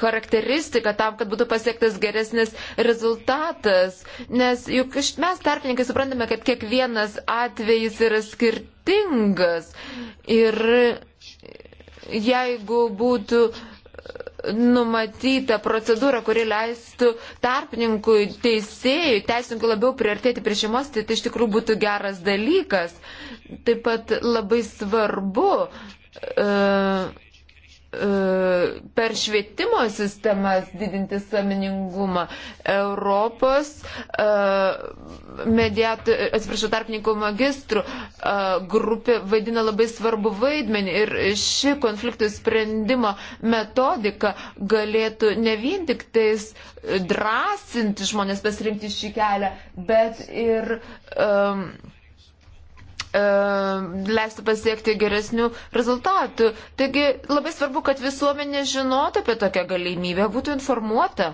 charakteristiką tam, kad būtų pasiektas geresnis rezultatas. Nes juk mes tarpininkai suprantame, kad kiekvienas atvejis yra skirtingas. Ir jeigu būtų uh, numatyta procedūra, kuri leistų tarpininkui, teisėjui, teisininkui labiau priartėti prie šeimos, tai tai iš tikrųjų būtų geras dalykas. Taip pat labai svarbu. Uh, E, per švietimo sistemas didinti saminingumą. Europos e, mediatų, atsiprašau, tarpininkų magistrų e, grupė vaidina labai svarbu vaidmenį ir ši konfliktų sprendimo metodika galėtų ne vien tik tais drąsinti žmonės pasirinkti šį kelią, bet ir um, E, leisti pasiekti geresnių rezultatų. Taigi labai svarbu, kad visuomenė žinotų apie tokią galimybę, būtų informuota.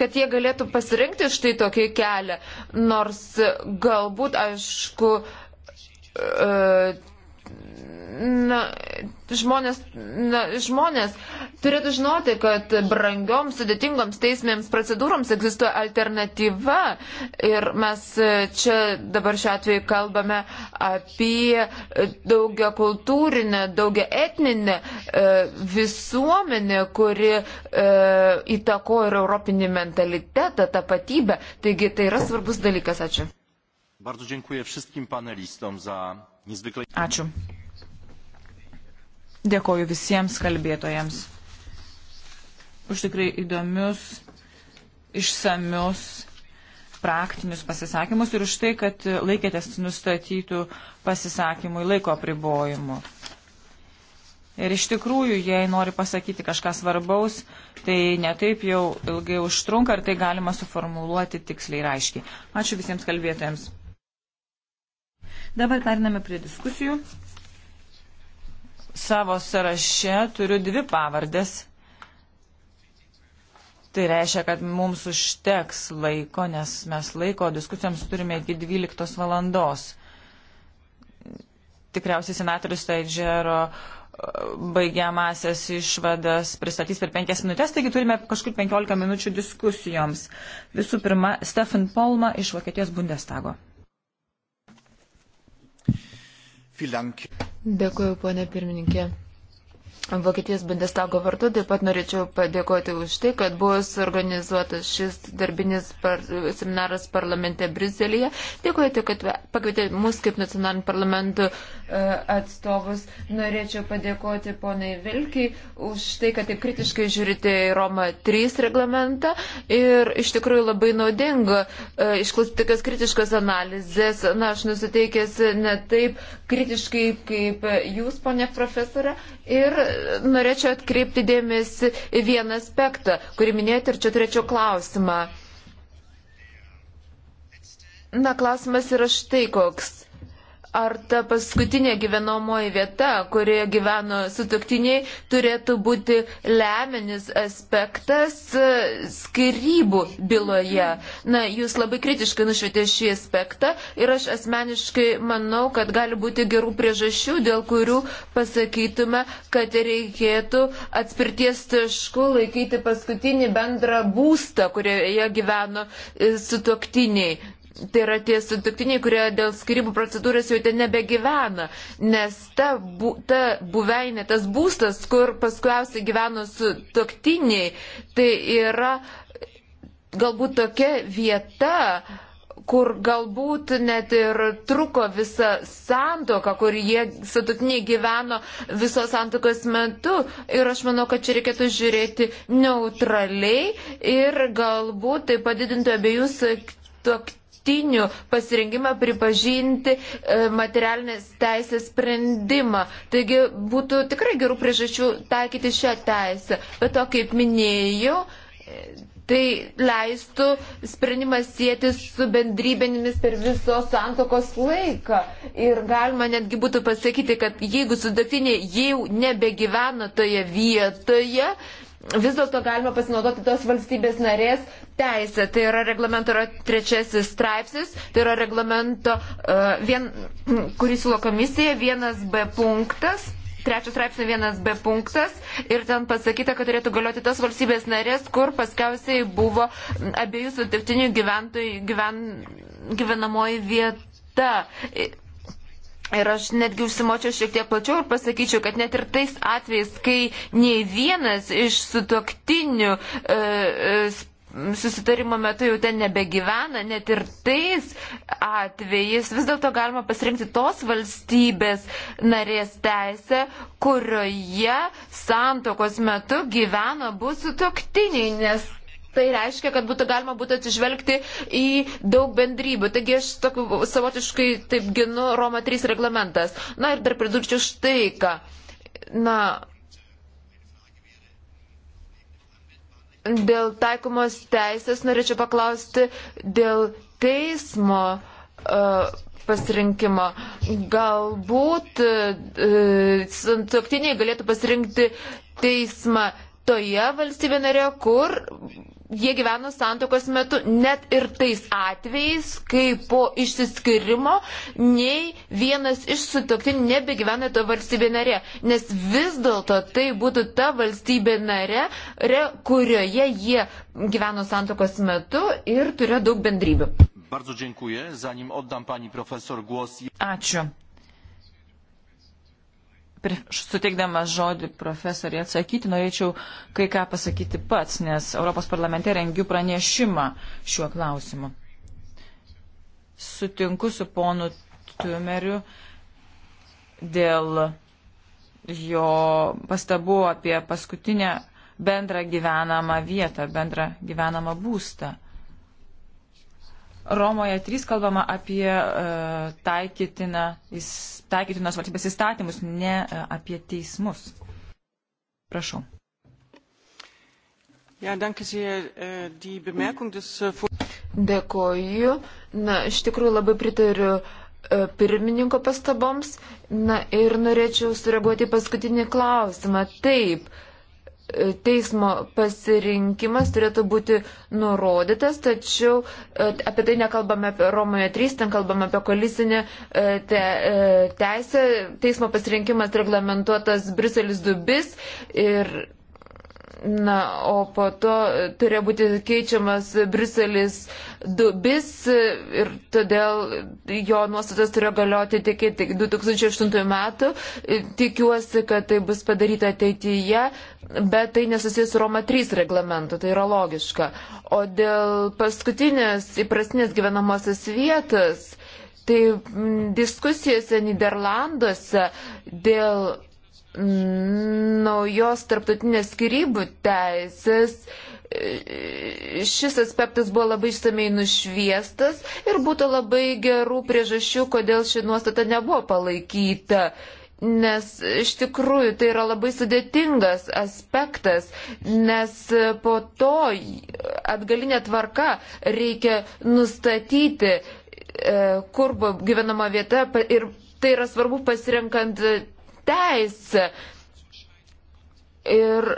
kad jie galėtų pasirinkti štai tokį kelią, nors galbūt, aišku, e, na, žmonės, na, žmonės turėtų žinoti, kad brangioms, sudėtingoms teismėms procedūroms egzistuoja alternatyva. Ir mes e, čia dabar šiuo atveju kalbame apie e, daugia kultūrinę, daugia etninę e, visuomenę, kuri įtako ir europinį mentalitetą, tapatybę. Taigi tai yra svarbus dalykas. Ačiū. Bardzo dziękuję wszystkim panelistom za niezwykle. Ačiū. Dėkoju visiems kalbėtojams už tikrai įdomius, išsamius, praktinius pasisakymus ir už tai, kad laikėtės nustatytų pasisakymui laiko pribojimu. Ir iš tikrųjų, jei nori pasakyti kažką svarbaus, tai netaip jau ilgai užtrunka ir tai galima suformuluoti tiksliai ir aiškiai. Ačiū visiems kalbėtojams. Dabar periname prie diskusijų savo sąraše turiu dvi pavardės. Tai reiškia, kad mums užteks laiko, nes mes laiko diskusijoms turime iki 12 valandos. Tikriausiai senatorius Taidžero e, baigiamasias išvadas pristatys per 5 minutės, taigi turime kažkur 15 minučių diskusijoms. Visų pirma, Stefan Polma iš Vokietijos Bundestago. Vielen Dank. Dėkuoju, ponė pirmininkė. Vokietijos Bundestago vardu taip pat norėčiau padėkoti už tai, kad buvo suorganizuotas šis darbinis par, seminaras parlamente Briuselėje. Dėkojate, kad pakvietėte mus kaip nacionalinių parlamentų e, atstovus. Norėčiau padėkoti ponai Vilkiai už tai, kad taip kritiškai žiūrite į Roma 3 reglamentą ir iš tikrųjų labai naudinga e, išklausyti tokias kritiškas analizės. Na, aš nusiteikęs ne taip kritiškai kaip jūs, ponė profesorė. Ir norėčiau atkreipti dėmesį į vieną aspektą, kurį minėti ir čia turėčiau klausimą. Na, klausimas yra štai koks ar ta paskutinė gyvenamoji vieta, kurioje gyveno sutoktiniai, turėtų būti leminis aspektas e, skirybų byloje. Na, jūs labai kritiškai nušvietė šį aspektą ir aš asmeniškai manau, kad gali būti gerų priežasčių, dėl kurių pasakytume, kad reikėtų atspirties tašku laikyti paskutinį bendrą būstą, kurioje gyveno e, sutoktiniai. Tai yra tie sutiktiniai, kurie dėl skirybų procedūros jau ten nebegyvena, nes ta, bu, ta buveinė, tas būstas, kur paskuiausiai gyveno sutiktiniai, tai yra galbūt tokia vieta, kur galbūt net ir truko visa santoka, kur jie satutiniai gyveno viso santokos metu. Ir aš manau, kad čia reikėtų žiūrėti neutraliai ir galbūt tai padidintų abiejų saktok sutuoktinių pasirinkimą pripažinti e, materialinės teisės sprendimą. Taigi būtų tikrai gerų priežasčių taikyti šią teisę. Bet to, kaip minėjau, e, tai leistų sprendimą sėti su bendrybėmis per viso santokos laiką. Ir galima netgi būtų pasakyti, kad jeigu sudaktiniai jau nebegyvena toje vietoje, vis dėlto galima pasinaudoti tos valstybės narės teisę. Tai yra reglamento yra trečiasis straipsnis, tai yra reglamento, uh, vien, kurį siūlo komisija, vienas B punktas. Trečias straipsnio vienas B punktas ir ten pasakyta, kad turėtų galioti tos valstybės narės, kur paskiausiai buvo abiejų sutiktinių gyventojų gyven, gyvenamoji vieta. Ir aš netgi užsimočiau šiek tiek plačiau ir pasakyčiau, kad net ir tais atvejais, kai nei vienas iš sutoktinių e, e, susitarimo metu jau ten nebegyvena, net ir tais atvejais vis dėlto galima pasirinkti tos valstybės narės teisę, kurioje santokos metu gyvena bus sutoktiniai, nes Tai reiškia, kad būtų galima būtų atsižvelgti į daug bendrybių. Taigi aš tokiu, savotiškai taip ginu Roma 3 reglamentas. Na ir dar pridurčiau štai ką. Na, dėl taikomos teisės norėčiau paklausti dėl teismo uh, pasirinkimo. Galbūt uh, e, suktiniai galėtų pasirinkti teismą toje valstybė narė, kur jie gyveno santokos metu net ir tais atvejais, kai po išsiskirimo nei vienas iš sutoktinių nebegyvena to valstybė narė, nes vis dėlto tai būtų ta valstybė narė, re, kurioje jie gyveno santokos metu ir turėjo daug bendrybių. Ačiū prieš suteikdamas žodį profesorį atsakyti, norėčiau kai ką pasakyti pats, nes Europos parlamente rengiu pranešimą šiuo klausimu. Sutinku su ponu Tumeriu dėl jo pastabų apie paskutinę bendrą gyvenamą vietą, bendrą gyvenamą būstą. Romoje 3 kalbama apie uh, e, taikytina, taikytinos valstybės įstatymus, ne uh, apie teismus. Prašau. Ja, danke sehr. Äh, die Bemerkung des äh, Dėkoju. Na, iš tikrųjų labai pritariu e, pirmininko pastaboms. Na ir norėčiau sureaguoti į paskutinį klausimą. Taip. Uh, teismo pasirinkimas turėtų būti nurodytas, tačiau e, apie tai nekalbame apie Romoje 3, ten kalbame apie kolisinę e, te, e, teisę. Teismo pasirinkimas reglamentuotas Briselis Dubis ir Na, o po to e, turėjo būti keičiamas Briuselis dubis e, ir todėl jo nuostatas turėjo galioti tik iki 2008 metų. E, tikiuosi, kad tai bus padaryta ateityje, bet tai nesusijęs su Roma 3 reglamentu, tai yra logiška. O dėl paskutinės įprastinės gyvenamosios vietos, tai m, diskusijose Niderlanduose dėl naujos tarptautinės skirybų teisės šis aspektas buvo labai išsamei nušviestas ir būtų labai gerų priežasčių, kodėl ši nuostata nebuvo palaikyta. Nes iš tikrųjų tai yra labai sudėtingas aspektas, nes po to atgalinė tvarka reikia nustatyti, e, kur buvo gyvenama vieta ir tai yra svarbu pasirenkant teisę. Ir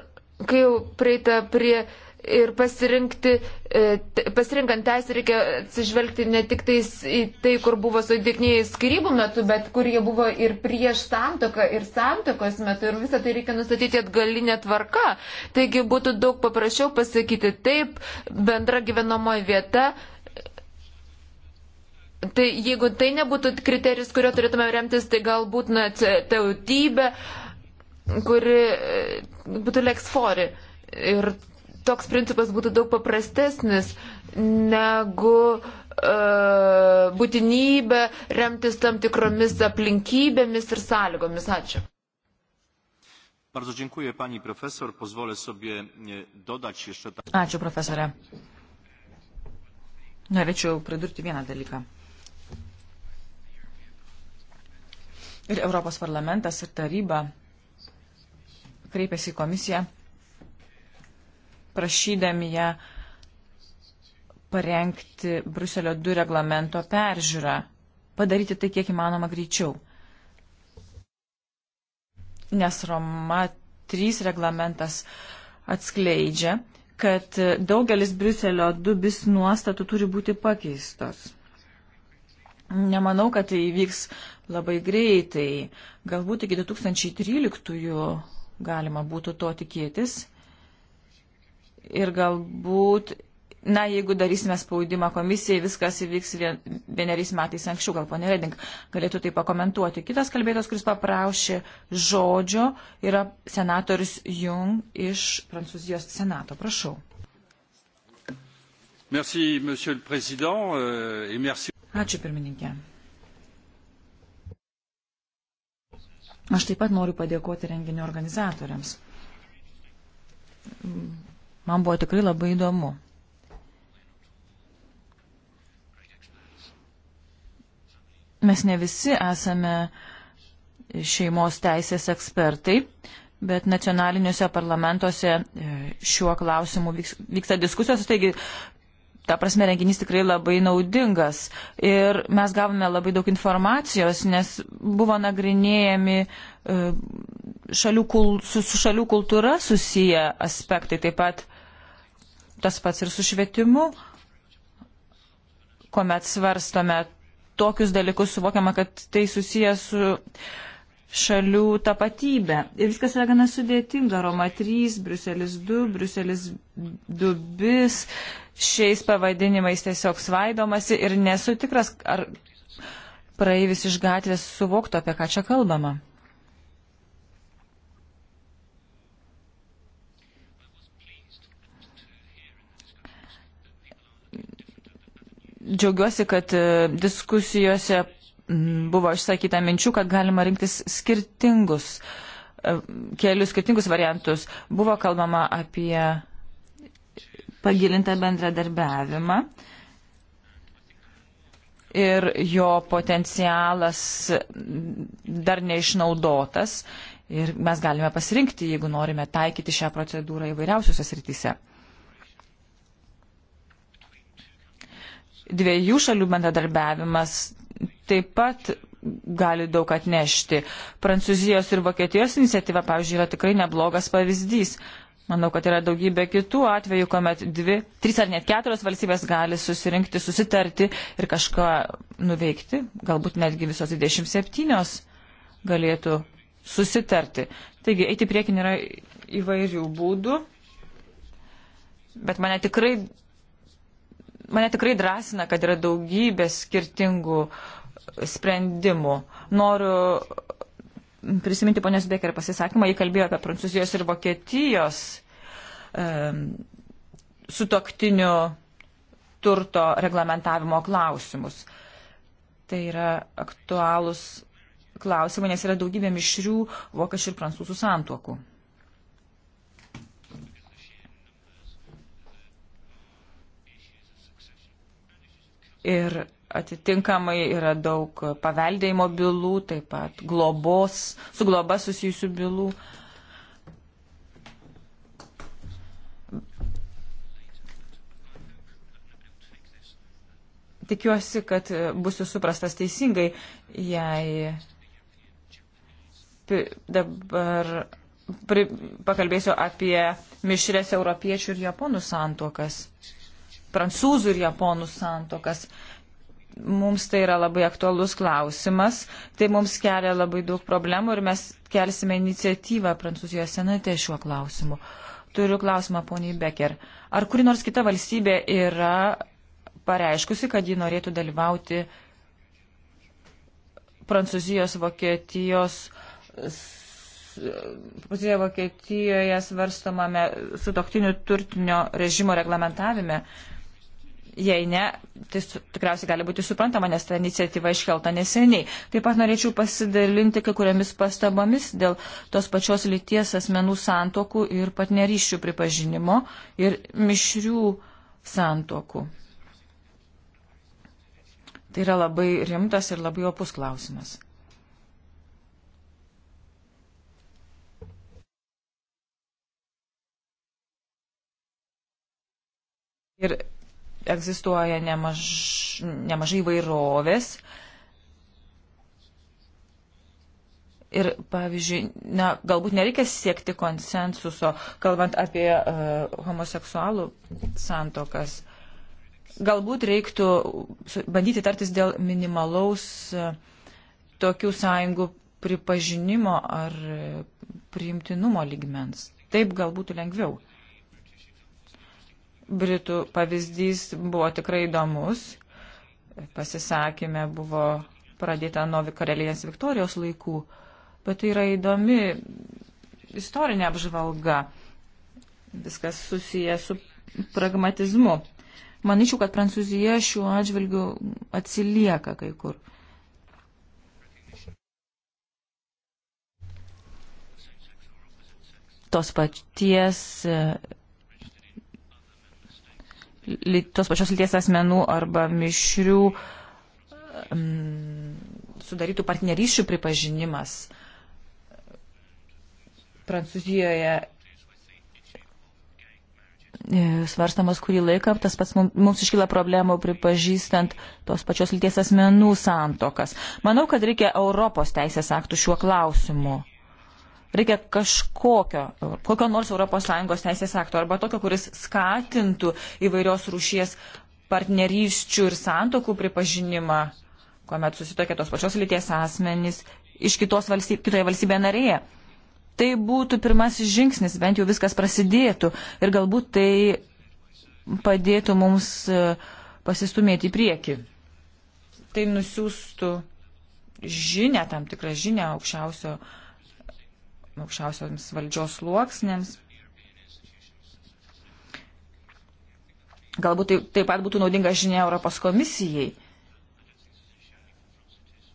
kai jau prieita prie ir pasirinkti, e, pasirinkant teisę reikia atsižvelgti ne tik tais į tai, kur buvo sudėknėjai skirybų metu, bet kur jie buvo ir prieš santoką, ir santokos metu, ir visą tai reikia nustatyti atgalinę tvarką. Taigi būtų daug paprasčiau pasakyti taip, bendra gyvenamoji vieta, Tai jeigu tai nebūtų kriterijus, kurio turėtume remtis, tai galbūt net tautybė, kuri e, būtų leksfori. Ir toks principas būtų daug paprastesnis negu uh, būtinybė remtis tam tikromis aplinkybėmis ir sąlygomis. Ačiū. Bardzo dziękuję pani profesor. Pozwolę sobie e, dodać jeszcze. Ačiū profesorė. Norėčiau pridurti vieną dalyką. ir Europos parlamentas ir taryba kreipėsi į komisiją, prašydami ją parengti Bruselio 2 reglamento peržiūrą, padaryti tai kiek įmanoma greičiau. Nes Roma 3 reglamentas atskleidžia, kad daugelis Bruselio 2 bis nuostatų turi būti pakeistos. Nemanau, kad tai įvyks labai greitai. Galbūt iki 2013 galima būtų to tikėtis. Ir galbūt, na, jeigu darysime spaudimą komisijai, viskas įvyks vieneriais metais anksčiau, gal ponė Reding galėtų tai pakomentuoti. Kitas kalbėtas, kuris paprašė žodžio, yra senatorius Jung iš Prancūzijos senato. Prašau. Merci, euh, Ačiū pirmininkė. Aš taip pat noriu padėkoti renginio organizatoriams. Man buvo tikrai labai įdomu. Mes ne visi esame šeimos teisės ekspertai, bet nacionaliniuose parlamentuose e, šiuo klausimu vyksta diskusijos, taigi ta prasme, renginys tikrai labai naudingas. Ir mes gavome labai daug informacijos, nes buvo nagrinėjami e, šalių kul, su, su šalių kultūra susiję aspektai, taip pat tas pats ir su švietimu, kuomet svarstome tokius dalykus, suvokiama, kad tai susiję su šalių tapatybę. Ir viskas yra gana sudėtinga. Roma 3, Bruselis 2, Bruselis 2 bis. Šiais pavadinimais tiesiog svaidomasi ir nesu tikras, ar praeivis iš gatvės suvoktų, apie ką čia kalbama. Džiaugiuosi, kad e, diskusijose buvo išsakyta minčių, kad galima rinktis skirtingus e, kelius, skirtingus variantus. Buvo kalbama apie pagilintą bendradarbiavimą ir jo potencialas dar neišnaudotas ir mes galime pasirinkti, jeigu norime taikyti šią procedūrą įvairiausiuose srityse. Dviejų šalių bendradarbiavimas taip pat gali daug atnešti. Prancūzijos ir Vokietijos iniciatyva, pavyzdžiui, yra tikrai neblogas pavyzdys. Manau, kad yra daugybė kitų atvejų, kuomet dvi, trys ar net keturios valstybės gali susirinkti, susitarti ir kažką nuveikti. Galbūt netgi visos 27 galėtų susitarti. Taigi, eiti priekin yra įvairių būdų, bet mane tikrai, mane tikrai drąsina, kad yra daugybė skirtingų uh, sprendimų. Noriu prisiminti ponios Becker pasisakymą, jį kalbėjo apie Prancūzijos ir Vokietijos e, sutoktinių turto reglamentavimo klausimus. Tai yra aktualūs klausimai, nes yra daugybė mišrių vokiečių ir prancūzų santuokų. Ir atitinkamai yra daug paveldėjimo bylų, taip pat globos, su globa susijusių bylų. Tikiuosi, kad būsiu suprastas teisingai, jei dabar pri, pakalbėsiu apie mišrės europiečių ir japonų santokas, prancūzų ir japonų santokas mums tai yra labai aktualus klausimas, tai mums kelia labai daug problemų ir mes kelsime iniciatyvą Prancūzijos senate šiuo klausimu. Turiu klausimą poniai Becker. Ar kuri nors kita valstybė yra pareiškusi, kad ji norėtų dalyvauti Prancūzijos, Vokietijos, Prancūzijoje, Vokietijoje svarstomame sutoktinių turtinio režimo reglamentavime? Uh, Jei ne, tai tikriausiai gali būti suprantama, nes ta iniciatyva iškelta neseniai. Taip pat norėčiau pasidalinti kai kuriamis pastabomis dėl tos pačios lyties asmenų santokų ir partnerysčių pripažinimo ir mišrių santokų. Tai yra labai rimtas ir labai opus klausimas. Ir egzistuoja nemaž, nemažai vairovės. Ir, pavyzdžiui, na, galbūt nereikia siekti konsensuso, kalbant apie uh, homoseksualų santokas. Galbūt reiktų bandyti tartis dėl minimalaus uh, tokių sąjungų pripažinimo ar uh, priimtinumo ligmens. Taip gal būtų lengviau. Britų pavyzdys buvo tikrai įdomus. Pasisakymė buvo pradėta nuo karalienės Viktorijos laikų, bet tai yra įdomi istorinė apžvalga. Viskas susiję su pragmatizmu. Maničiau, kad Prancūzija šiuo atžvilgiu atsilieka kai kur. Tos paties tos pačios lyties asmenų arba mišrių sudarytų partnerysčių pripažinimas Prancūzijoje e, svarstamas kurį laiką, tas pats mums iškyla problemų pripažįstant tos pačios lyties asmenų santokas. Manau, kad reikia Europos teisės aktų šiuo klausimu. Reikia kažkokio, kokio nors ES teisės akto arba tokio, kuris skatintų įvairios rūšies partnerysčių ir santokų pripažinimą, kuomet susitokia tos pačios lyties asmenys iš kitos valstybės, kitoje valstybėje narėje. Tai būtų pirmasis žingsnis, bent jau viskas prasidėtų ir galbūt tai padėtų mums e, pasistumėti į priekį. Tai nusiųstų žinę, tam tikrą žinę aukščiausio uh, aukščiausioms valdžios sluoksnėms. Galbūt tai taip pat būtų naudinga žinia Europos komisijai.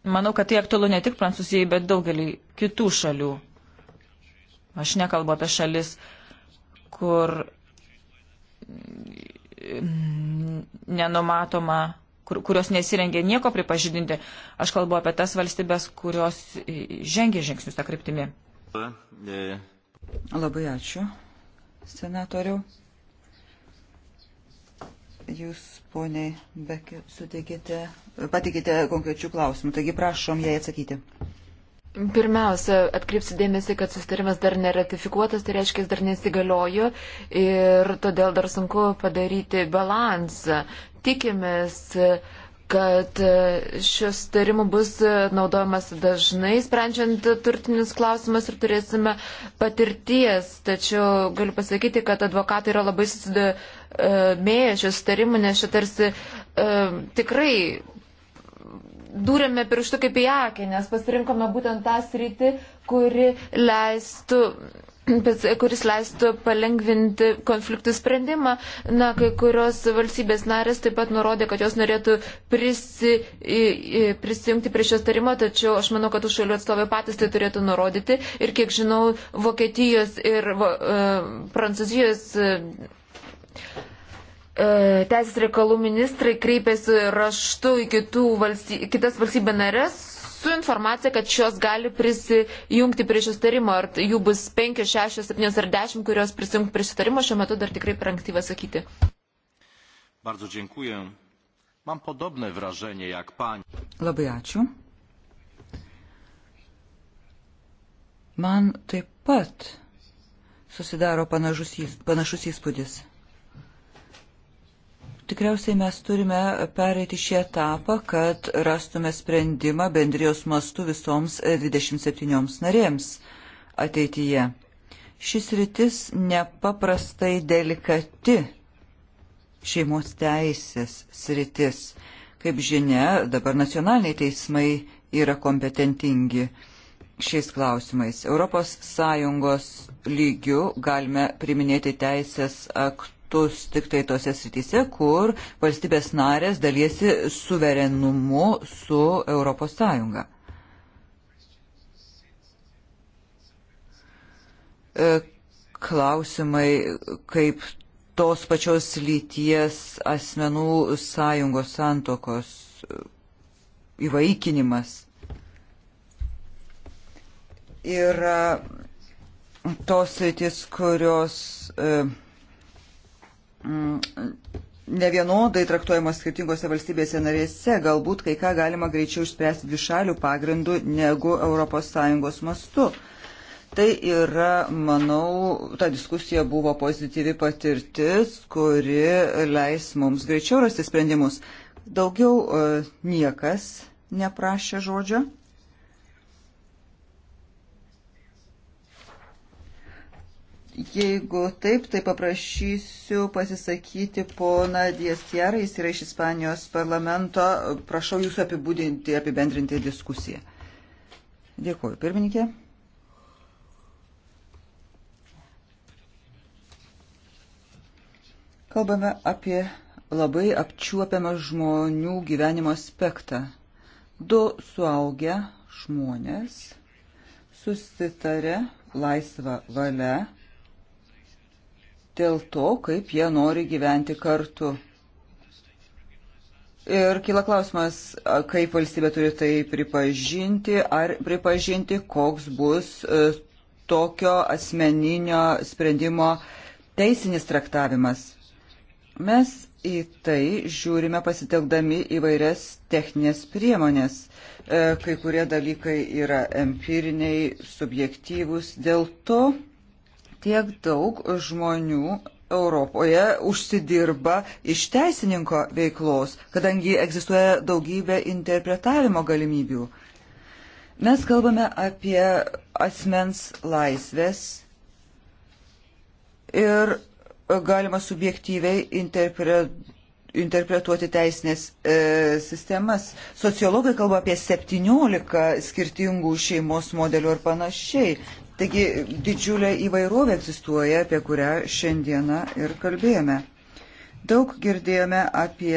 Manau, kad tai aktualu ne tik Prancūzijai, bet daugelį kitų šalių. Aš nekalbu apie šalis, kur mm, nenumatoma, kur, kurios nesirengia nieko pripažydinti. Aš kalbu apie tas valstybės, kurios žengia žingsnius tą kryptimį. Labai ačiū, senatoriau. Jūs, poniai, suteikite, patikite konkrečių klausimų, taigi prašom jai atsakyti. Pirmiausia, atkreipsiu dėmesį, kad sustarimas dar neratifikuotas, tai reiškia, jis dar nesigaliojo ir todėl dar sunku padaryti balansą. Tikimės, uh, kad e, šios tarimų bus e, naudojamas dažnai, sprendžiant turtinius klausimus ir turėsime patirties. Tačiau galiu pasakyti, kad advokatai yra labai susidomėję šios tarimų, nes šitą tarsi e, tikrai dūrėme pirštu kaip į akį, nes pasirinkome būtent tą sritį, kuri leistų kuris leistų palengvinti konfliktų sprendimą. Na, kai kurios valstybės narės taip pat nurodė, kad jos norėtų prisi, prisijungti prie šios tarimo, tačiau aš manau, kad tų šalių atstovai patys tai turėtų nurodyti. Ir kiek žinau, Vokietijos ir uh, Prancūzijos. Uh, Teisės reikalų ministrai kreipėsi raštu į valsty, kitas valstybė narės su informacija, kad šios gali prisijungti prie šio starimo. Ar jų bus 5, 6, 7 ar 10, kurios prisijungti prie šio starimo, šiuo metu dar tikrai per ankstyva sakyti. Bardzo dziękuję. Mam podobne wrażenie jak pani. Labai ačiū. Man taip pat susidaro panašus, panašus įspūdis. Tikriausiai mes turime pereiti šį etapą, kad rastume sprendimą bendrijos mastu visoms 27 narėms ateityje. Šis rytis nepaprastai delikati šeimos teisės sritis. Kaip žinia, dabar nacionaliniai teismai yra kompetentingi šiais klausimais. Europos Sąjungos lygių galime priminėti teisės aktus aktus tik tai tose srityse, kur valstybės narės dalysi suverenumu su Europos Sąjunga. E, klausimai, kaip tos pačios lyties asmenų sąjungos santokos e, įvaikinimas yra tos lytis, kurios e, Mm, nevienodai traktuojamos skirtingose valstybėse narėse, galbūt kai ką galima greičiau išspręsti dvišalių pagrindų negu ES mastu. Tai yra, manau, ta diskusija buvo pozityvi patirtis, kuri leis mums greičiau rasti sprendimus. Daugiau e, niekas neprašė žodžio. Jeigu taip, tai paprašysiu pasisakyti poną Diestjerą, jis yra iš Ispanijos parlamento. Prašau jūsų apibūdinti, apibendrinti diskusiją. Dėkuoju, pirmininkė. Kalbame apie labai apčiuopiamą žmonių gyvenimo aspektą. Du suaugę žmonės susitarė laisvą valią dėl to, kaip jie nori gyventi kartu. Ir kyla klausimas, kaip valstybė turi tai pripažinti, ar pripažinti, koks bus e, tokio asmeninio sprendimo teisinis traktavimas. Mes į tai žiūrime pasitelkdami įvairias techninės priemonės. E, kai kurie dalykai yra empiriniai, subjektyvūs, dėl to Tiek daug žmonių Europoje užsidirba iš teisininko veiklos, kadangi egzistuoja daugybė interpretavimo galimybių. Mes kalbame apie asmens laisvės ir galima subjektyviai interpretuoti interpretuoti teisinės e, sistemas. Sociologai kalba apie 17 skirtingų šeimos modelių ir panašiai. Taigi didžiulė įvairovė egzistuoja, apie kurią šiandieną ir kalbėjome. Daug girdėjome apie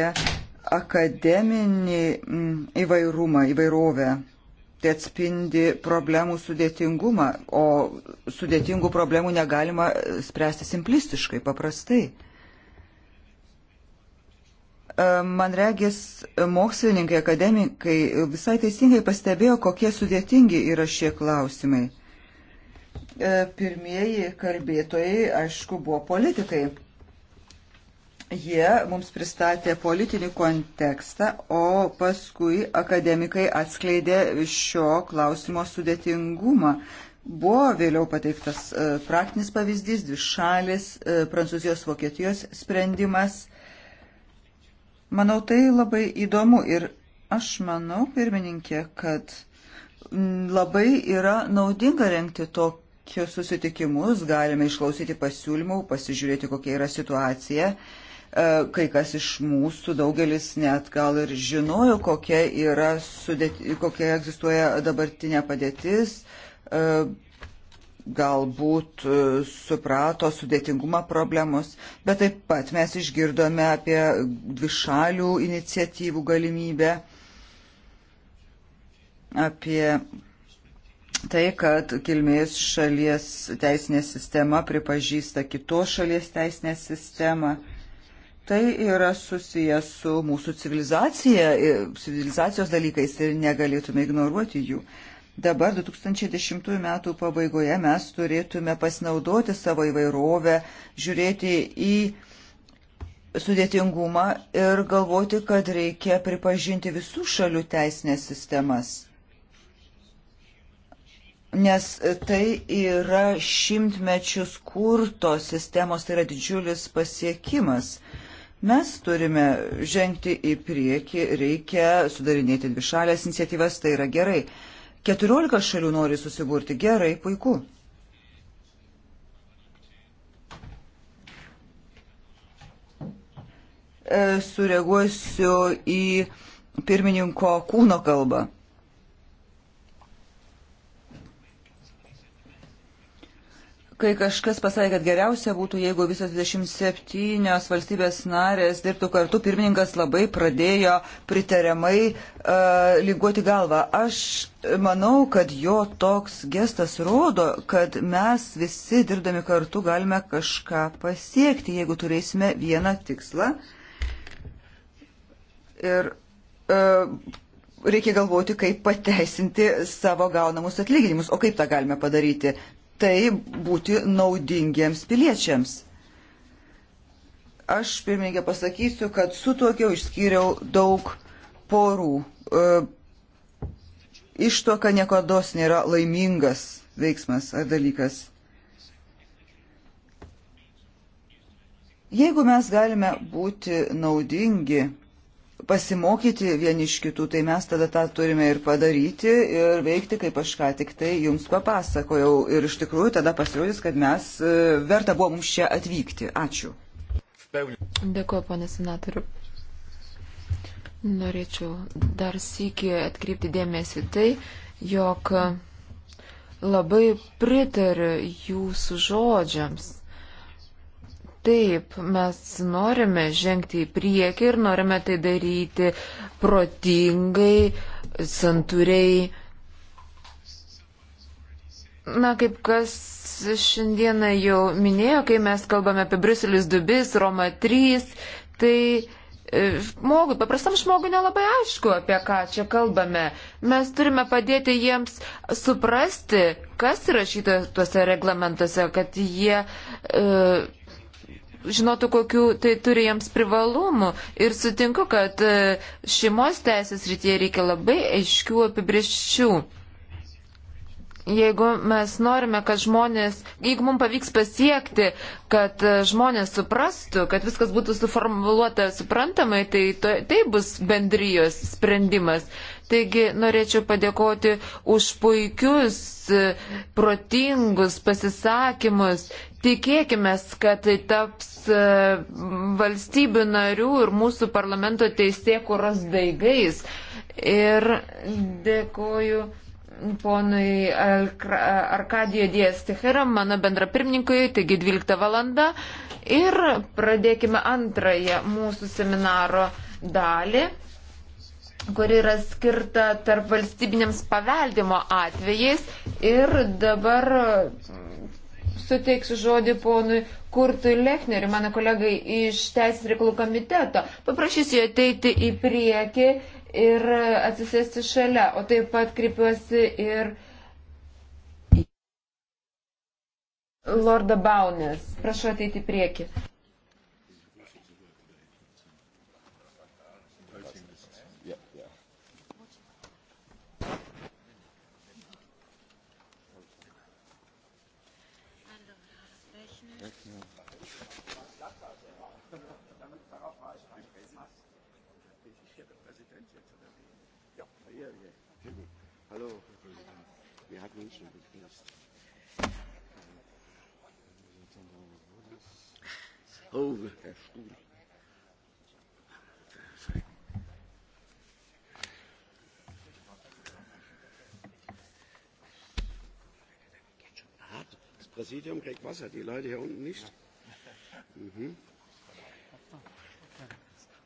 akademinį mm, įvairumą, įvairovę. Tai atspindi problemų sudėtingumą, o sudėtingų problemų negalima spręsti simplistiškai, paprastai. E, man regis, mokslininkai, akademikai visai teisingai pastebėjo, kokie sudėtingi yra šie klausimai E, pirmieji kalbėtojai, aišku, buvo politikai. Jie mums pristatė politinį kontekstą, o paskui akademikai atskleidė šio klausimo sudėtingumą. Buvo vėliau pateiktas e, praktinis pavyzdys, dvi šalis, e, Prancūzijos, Vokietijos sprendimas. Manau, tai labai įdomu ir aš manau, pirmininkė, kad labai yra naudinga renkti tokį tokius susitikimus, galime išklausyti pasiūlymų, pasižiūrėti, kokia yra situacija. E, kai kas iš mūsų, daugelis net gal ir žinojo, kokia, yra sudėti, kokia egzistuoja dabartinė padėtis, e, galbūt e, suprato sudėtingumą problemos, bet taip pat mes išgirdome apie dvišalių iniciatyvų galimybę, apie tai, kad kilmės šalies teisinė sistema pripažįsta kitos šalies teisinę sistemą. Tai yra susijęs su mūsų civilizacija, civilizacijos dalykais ir negalėtume ignoruoti jų. Dabar 2010 metų pabaigoje mes turėtume pasinaudoti savo įvairovę, žiūrėti į sudėtingumą ir galvoti, kad reikia pripažinti visų šalių teisinės sistemas nes tai yra šimtmečius kurtos sistemos, tai yra didžiulis pasiekimas. Mes turime žengti į priekį, reikia sudarinėti dvišalės iniciatyvas, tai yra gerai. 14 šalių nori susiburti, gerai, puiku. E, sureaguosiu į pirmininko kūno kalbą. kai kažkas pasakė, kad geriausia būtų, jeigu visos 27 valstybės narės dirbtų kartu, pirmininkas labai pradėjo pritariamai uh, e, lyguoti galvą. Aš manau, kad jo toks gestas rodo, kad mes visi dirbdami kartu galime kažką pasiekti, jeigu turėsime vieną tikslą. Ir uh, reikia galvoti, kaip pateisinti savo gaunamus atlyginimus. O kaip tą galime padaryti? tai būti naudingiems piliečiams. Aš pirmininkė pasakysiu, kad su tokiu išskyriau daug porų. E, Ištoka niekada nėra laimingas veiksmas ar dalykas. Jeigu mes galime būti naudingi pasimokyti vieni iš kitų, tai mes tada tą turime ir padaryti ir veikti, kaip aš ką tik tai jums papasakojau. Ir iš tikrųjų tada pasirodys, kad mes e, verta buvo mums čia atvykti. Ačiū. Dėkuoju, ponė senatoriu. Norėčiau dar sėki atkreipti dėmesį tai, jog labai pritariu jūsų žodžiams. Taip, mes norime žengti į priekį ir norime tai daryti protingai, santūriai. Na, kaip kas šiandieną jau minėjo, kai mes kalbame apie Bruselis 2, Roma 3, tai e, žmogui, paprastam žmogui nelabai aišku, apie ką čia kalbame. Mes turime padėti jiems suprasti, kas yra šita tuose reglamentuose, kad jie e, žinotų, kokiu tai turi jiems privalumų. Ir sutinku, kad e, šeimos teisės rytyje reikia labai aiškių apibrieščių. Jeigu mes norime, kad žmonės, jeigu mums pavyks pasiekti, kad e, žmonės suprastų, kad viskas būtų suformuluota suprantamai, tai to, tai bus bendrijos sprendimas. Taigi norėčiau padėkoti už puikius, e, protingus pasisakymus Tikėkime, kad tai taps e, valstybių narių ir mūsų parlamento teisėkuros daigais. Ir dėkoju ponui Arkadijo Dijas Tichera, mano bendrapirmininkui, taigi 12 valanda. Ir pradėkime antrąją mūsų seminaro dalį, kuri yra skirta tarp valstybinėms paveldimo atvejais. Ir dabar suteiksiu žodį ponui Kurtui Lechneriui, mano kolegai iš Teisės reikalų komiteto. Paprašysiu jo ateiti į priekį ir atsisėsti šalia, o taip pat kreipiuosi ir Lorda Baunės. Prašau ateiti į priekį. Präsidium kriegt Wasser, die Leute hier unten nicht. Mhm.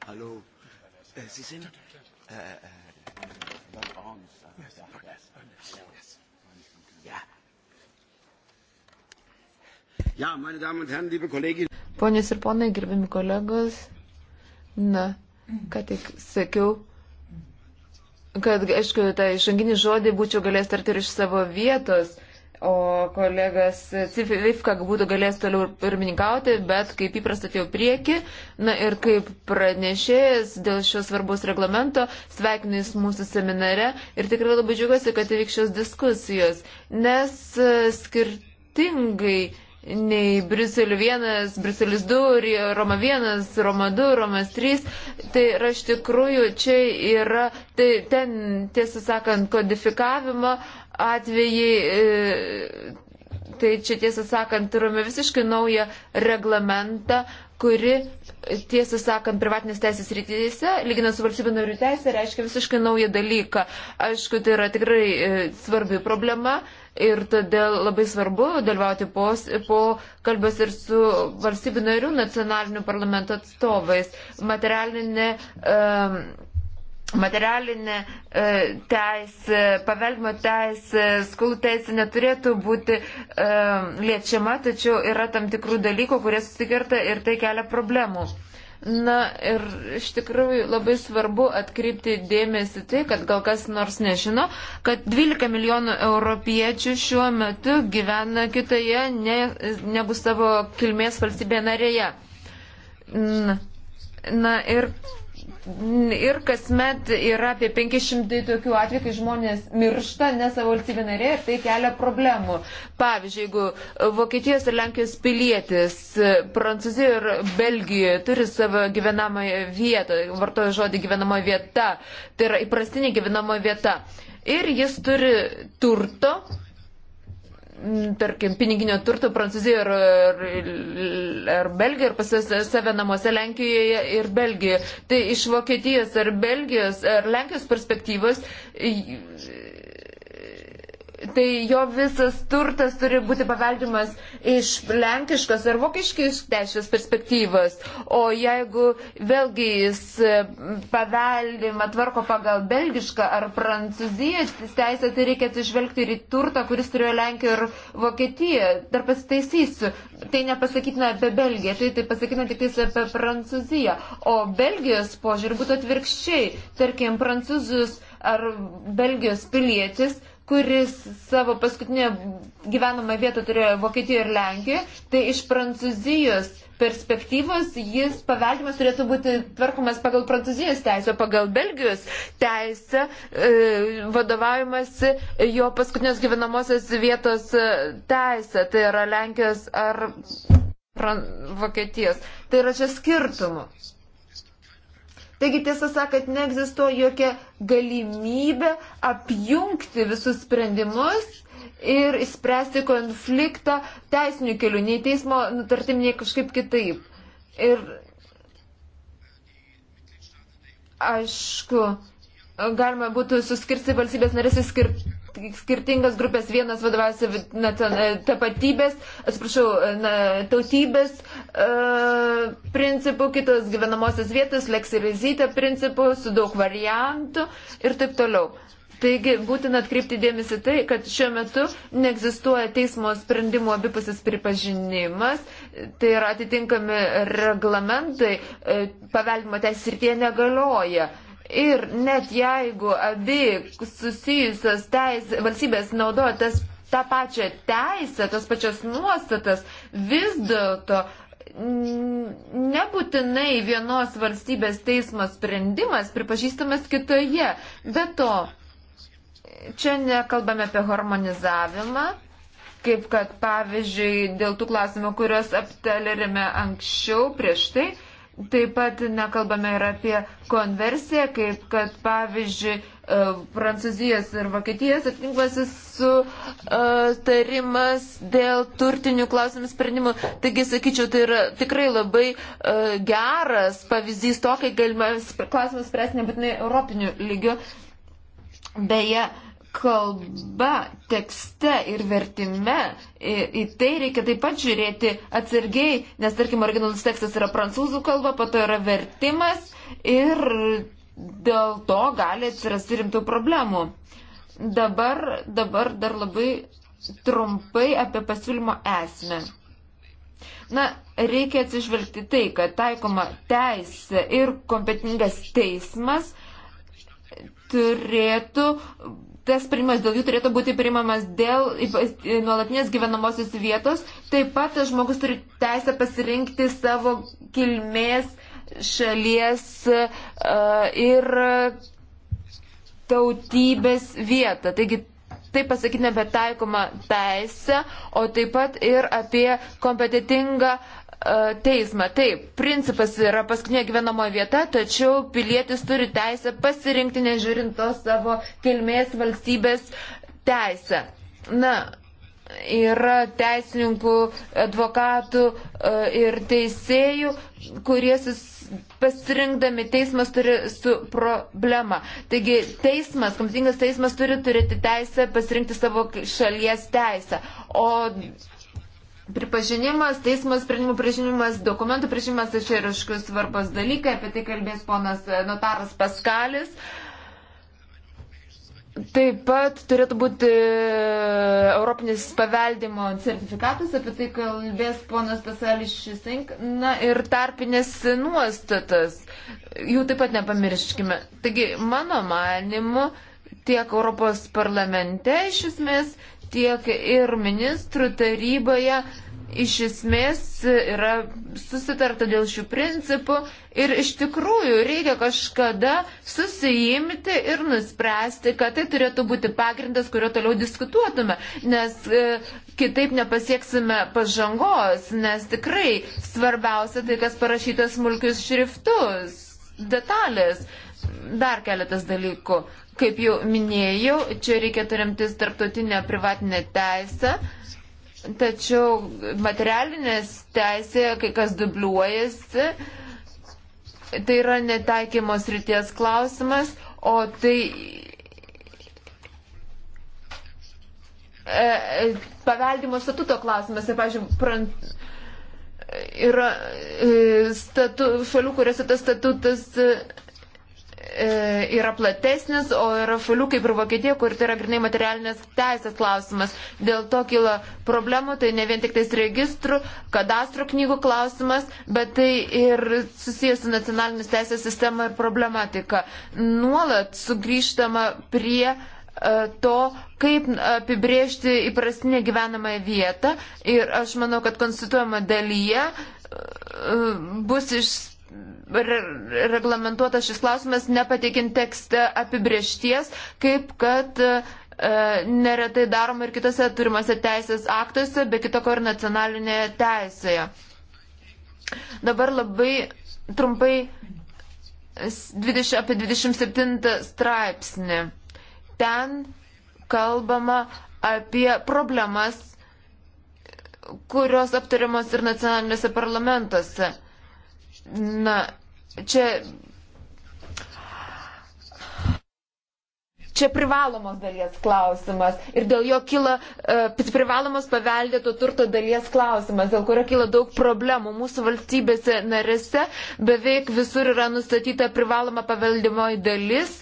Hallo. Äh, Sie sind. Äh, äh, Lord Arms. Ah, yes, ja, yes, yes. Ja. ja, meine Damen und Herren, liebe Kolleginnen. Ponios ir ponai, gerbimi kolegos, na, ką tik sakiau, kad, aišku, tą tai išanginį žodį būčiau galėjęs tarti ir iš savo vietos, o kolegas Cifivka būtų galės toliau pirmininkauti, bet kaip įprasta atėjau tai prieki. Na ir kaip pranešėjas dėl šios svarbus reglamento, sveikinu jūs mūsų seminare ir tikrai labai džiugiuosi, kad įvyks šios diskusijos, nes e, skirtingai nei Briuselio 1, Briuselis 2, Roma 1, Roma 2, Romas 3. Tai yra iš tikrųjų čia yra, tai ten tiesą sakant, kodifikavimo atvejai, e, tai čia tiesą sakant, turime visiškai naują reglamentą, kuri, tiesą sakant, privatinės teisės rytyse, lyginant su valstybė narių teisė, reiškia visiškai naują dalyką. Aišku, tai yra tikrai e, svarbi problema ir todėl labai svarbu dalyvauti po, po kalbės ir su valstybė narių nacionaliniu parlamento atstovais. Materialinė. Um, materialinė e, teisė, e, paveldimo teisė, e, skolų teisė neturėtų būti e, liečiama, tačiau yra tam tikrų dalykų, kurie susikerta ir tai kelia problemų. Na ir iš tikrųjų labai svarbu atkreipti dėmesį tai, kad gal kas nors nežino, kad 12 milijonų europiečių šiuo metu gyvena kitoje, ne, nebus savo kilmės valstybė narėje. Na, na ir Ir kasmet yra apie 500 tokių atvejų, kai žmonės miršta ne savo valstybė narė ir tai kelia problemų. Pavyzdžiui, jeigu Vokietijos ir Lenkijos pilietis Prancūzijoje ir Belgijoje turi savo gyvenamąją vietą, vartoja žodį gyvenamoji vieta, tai yra įprastinė gyvenamoji vieta. Ir jis turi turto, tarkim, piniginio turto Prancūzijoje ar, ar, ar Belgijoje, ar pas save namuose Lenkijoje ir Belgijoje. Tai iš Vokietijos ar Belgijos ar Lenkijos perspektyvos tai jo visas turtas turi būti paveldimas iš lenkiškos ar vokiškos teisės perspektyvos. O jeigu vėlgi jis e, paveldimą tvarko pagal belgišką ar prancūzijos teisę, tai reikia atsižvelgti ir į turtą, kuris turėjo Lenkiją ir Vokietiją. Dar pasitaisysiu. Tai nepasakytina apie Belgiją, tai, tai pasakytina tik apie Prancūziją. O Belgijos požiūrį būtų atvirkščiai. Tarkim, prancūzus ar Belgijos pilietis kuris savo paskutinę gyvenamą vietą turėjo Vokietijoje ir Lenkijoje, tai iš Prancūzijos perspektyvos jis paveldimas turėtų būti tvarkomas pagal Prancūzijos teisę, pagal Belgijos teisę, e, vadovaujamas jo paskutinės gyvenamosios vietos e, teisė, tai yra Lenkijos ar Vokietijos. Tai yra čia skirtumų. Taigi tiesą sakant, neegzistuoja jokia galimybė apjungti visus sprendimus ir spręsti konfliktą teisiniu keliu, nei teismo nutartim, nei kažkaip kitaip. Ir aišku, galima būtų suskirsti valstybės narės į skir skirtingas grupės, vienas vadovaujasi e, tapatybės, atsiprašau, e, na, tautybės E, principų, kitos gyvenamosios vietos, leksirizite principų, su daug variantų ir taip toliau. Taigi būtina atkreipti dėmesį tai, kad šiuo metu neegzistuoja teismo sprendimų abipusis pripažinimas, tai yra atitinkami reglamentai e, paveldimo teisės ir tie negalioja. Ir net jeigu abi susijusios teis, valstybės naudoja tas tą pačią teisę, tas pačias nuostatas, vis dėlto uh, nebūtinai vienos valstybės teismo sprendimas pripažįstamas kitoje. Be to, čia nekalbame apie harmonizavimą, kaip kad pavyzdžiui dėl tų klausimų, kuriuos aptelėrime anksčiau prieš tai. Taip pat nekalbame ir apie konversiją, kaip kad pavyzdžiui E, Prancūzijos ir Vokietijos atkinkvasis sutarimas e, dėl turtinių klausimų sprendimų. Taigi, sakyčiau, tai yra tikrai labai e, geras pavyzdys to, kai galima klausimus spręsti nebūtinai europiniu lygiu. Beje, kalba tekste ir vertime, į, į tai reikia taip pat žiūrėti atsargiai, nes tarkim originalus tekstas yra prancūzų kalba, po to yra vertimas ir dėl to gali atsirasti rimtų problemų. Dabar, dabar dar labai trumpai apie pasiūlymo esmę. Na, reikia atsižvelgti tai, kad taikoma teisė ir kompetingas teismas turėtų, tas priimas dėl jų turėtų būti priimamas dėl nuolatinės gyvenamosios vietos, taip pat žmogus turi teisę pasirinkti savo kilmės šalies e, ir tautybės vietą. Taigi tai pasakyti apie taikomą teisę, o taip pat ir apie kompetitingą e, teismą. Taip, principas yra paskutinė gyvenamo vieta, tačiau pilietis turi teisę pasirinkti nežiūrint to savo kilmės valstybės teisę. Na, yra teisininkų, advokatų e, ir teisėjų, kurie sus, pasirinkdami teismas turi su problema. Taigi teismas, kompetingas teismas turi turėti teisę pasirinkti savo šalies teisę. O pripažinimas, teismo sprendimų pripažinimas, dokumentų pripažinimas, tai čia yra iškus svarbus dalykai, apie tai kalbės ponas e, notaras Paskalis. Uh, Taip pat turėtų būti e, Europinis paveldimo sertifikatas, apie tai kalbės ponas Pasalis Šisink, na ir tarpinės nuostatas. Jų taip pat nepamirškime. Taigi, mano manimu, tiek Europos parlamente iš esmės, tiek ir ministrų taryboje iš esmės yra susitarta dėl šių principų ir iš tikrųjų reikia kažkada susijimti ir nuspręsti, kad tai turėtų būti pagrindas, kurio toliau diskutuotume, nes e, kitaip nepasieksime pažangos, nes tikrai svarbiausia tai, kas parašyta smulkius šriftus, detalės. Dar keletas dalykų. Kaip jau minėjau, čia reikia turimtis tarptautinę privatinę teisę. E, Tačiau materialinės teisėje kai kas dubliuojasi, tai yra netaikymos ryties klausimas, o tai e, e paveldimo statuto klausimas. Ir, pažiūrėjau, prant, yra e, statu, šalių, kuriuose tas statutas. E, E, yra platesnis, o yra šalių kaip ir Vokietija, kur tai yra grinai materialinės teisės klausimas. Dėl to kyla problemų, tai ne vien tik tais registrų, kadastrų knygų klausimas, bet tai ir susijęs su nacionalinės teisės sistema ir problematika. Nuolat sugrįžtama prie e, to, kaip apibriežti įprastinę gyvenamąją vietą ir aš manau, kad konstituojama dalyje e, bus išspręsta reglamentuotas šis klausimas, nepateikint tekste apibriešties, kaip kad e, neretai daroma ir kitose turimose teisės aktuose, be kitoko ir nacionalinėje teisėje. Dabar labai trumpai 20, apie 27 straipsnį. Ten kalbama apie problemas, kurios aptariamos ir nacionalinėse parlamentuose. Na, čia. Čia privalomos dalies klausimas ir dėl jo kyla uh, privalomos paveldėto turto dalies klausimas, dėl kurio kyla daug problemų. Mūsų valstybėse narėse beveik visur yra nustatyta privaloma paveldimoji dalis.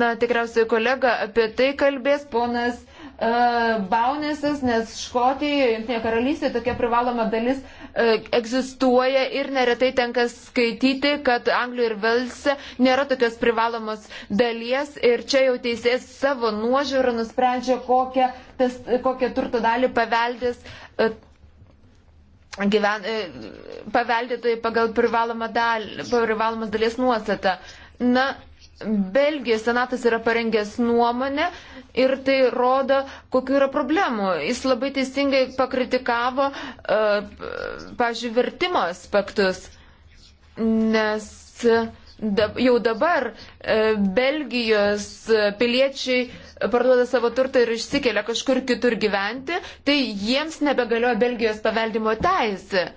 Na, tikriausiai kolega apie tai kalbės ponas E, Baunisas, nes Škotijoje, Junktinėje karalystėje tokia privaloma dalis e, egzistuoja ir neretai tenka skaityti, kad Anglijoje ir Velse nėra tokios privalomos dalies ir čia jau teisės savo nuožiūrą nusprendžia, kokią, tas, kokią turto dalį paveldės e, gyven, paveldėtojai pagal privalomą dalį, privalomas dalies nuostatą. Na, Belgijos senatas yra parengęs nuomonę ir tai rodo, kokiu yra problemu. Jis labai teisingai pakritikavo, e, pažiūrėjau, vertimo aspektus, nes jau dabar e, Belgijos piliečiai parduoda savo turtą ir išsikelia kažkur kitur gyventi, tai jiems nebegalioja Belgijos paveldimo teisė.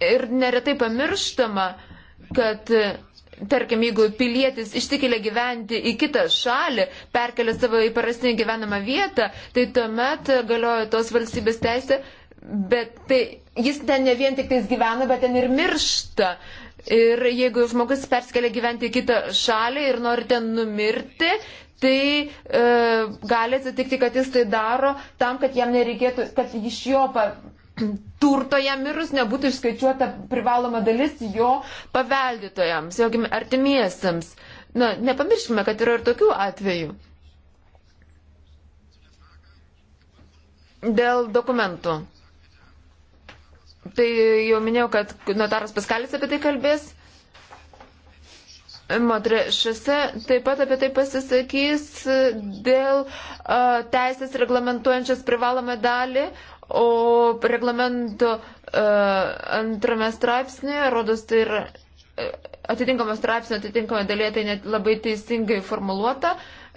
Ir neretai pamirštama, kad tarkim, jeigu pilietis išsikelia gyventi į kitą šalį, perkelia savo įprastinį gyvenamą vietą, tai tuomet galioja tos valstybės teisė, bet tai jis ten ne vien tik tais gyvena, bet ten ir miršta. Ir jeigu žmogus perskelia gyventi į kitą šalį ir nori ten numirti, tai e, gali atsitikti, kad jis tai daro tam, kad jam nereikėtų, kad iš jo pa, turto jam mirus nebūtų išskaičiuota privaloma dalis jo paveldėtojams, jo artimiesiams. Na, nepamirškime, kad yra ir tokių atvejų. Dėl dokumentų. Tai jau minėjau, kad notaras Paskalis apie tai kalbės. Motre Šase taip pat apie tai pasisakys dėl a, teisės reglamentuojančias privalomą dalį, O reglamento uh, antrame straipsnėje, rodos, tai yra e, atitinkamo straipsnio atitinkamoje dalyje tai net labai teisingai formuluota.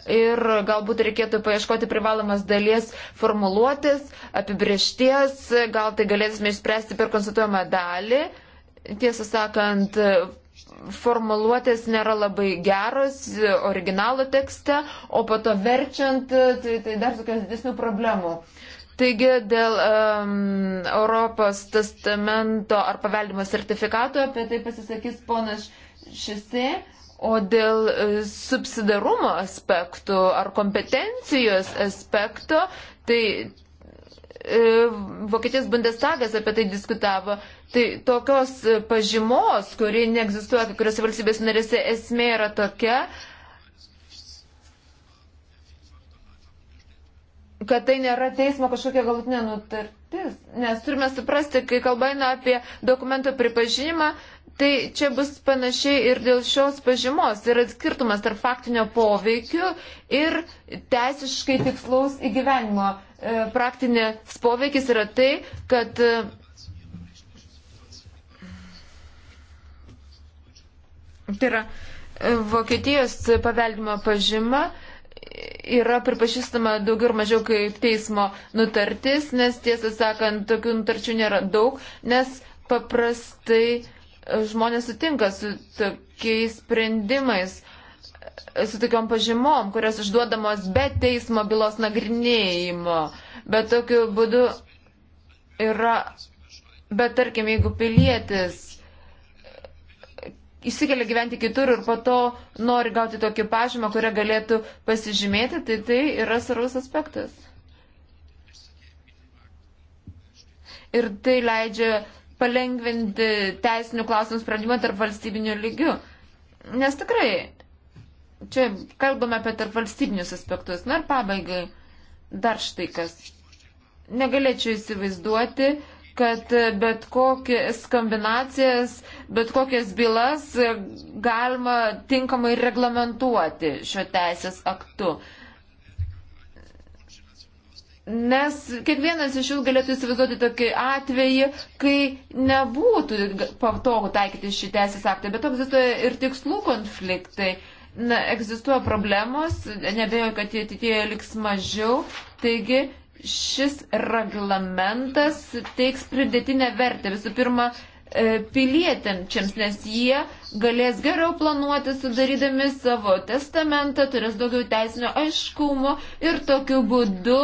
Ir galbūt reikėtų paieškoti privalomas dalies formuluotės, apibriešties, gal tai galėsime išspręsti per konsultuojamą dalį. Tiesą sakant, formuluotės nėra labai geros originalo tekste, o po to verčiant, tai, tai dar tokios didesnių problemų. Uh, Taigi dėl um, Europos testamento ar paveldimo sertifikato apie tai pasisakys ponas Šisė, o dėl uh, subsidarumo aspektų ar kompetencijos aspekto, tai uh, Vokietijos Bundestagas apie tai diskutavo. Tai tokios e, pažymos, kuri neegzistuoja kai kuriuose valstybės narėse, esmė yra tokia, uh, kad tai nėra teismo kažkokia galutinė nutartis. Nes turime suprasti, kai kalba eina apie dokumento pripažinimą, tai čia bus panašiai ir dėl šios pažymos. Tai yra skirtumas tarp faktinio poveikio ir teisiškai tikslaus įgyvenimo. E, Praktinės poveikis yra tai, kad. E, tai yra e, Vokietijos paveldimo pažyma yra pripažįstama daugiau ir mažiau kaip teismo nutartis, nes tiesą sakant, tokių nutarčių nėra daug, nes paprastai e, žmonės sutinka su tokiais sprendimais, e, su tokiom pažymom, kurios išduodamos be teismo bylos nagrinėjimo. Bet tokiu būdu yra, bet tarkim, jeigu pilietis įsikelia gyventi kitur ir po to nori gauti tokį pažymą, kurią galėtų pasižymėti, tai tai yra svarbus aspektas. Ir tai leidžia palengvinti teisinių klausimų sprendimą tarp valstybinių lygių. Nes tikrai, čia kalbame apie tarp valstybinius aspektus. Na ir pabaigai, dar štai kas. Negalėčiau įsivaizduoti, uh, kad bet kokias kombinacijas, bet kokias bylas galima tinkamai reglamentuoti šio teisės aktu. Nes kiekvienas iš jų galėtų įsivaizduoti tokį atvejį, kai nebūtų patogu taikyti šį teisės aktą, bet egzistuoja ir tikslų konfliktai. Na, egzistuoja problemos, nebejoju, kad jie ateityje liks mažiau, taigi šis reglamentas teiks pridėtinę vertę. Visų pirma, e, pilietinčiams, nes jie galės geriau planuoti, sudarydami savo testamentą, turės daugiau teisinio aiškumo ir tokiu būdu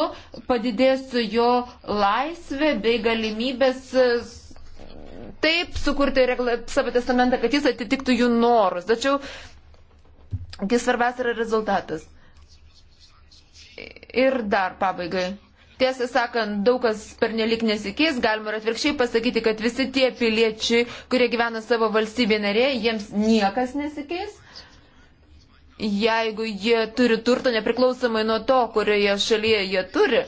padidės jo laisvė bei galimybės e, taip sukurti regla, savo testamentą, kad jis atitiktų jų norus. Tačiau, kai svarbiausia yra rezultatas. Ir dar pabaigai Tiesą sakant, daug kas pernelik nesikeis, galima ir atvirkščiai pasakyti, kad visi tie piliečiai, kurie gyvena savo valstybė narėje, jiems niekas nesikeis. Jeigu jie turi turto nepriklausomai nuo to, kurioje šalyje jie turi,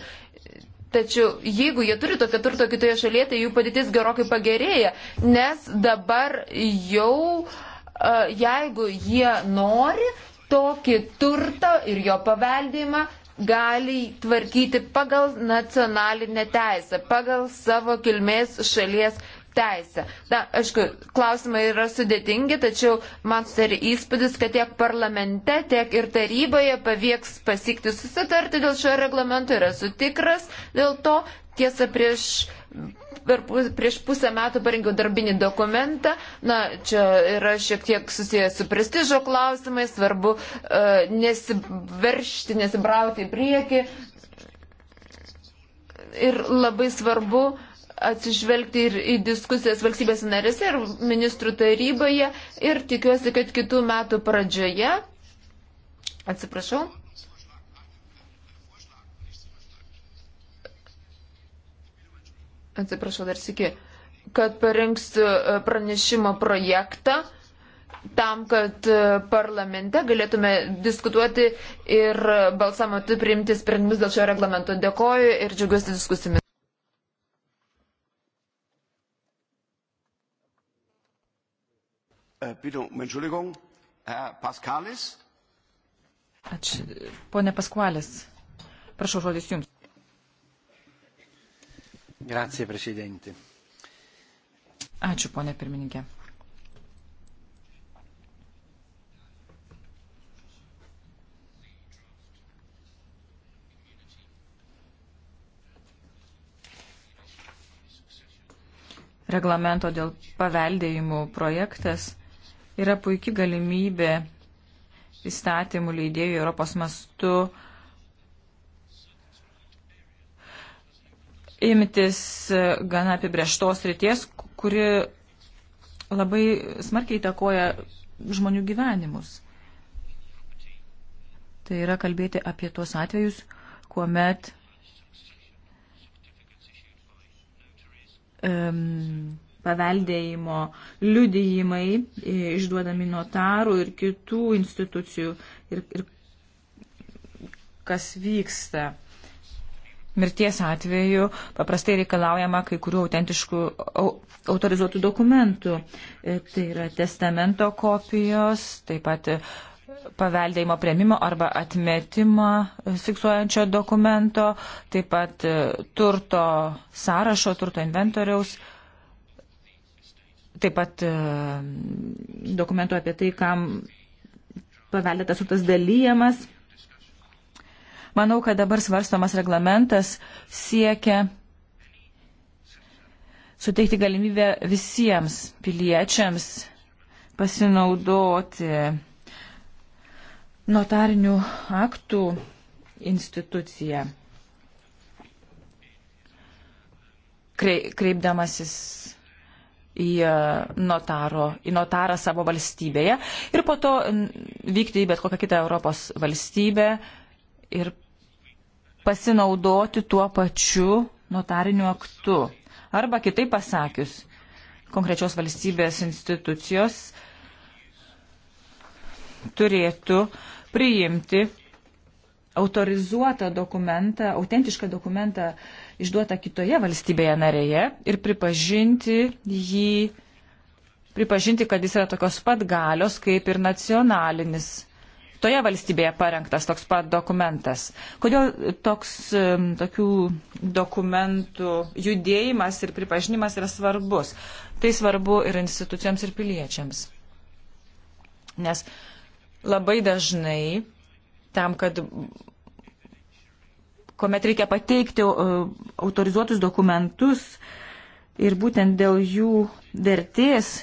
Tačiau jeigu jie turi tokio turto kitoje šalyje, tai jų padėtis gerokai pagerėja, nes dabar jau e, jeigu jie nori tokį turtą ir jo paveldėjimą, gali tvarkyti pagal nacionalinę teisę, pagal savo kilmės šalies teisę. Na, aišku, klausimai yra sudėtingi, tačiau man susidarė įspūdis, kad tiek parlamente, tiek ir taryboje pavyks pasikti susitarti dėl šio reglamento ir esu tikras dėl to. Tiesa, prieš per, prieš pusę metų parengiau darbinį dokumentą. Na, čia yra šiek tiek susijęs su prestižo klausimais, svarbu uh, e, nesiveršti, nesibrauti į priekį. Ir labai svarbu atsižvelgti ir į diskusijas valstybės narėse ir ministrų taryboje. Ir tikiuosi, kad kitų metų pradžioje. Atsiprašau. atsiprašau dar sėki, kad parengs e, pranešimo projektą tam, kad e, parlamente galėtume diskutuoti ir balsą metu priimti sprendimus dėl šio reglamento. Dėkoju ir džiaugiuosi diskusijomis. Äh, bitte um Entschuldigung, Herr Pascalis. Ačiū. Pone Paskualis, prašau žodis Jums. Grazie, prezidentė. Ačiū, ponė pirmininkė. reglamento dėl paveldėjimų projektas yra puikia galimybė įstatymų leidėjų Europos mastu imtis e, gana apibrieštos ryties, kuri labai smarkiai įtakoja žmonių gyvenimus. Tai yra kalbėti apie tuos atvejus, kuomet um, paveldėjimo liudijimai e, išduodami notarų ir kitų institucijų ir, ir kas vyksta mirties atveju paprastai reikalaujama kai kurių autentiškų autorizuotų dokumentų. E, tai yra testamento kopijos, taip pat e, paveldėjimo prieimimo arba atmetimo e, fiksuojančio dokumento, taip pat turto sąrašo, turto inventoriaus, taip pat dokumentų apie tai, kam paveldėtas turtas dalyjamas Manau, kad dabar svarstomas reglamentas siekia suteikti galimybę visiems piliečiams pasinaudoti notarinių aktų instituciją, kreipdamasis į, e, notaro, į notarą savo valstybėje ir po to vykti į bet kokią kitą Europos valstybę, ir pasinaudoti tuo pačiu notariniu aktu. Arba kitaip pasakius, konkrečios valstybės institucijos turėtų priimti autorizuotą dokumentą, autentišką dokumentą išduotą kitoje valstybėje narėje ir pripažinti jį, pripažinti, kad jis yra tokios pat galios kaip ir nacionalinis toje valstybėje parengtas toks pat dokumentas. Kodėl toks, tokių dokumentų judėjimas ir pripažinimas yra svarbus? Tai svarbu ir institucijoms, ir piliečiams. Nes labai dažnai tam, kad kuomet reikia pateikti e, autorizuotus dokumentus ir būtent dėl jų vertės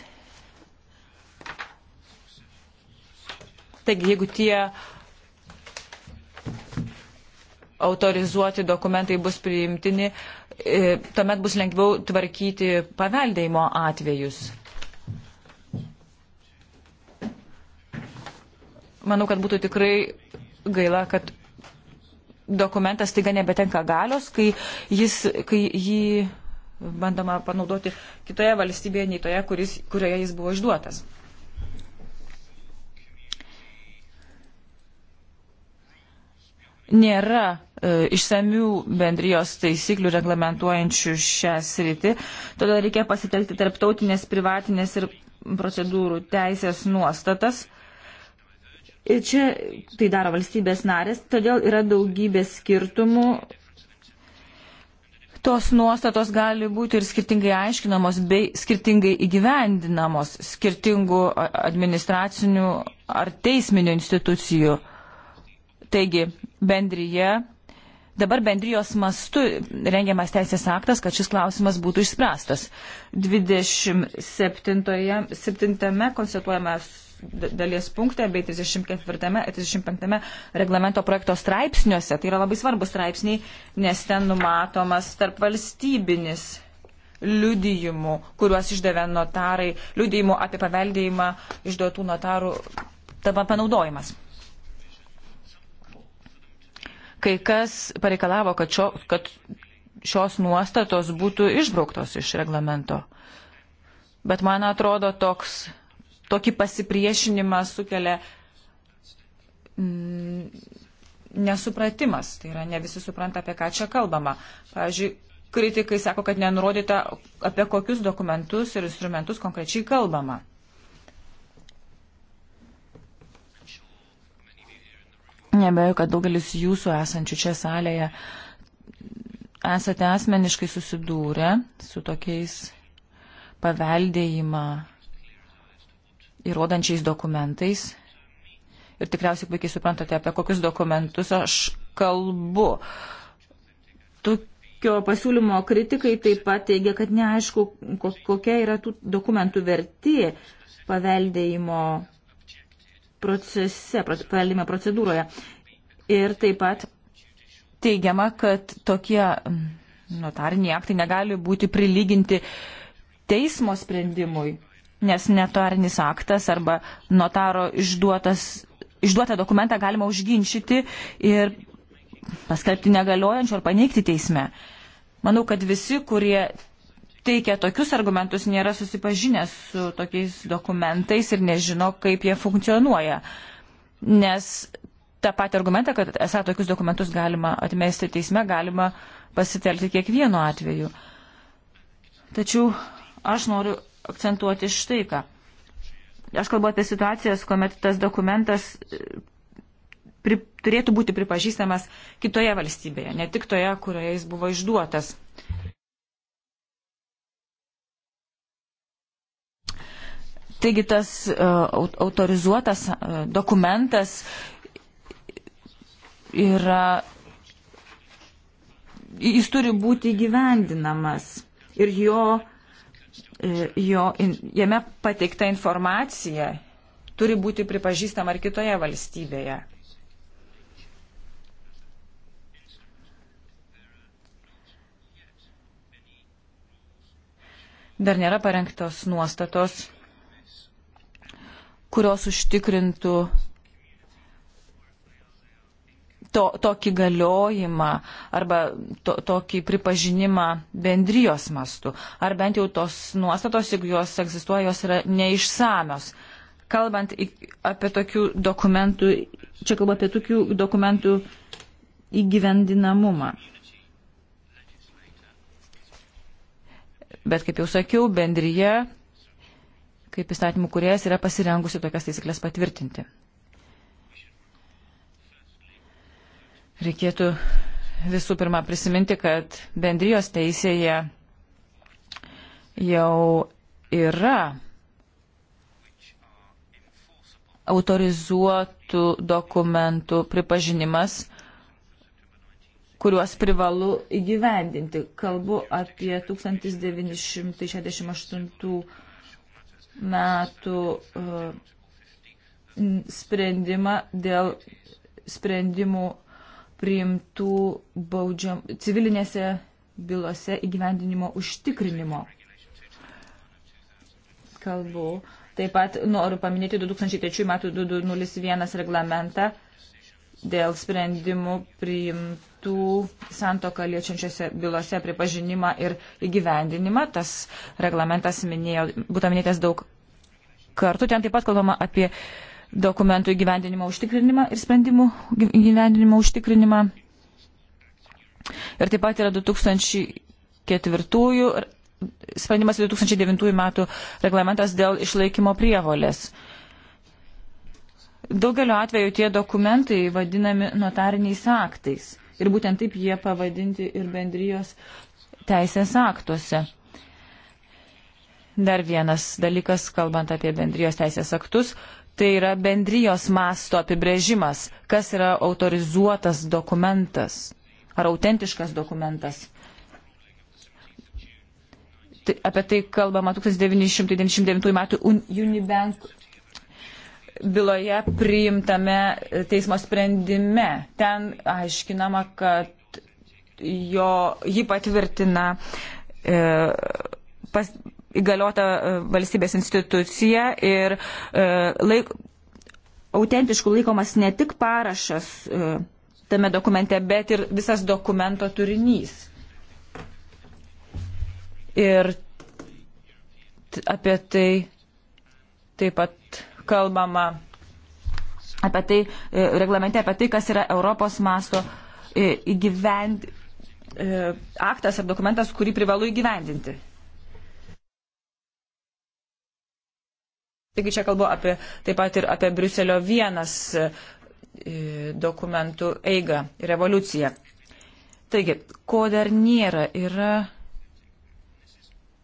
Taigi, jeigu tie autorizuoti dokumentai bus priimtini, e, tuomet bus lengviau tvarkyti paveldėjimo atvejus. Manau, kad būtų tikrai gaila, kad dokumentas taiga nebetenka galios, kai, jis, kai jį bandoma panaudoti kitoje valstybėje, nei toje, kuris, kurioje jis buvo išduotas. nėra e, išsamių bendrijos taisyklių reglamentuojančių šią sritį, todėl reikia pasitelkti tarptautinės, privatinės ir procedūrų teisės nuostatas. Ir čia tai daro valstybės narės, todėl yra daugybė skirtumų. Tos nuostatos gali būti ir skirtingai aiškinamos bei skirtingai įgyvendinamos skirtingų administracinių ar teisminių institucijų. Taigi, bendryje, dabar bendrijos mastu rengiamas teisės aktas, kad šis klausimas būtų išspręstas. 27 konstatuojame dalies punkte bei 34 ir 35 reglamento projekto straipsniuose. Tai yra labai svarbus straipsniai, nes ten numatomas tarp valstybinis liudijimų, kuriuos išdavė notarai, liudijimų apie paveldėjimą išduotų notarų panaudojimas. Kai kas pareikalavo, kad, šio, kad šios nuostatos būtų išbrauktos iš reglamento. Bet man atrodo, toks, tokį pasipriešinimą sukelia mm, nesupratimas. Tai yra, ne visi supranta, apie ką čia kalbama. Pavyzdžiui, kritikai sako, kad nenurodyta, apie kokius dokumentus ir instrumentus konkrečiai kalbama. Nebejoju, kad daugelis jūsų esančių čia salėje esate asmeniškai susidūrę su tokiais paveldėjimą įrodančiais dokumentais. Ir tikriausiai puikiai suprantate, apie kokius dokumentus aš kalbu. Tokio pasiūlymo kritikai taip pat teigia, kad neaišku, kokia yra tų dokumentų vertė paveldėjimo procese, paveldime procedūroje. Ir taip pat teigiama, kad tokie mm, notariniai aktai negali būti prilyginti teismo sprendimui, nes notarinis aktas arba notaro išduotas, išduotą dokumentą galima užginčyti ir paskelbti negaliojančiu ar paneigti teisme. Manau, kad visi, kurie teikia tokius argumentus, nėra susipažinęs su tokiais dokumentais ir nežino, kaip jie funkcionuoja. Nes tą patį argumentą, kad esą tokius dokumentus galima atmesti teisme, galima pasitelkti kiekvienu atveju. Tačiau aš noriu akcentuoti štai ką. Aš kalbu apie situacijas, kuomet tas dokumentas pri, turėtų būti pripažįstamas kitoje valstybėje, ne tik toje, kurioje jis buvo išduotas. Taigi tas e, autorizuotas e, dokumentas yra, jis turi būti gyvendinamas ir jo, e, jo, jame pateikta informacija turi būti pripažįstama ar kitoje valstybėje. Dar nėra parengtos nuostatos kurios užtikrintų to, tokį galiojimą arba to, tokį pripažinimą bendrijos mastu. Ar bent jau tos nuostatos, jeigu jos egzistuoja, jos yra neišsamios. Kalbant apie tokių dokumentų, čia kalba apie tokių dokumentų įgyvendinamumą. Bet kaip jau sakiau, bendryje kaip įstatymų kuriejas yra pasirengusi tokias taisyklės patvirtinti. Reikėtų visų pirma prisiminti, kad bendrijos teisėje jau yra autorizuotų dokumentų pripažinimas, kuriuos privalu įgyvendinti. Kalbu apie 1968 metų e, sprendimą dėl sprendimų priimtų baudžiam, civilinėse bylose įgyvendinimo užtikrinimo. Kalbu. Taip pat noriu paminėti 2003 m. 201 reglamentą dėl sprendimų priimtų aktų santoką liečiančiose bylose pripažinimą ir įgyvendinimą. Tas reglamentas minėjo, būtų minėtas daug kartų. Ten taip pat kalbama apie dokumentų įgyvendinimo užtikrinimą ir sprendimų įgyvendinimo užtikrinimą. Ir taip pat yra 2004 sprendimas 2009 metų reglamentas dėl išlaikymo prievolės. Daugeliu atveju tie dokumentai vadinami notariniais aktais ir būtent taip jie pavadinti ir bendrijos teisės aktuose. Dar vienas dalykas, kalbant apie bendrijos teisės aktus, tai yra bendrijos masto apibrėžimas, kas yra autorizuotas dokumentas ar autentiškas dokumentas. Tai, apie tai kalbama 1999 m. Unibank byloje priimtame teismo sprendime. Ten aiškinama, kad jo, jį patvirtina e, pas, įgaliota e, valstybės institucija ir e, laik, autentiškų laikomas ne tik parašas e, tame dokumente, bet ir visas dokumento turinys. Ir apie tai taip pat kalbama apie tai, e, reglamente apie tai, kas yra Europos masto e, įgyvend, e, aktas ar dokumentas, kurį privalu įgyvendinti. Taigi čia kalbu apie, taip pat ir apie Briuselio vienas dokumentų eigą, revoliuciją. Taigi, ko dar nėra, yra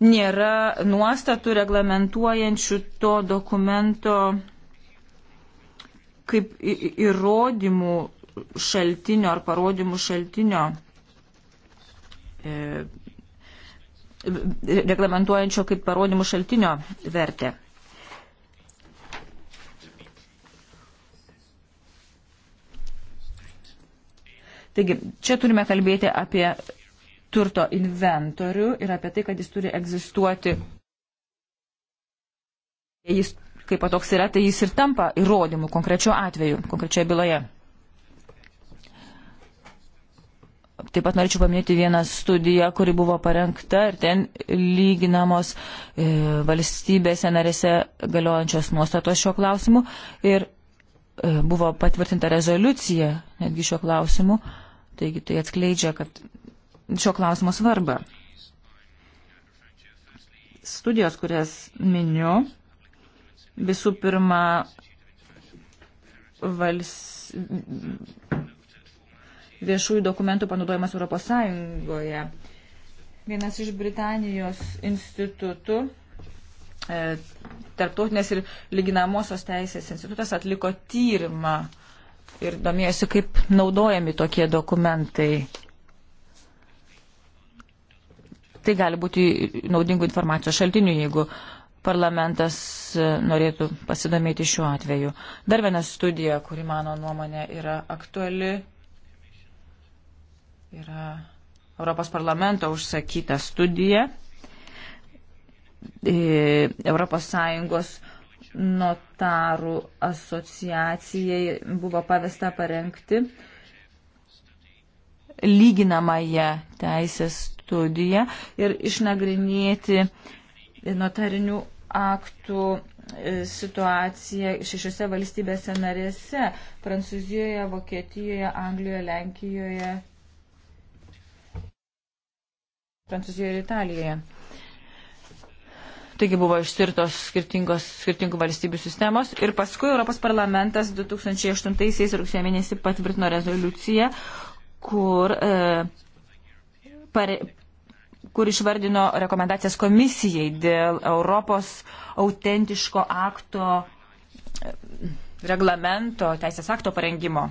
nėra nuostatų reglamentuojančių to dokumento kaip įrodymų šaltinio ar parodymų šaltinio e, reglamentuojančio kaip parodymų šaltinio vertę. Taigi, čia turime kalbėti apie turto inventorių ir apie tai, kad jis turi egzistuoti. Jis kaip patoks yra, tai jis ir tampa įrodymu konkrečiu atveju, konkrečioje byloje. Taip pat norėčiau paminėti vieną studiją, kuri buvo parengta ir ten lyginamos e, valstybėse narėse galiojančios nuostatos šiuo klausimu ir e, buvo patvirtinta rezoliucija netgi šiuo klausimu. Taigi tai atskleidžia, kad šio klausimo svarbą. Studijos, kurias miniu, visų pirma, vals... viešųjų dokumentų panaudojimas Europos Sąjungoje. Vienas iš Britanijos institutų e, Tarptautinės ir lyginamosios teisės institutas atliko tyrimą ir domėjosi, kaip naudojami tokie dokumentai tai gali būti naudingų informacijos šaltinių, jeigu parlamentas e, norėtų pasidomėti šiuo atveju. Dar viena studija, kuri mano nuomonė yra aktuali, yra Europos parlamento užsakyta studija e, Europos Sąjungos notarų asociacijai buvo pavesta parengti lyginamąją teisės studiją ir išnagrinėti notarinių aktų e, situacija šešiose valstybėse narėse - Prancūzijoje, Vokietijoje, Anglijoje, Lenkijoje, Prancūzijoje ir Italijoje. Taigi buvo ištirtos skirtingų valstybių sistemos ir paskui Europos parlamentas 2008 rugsėjo mėnesį patvirtino rezoliuciją, kur e, pare, kur išvardino rekomendacijas komisijai dėl Europos autentiško akto e, reglamento, teisės akto parengimo.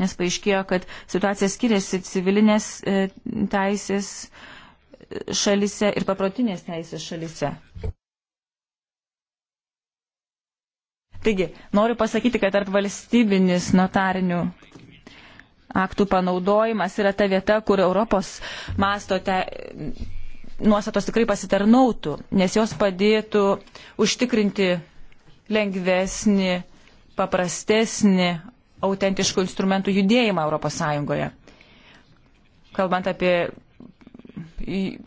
Nes paaiškėjo, kad situacija skiriasi civilinės e, teisės e, šalise ir paprotinės teisės šalise. Taigi, noriu pasakyti, kad tarp valstybinis notarinių aktų panaudojimas yra ta vieta, kur Europos masto te, nuostatos tikrai pasitarnautų, nes jos padėtų užtikrinti lengvesnį, paprastesnį autentiškų instrumentų judėjimą Europos Sąjungoje. Kalbant apie,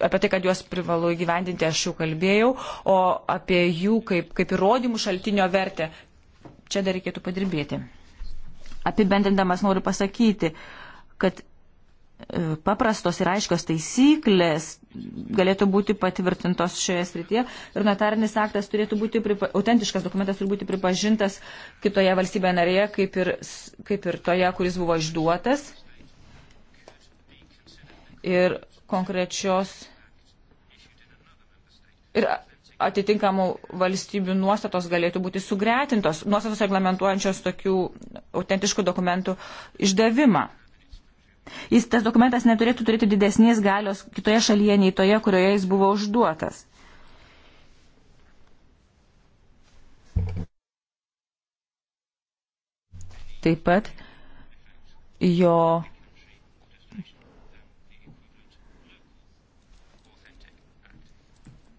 apie tai, kad juos privalu įgyvendinti, aš jau kalbėjau, o apie jų kaip, kaip įrodymų šaltinio vertę, čia dar reikėtų padirbėti. Apibendrindamas noriu pasakyti, kad e, paprastos ir aiškios taisyklės galėtų būti patvirtintos šioje srityje ir notarinis aktas turėtų būti, pripa... autentiškas dokumentas turi būti pripažintas kitoje valstybėje narėje, kaip ir, kaip ir toje, kuris buvo išduotas. Ir konkrečios. Ir atitinkamų valstybių nuostatos galėtų būti sugretintos, nuostatos reglamentuojančios tokių autentiškų dokumentų išdavimą. Jis tas dokumentas neturėtų turėti didesnės galios kitoje šalyje nei toje, kurioje jis buvo užduotas. Taip pat jo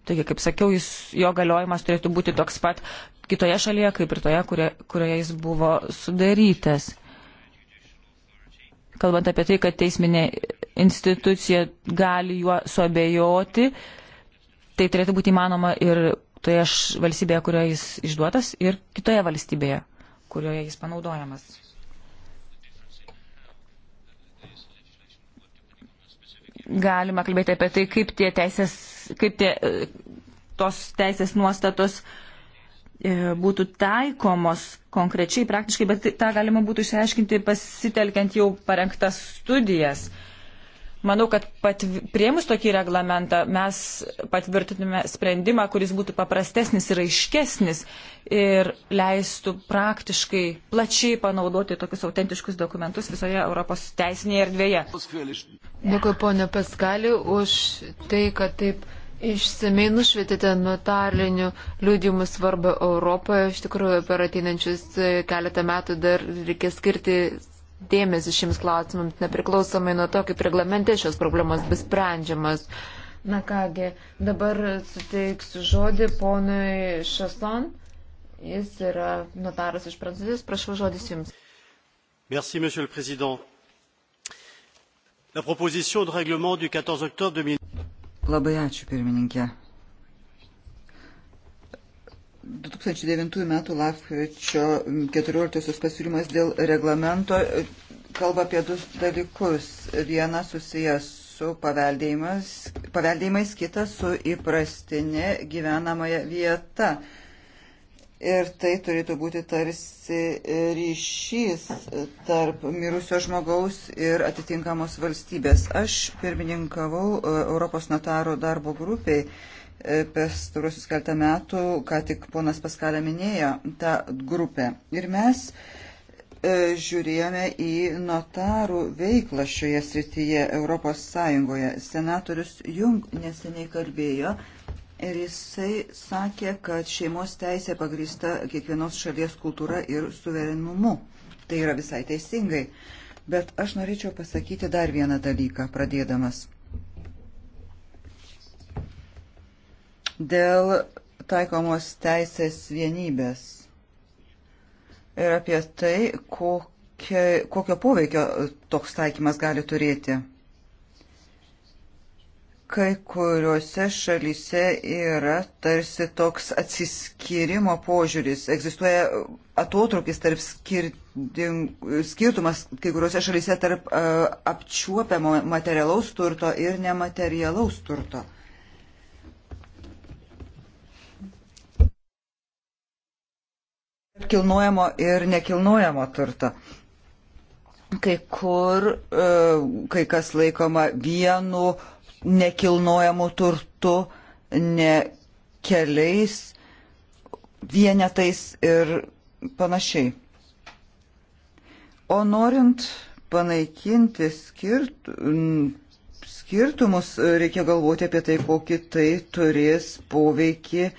Taigi, kaip sakiau, jis, jo galiojimas turėtų būti toks pat kitoje šalyje, kaip ir toje, kurie, kurioje jis buvo sudarytas. Kalbant apie tai, kad teisminė institucija gali juo suabejoti, tai turėtų būti įmanoma ir toje valstybėje, kurioje jis išduotas, ir kitoje valstybėje, kurioje jis panaudojamas. Galima kalbėti apie tai, kaip tie teisės kaip tie, e, tos teisės nuostatos e, būtų taikomos konkrečiai, praktiškai, bet tą galima būtų išsiaiškinti pasitelkiant jau parengtas studijas. Manau, kad prieimus tokį reglamentą mes patvirtume sprendimą, kuris būtų paprastesnis ir aiškesnis ir leistų praktiškai plačiai panaudoti tokius autentiškus dokumentus visoje Europos teisinėje erdvėje. Dėkui, ponė Paskali, už tai, kad taip Išsamei nušvietėte notarinių liūdimų svarbą Europoje. Iš tikrųjų, per ateinančius e, keletą metų dar reikės skirti dėmesį šiems klausimams, nepriklausomai nuo to, kaip reglamente šios problemos bus sprendžiamas. Na kągi, dabar suteiksiu žodį ponui Šason. Jis yra notaras iš Prancūzijos. Prašau žodis jums. Merci, monsieur le président. La proposition de règlement du 14 octobre 2000. Labai ačiū, pirmininkė. 2009 m. lapkričio 14 pasiūlymas dėl reglamento kalba apie du dalykus. Viena susijęs su paveldėjimais, kitas su įprastinė gyvenamąją vietą. Ir tai turėtų būti tarsi ryšys tarp mirusio žmogaus ir atitinkamos valstybės. Aš pirmininkavau e, Europos notarų darbo grupiai e, pastaruosius keltą metų, ką tik ponas Paskalė minėjo tą grupę. Ir mes e, žiūrėjome į notarų veiklą šioje srityje Europos Sąjungoje. Senatorius Jung neseniai kalbėjo Ir jisai sakė, kad šeimos teisė pagrįsta kiekvienos šalies kultūra ir suverenumu. Tai yra visai teisingai. Bet aš norėčiau pasakyti dar vieną dalyką, pradėdamas. Dėl taikomos teisės vienybės ir apie tai, kokio, kokio poveikio toks taikymas gali turėti kai kuriuose šalyse yra tarsi toks atsiskyrimo požiūris, egzistuoja atotrukis tarp skirting, skirtumas kai kuriuose šalyse tarp uh, apčiuopiamo materialaus turto ir nematerialaus turto. kilnojamo ir nekilnojamo turto. Kai kur, e, kai kas laikoma vienu nekilnojamų turtų, ne keliais, vienetais ir panašiai. O norint panaikinti skirt, skirtumus, reikia galvoti apie tai, kokį tai turės poveikį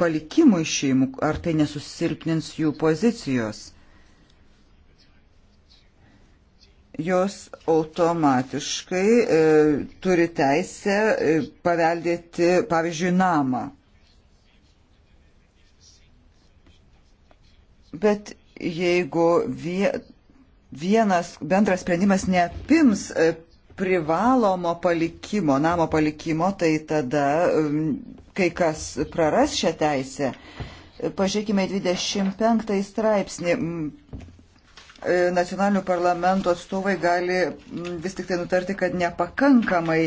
palikimui šeimų, ar tai nesusilpnins jų pozicijos. jos automatiškai e, turi teisę e, paveldėti, pavyzdžiui, namą. Bet jeigu vie, vienas bendras sprendimas neapims e, privalomo palikimo, namo palikimo, tai tada e, kai kas praras šią teisę. Pažiūrėkime 25 straipsnį E, nacionalinių parlamentų atstovai gali mm, vis tik tai nutarti, kad nepakankamai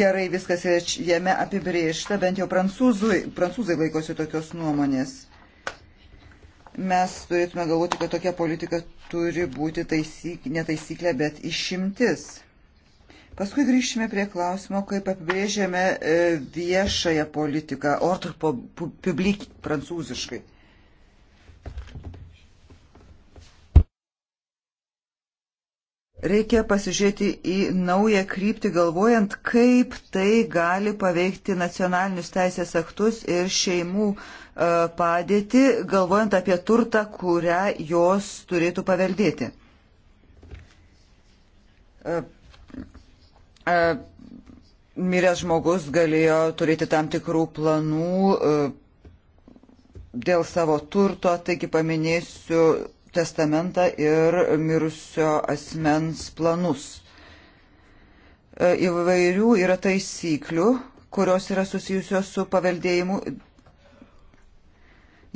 gerai viskas jame apibriešta, bent jau prancūzui, prancūzai laikosi tokios nuomonės. Mes turėtume galvoti, kad tokia politika turi būti taisyk, ne taisyklė, bet išimtis. Paskui grįžtume prie klausimo, kaip apibrėžiame e, viešąją politiką, ordre public prancūziškai. Reikia pasižiūrėti į naują kryptį, galvojant, kaip tai gali paveikti nacionalinius teisės aktus ir šeimų e, padėti, galvojant apie turtą, kurią jos turėtų paveldėti e, e, miręs žmogus galėjo turėti tam tikrų planų dėl savo turto, taigi paminėsiu testamentą ir mirusio asmens planus. E, įvairių yra taisyklių, kurios yra susijusios su paveldėjimu.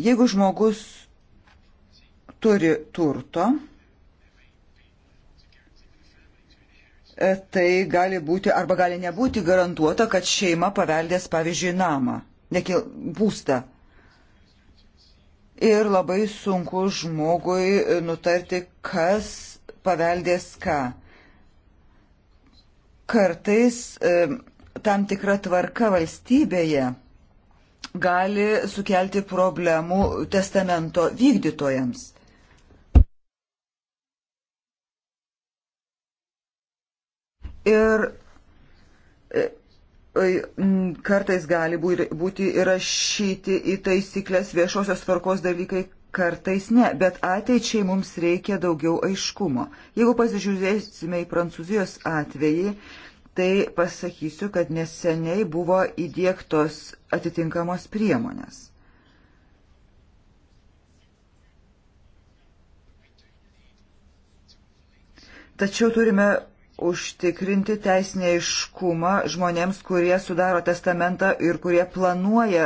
Jeigu žmogus turi turto, e, tai gali būti arba gali nebūti garantuota, kad šeima paveldės, pavyzdžiui, namą, nekil, būstą ir labai sunku žmogui nutarti, kas paveldės ką. Kartais e, tam tikra tvarka valstybėje gali sukelti problemų testamento vykdytojams. Ir e, kartais gali būti įrašyti į taisyklės viešosios tvarkos dalykai, kartais ne, bet ateičiai mums reikia daugiau aiškumo. Jeigu pasižiūrėsime į Prancūzijos atvejį, tai pasakysiu, kad neseniai buvo įdėktos atitinkamos priemonės. Tačiau turime užtikrinti teisinę iškumą žmonėms, kurie sudaro testamentą ir kurie planuoja,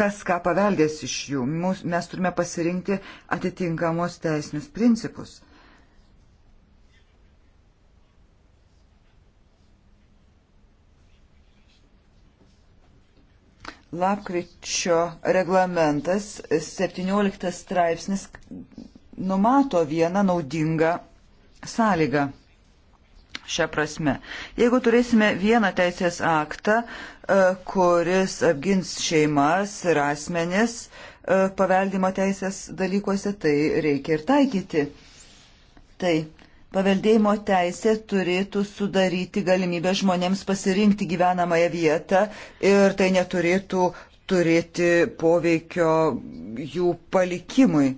kas ką paveldės iš jų. Mūs, mes turime pasirinkti atitinkamos teisinius principus. Lapkričio reglamentas 17 straipsnis numato vieną naudingą sąlygą šią prasme. Jeigu turėsime vieną teisės aktą, e, kuris apgins šeimas ir asmenis e, paveldimo teisės dalykuose, tai reikia ir taikyti. Tai Paveldėjimo teisė turėtų sudaryti galimybę žmonėms pasirinkti gyvenamąją vietą ir tai neturėtų turėti poveikio jų palikimui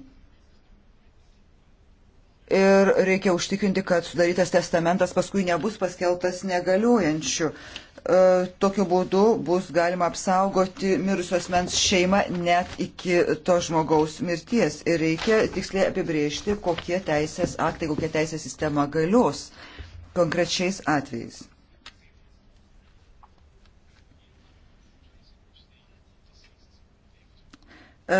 ir reikia užtikrinti, kad sudarytas testamentas paskui nebus paskeltas negaliuojančiu. E, tokiu būdu bus galima apsaugoti mirusios mens šeimą net iki to žmogaus mirties. Ir reikia tiksliai apibriežti, kokie teisės aktai, kokia teisės sistema galios konkrečiais atvejais. E,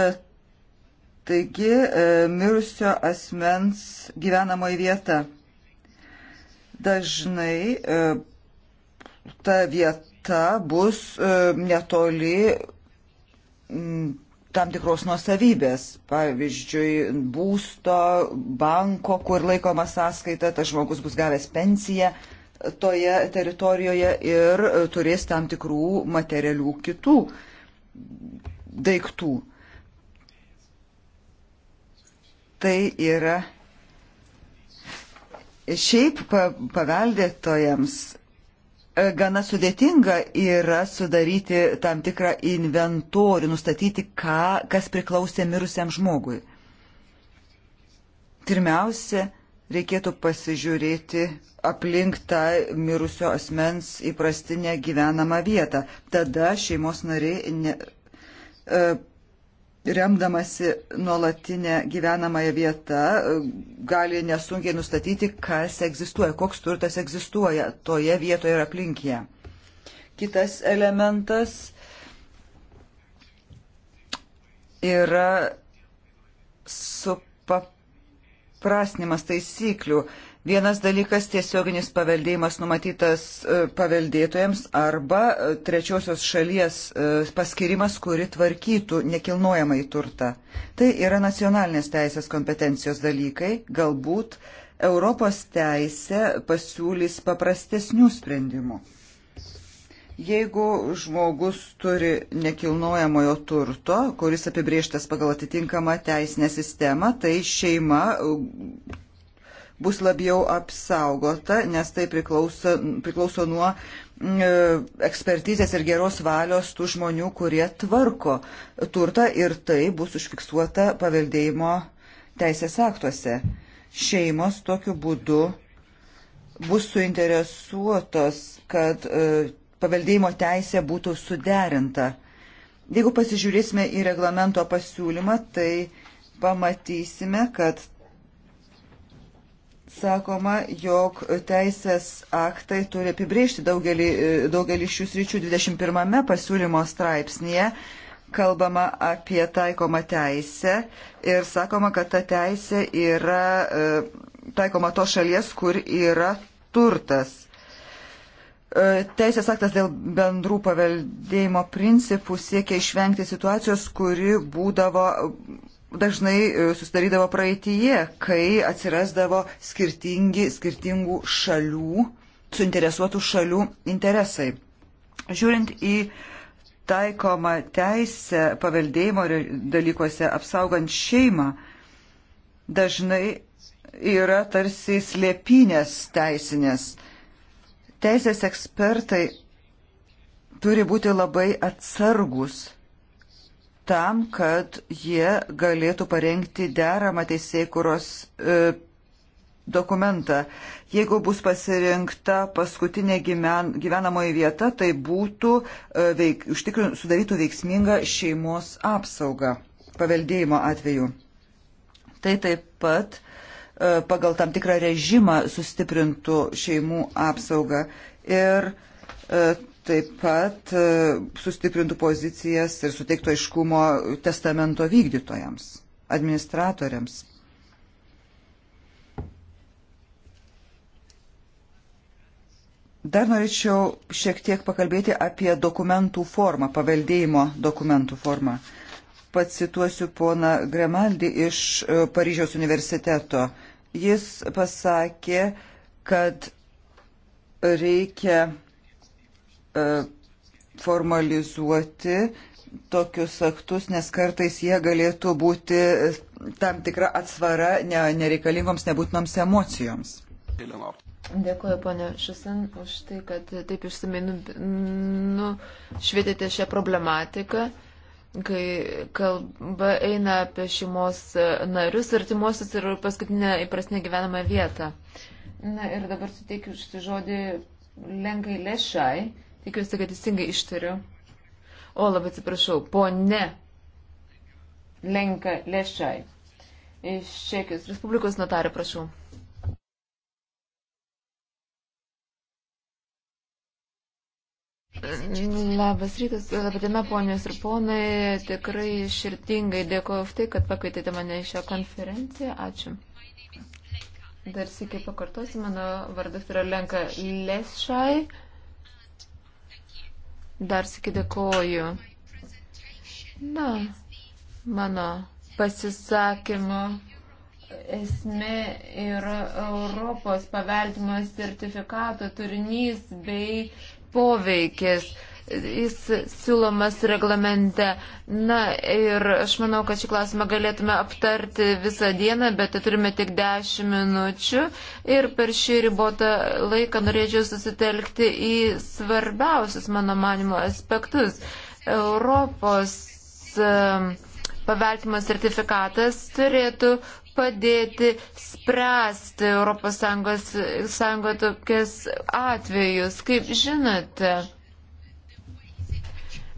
Taigi, e, mirusio asmens gyvenamoji vieta. Dažnai e, ta vieta bus e, netoli tam tikros nuosavybės, pavyzdžiui, būsto, banko, kur laikoma sąskaita, tas žmogus bus gavęs pensiją toje teritorijoje ir turės tam tikrų materialių kitų daiktų. tai yra šiaip paveldėtojams e, gana sudėtinga yra sudaryti tam tikrą inventorių, nustatyti, ką, kas priklausė mirusiam žmogui. Pirmiausia, reikėtų pasižiūrėti aplink tą mirusio asmens įprastinę gyvenamą vietą. Tada šeimos nariai ne, e, remdamasi nuolatinę gyvenamąją vietą, gali nesunkiai nustatyti, kas egzistuoja, koks turtas egzistuoja toje vietoje ir aplinkėje. Kitas elementas yra supaprastinimas taisyklių. Vienas dalykas - tiesioginis paveldėjimas numatytas e, paveldėtojams arba e, trečiosios šalies e, paskirimas, kuri tvarkytų nekilnojamai turtą. Tai yra nacionalinės teisės kompetencijos dalykai, galbūt Europos teisė pasiūlys paprastesnių sprendimų. Jeigu žmogus turi nekilnojamojo turto, kuris apibrieštas pagal atitinkamą teisinę sistemą, tai šeima bus labiau apsaugota, nes tai priklauso, priklauso nuo e, ekspertizės ir geros valios tų žmonių, kurie tvarko turtą ir tai bus užfiksuota paveldėjimo teisės aktuose. Šeimos tokiu būdu bus suinteresuotos, kad e, paveldėjimo teisė būtų suderinta. Jeigu pasižiūrėsime į reglamento pasiūlymą, tai pamatysime, kad sakoma, jog teisės aktai turi apibriežti daugelį, daugelį šių sričių 21 pasiūlymo straipsnėje. Kalbama apie taikomą teisę ir sakoma, kad ta teisė yra e, taikoma to šalies, kur yra turtas. E, teisės aktas dėl bendrų paveldėjimo principų siekia išvengti situacijos, kuri būdavo dažnai e, susidarydavo praeitįje, kai atsirasdavo skirtingi, skirtingų šalių, suinteresuotų šalių interesai. Žiūrint į taikoma teisė paveldėjimo dalykuose apsaugant šeimą dažnai yra tarsi slėpinės teisinės. Teisės ekspertai turi būti labai atsargus tam, kad jie galėtų parengti deramą teisėkuros e, dokumentą. Jeigu bus pasirinkta paskutinė gyven, gyvenamoji vieta, tai būtų e, veik, užtikrin, sudarytų veiksmingą šeimos apsaugą paveldėjimo atveju. Tai taip pat e, pagal tam tikrą režimą sustiprintų šeimų apsaugą. Ir e, taip pat e, sustiprintų pozicijas ir suteiktų aiškumo testamento vykdytojams, administratoriams. Dar norėčiau šiek tiek pakalbėti apie dokumentų formą, paveldėjimo dokumentų formą. Pacituosiu poną Gremaldį iš e, Paryžiaus universiteto. Jis pasakė, kad reikia E, formalizuoti tokius aktus, nes kartais jie galėtų būti e, tam tikra atsvara ne, nereikalingoms, nebūtinoms emocijoms. Dėkuoju, ponė Šasin, už tai, kad taip išsamei nušvietėte nu, nu šią problematiką, kai kalba eina apie šeimos narius, artimuosius ir paskutinę įprastinę gyvenamą vietą. Na ir dabar suteikiu šį žodį Lenkai Lešai Tikiuosi, kad teisingai ištariu. O, labai atsiprašau, ponė Lenka Lešai. Iš Čekijos Respublikos notarė, prašau. Labas rytas, laba diena, ponios ir ponai. Tikrai širtingai dėkoju už tai, kad pakvietėte mane į šią konferenciją. Ačiū. Dar sėkiai pakartosiu, mano vardas yra Lenka Lešai. Dar sėki dėkoju. Na, mano pasisakymo esmė yra Europos paveldimo sertifikato turinys bei poveikis jis siūlomas reglamente. Na ir aš manau, kad šį klausimą galėtume aptarti visą dieną, bet turime tik 10 minučių ir per šį ribotą laiką norėčiau susitelkti į svarbiausius, mano manimo, aspektus. Europos paveldimo sertifikatas turėtų padėti spręsti ES tokias atvejus, kaip žinote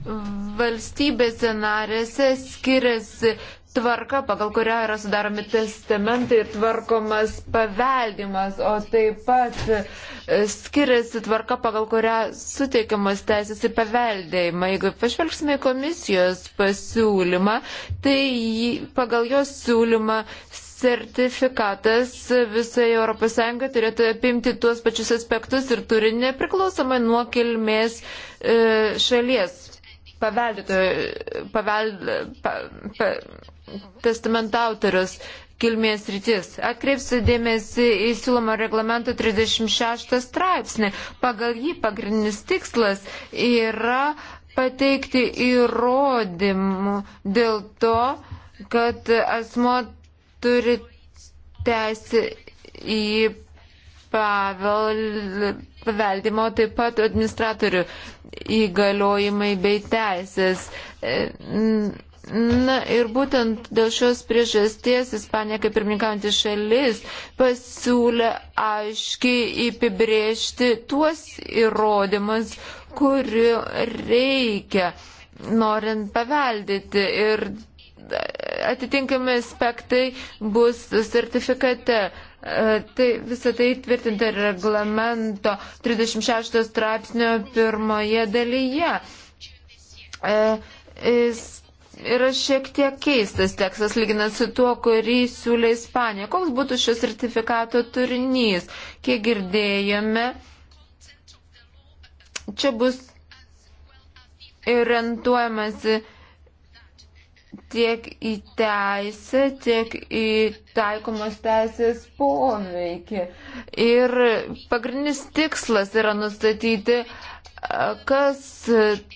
valstybėse narėse skiriasi tvarka, pagal kurią yra sudaromi testamentai ir tvarkomas paveldimas, o taip pat e, skiriasi tvarka, pagal kurią suteikiamas teisės į paveldėjimą. Jeigu pažvelgsime į komisijos pasiūlymą, tai pagal jos siūlymą sertifikatas visoje ES turėtų apimti tuos pačius aspektus ir turi nepriklausomai nuo kilmės e, šalies paveldėtojo, paveld, pa, pa, testamentautorius kilmės rytis. Atkreipsiu dėmesį į siūlomą reglamento 36 straipsnį. Pagal jį pagrindinis tikslas yra pateikti įrodymų dėl to, kad asmo turi teisę į pavel, paveldimo, taip pat administratorių įgaliojimai bei teisės. E, na ir būtent dėl šios priežasties Ispanija, kaip pirmininkaujantis šalis, pasiūlė aiškiai įpibriežti tuos įrodymus, kurių reikia, norint paveldyti. Ir atitinkami aspektai bus sertifikate. Tai visą tai tvirtinta reglamento 36 straipsnio pirmoje dalyje. E, jis yra šiek tiek keistas tekstas, lyginant su tuo, kurį siūlė Ispanija. Koks būtų šio sertifikato turinys? Kiek girdėjome, čia bus orientuojamasi. E, tiek į teisę, tiek į taikomos teisės poveikį. Ir pagrindinis tikslas yra nustatyti, kas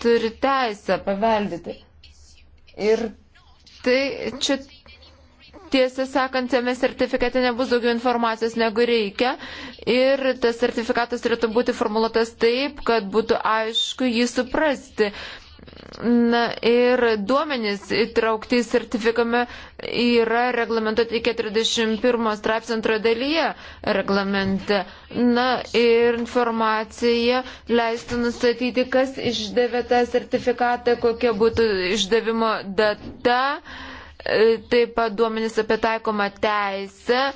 turi teisę paveldyti. Ir tai čia tiesą sakant, tame sertifikate nebus daugiau informacijos negu reikia. Ir tas sertifikatas turėtų būti formuluotas taip, kad būtų aišku jį suprasti. Uh, Na ir duomenys įtraukti į sertifikame yra reglamentuoti 41 straipsnio antroje dalyje reglamente. Na ir informacija leistų nustatyti, kas išdavė tą sertifikatą, kokia būtų išdavimo data. E, taip pat duomenys apie taikomą teisę,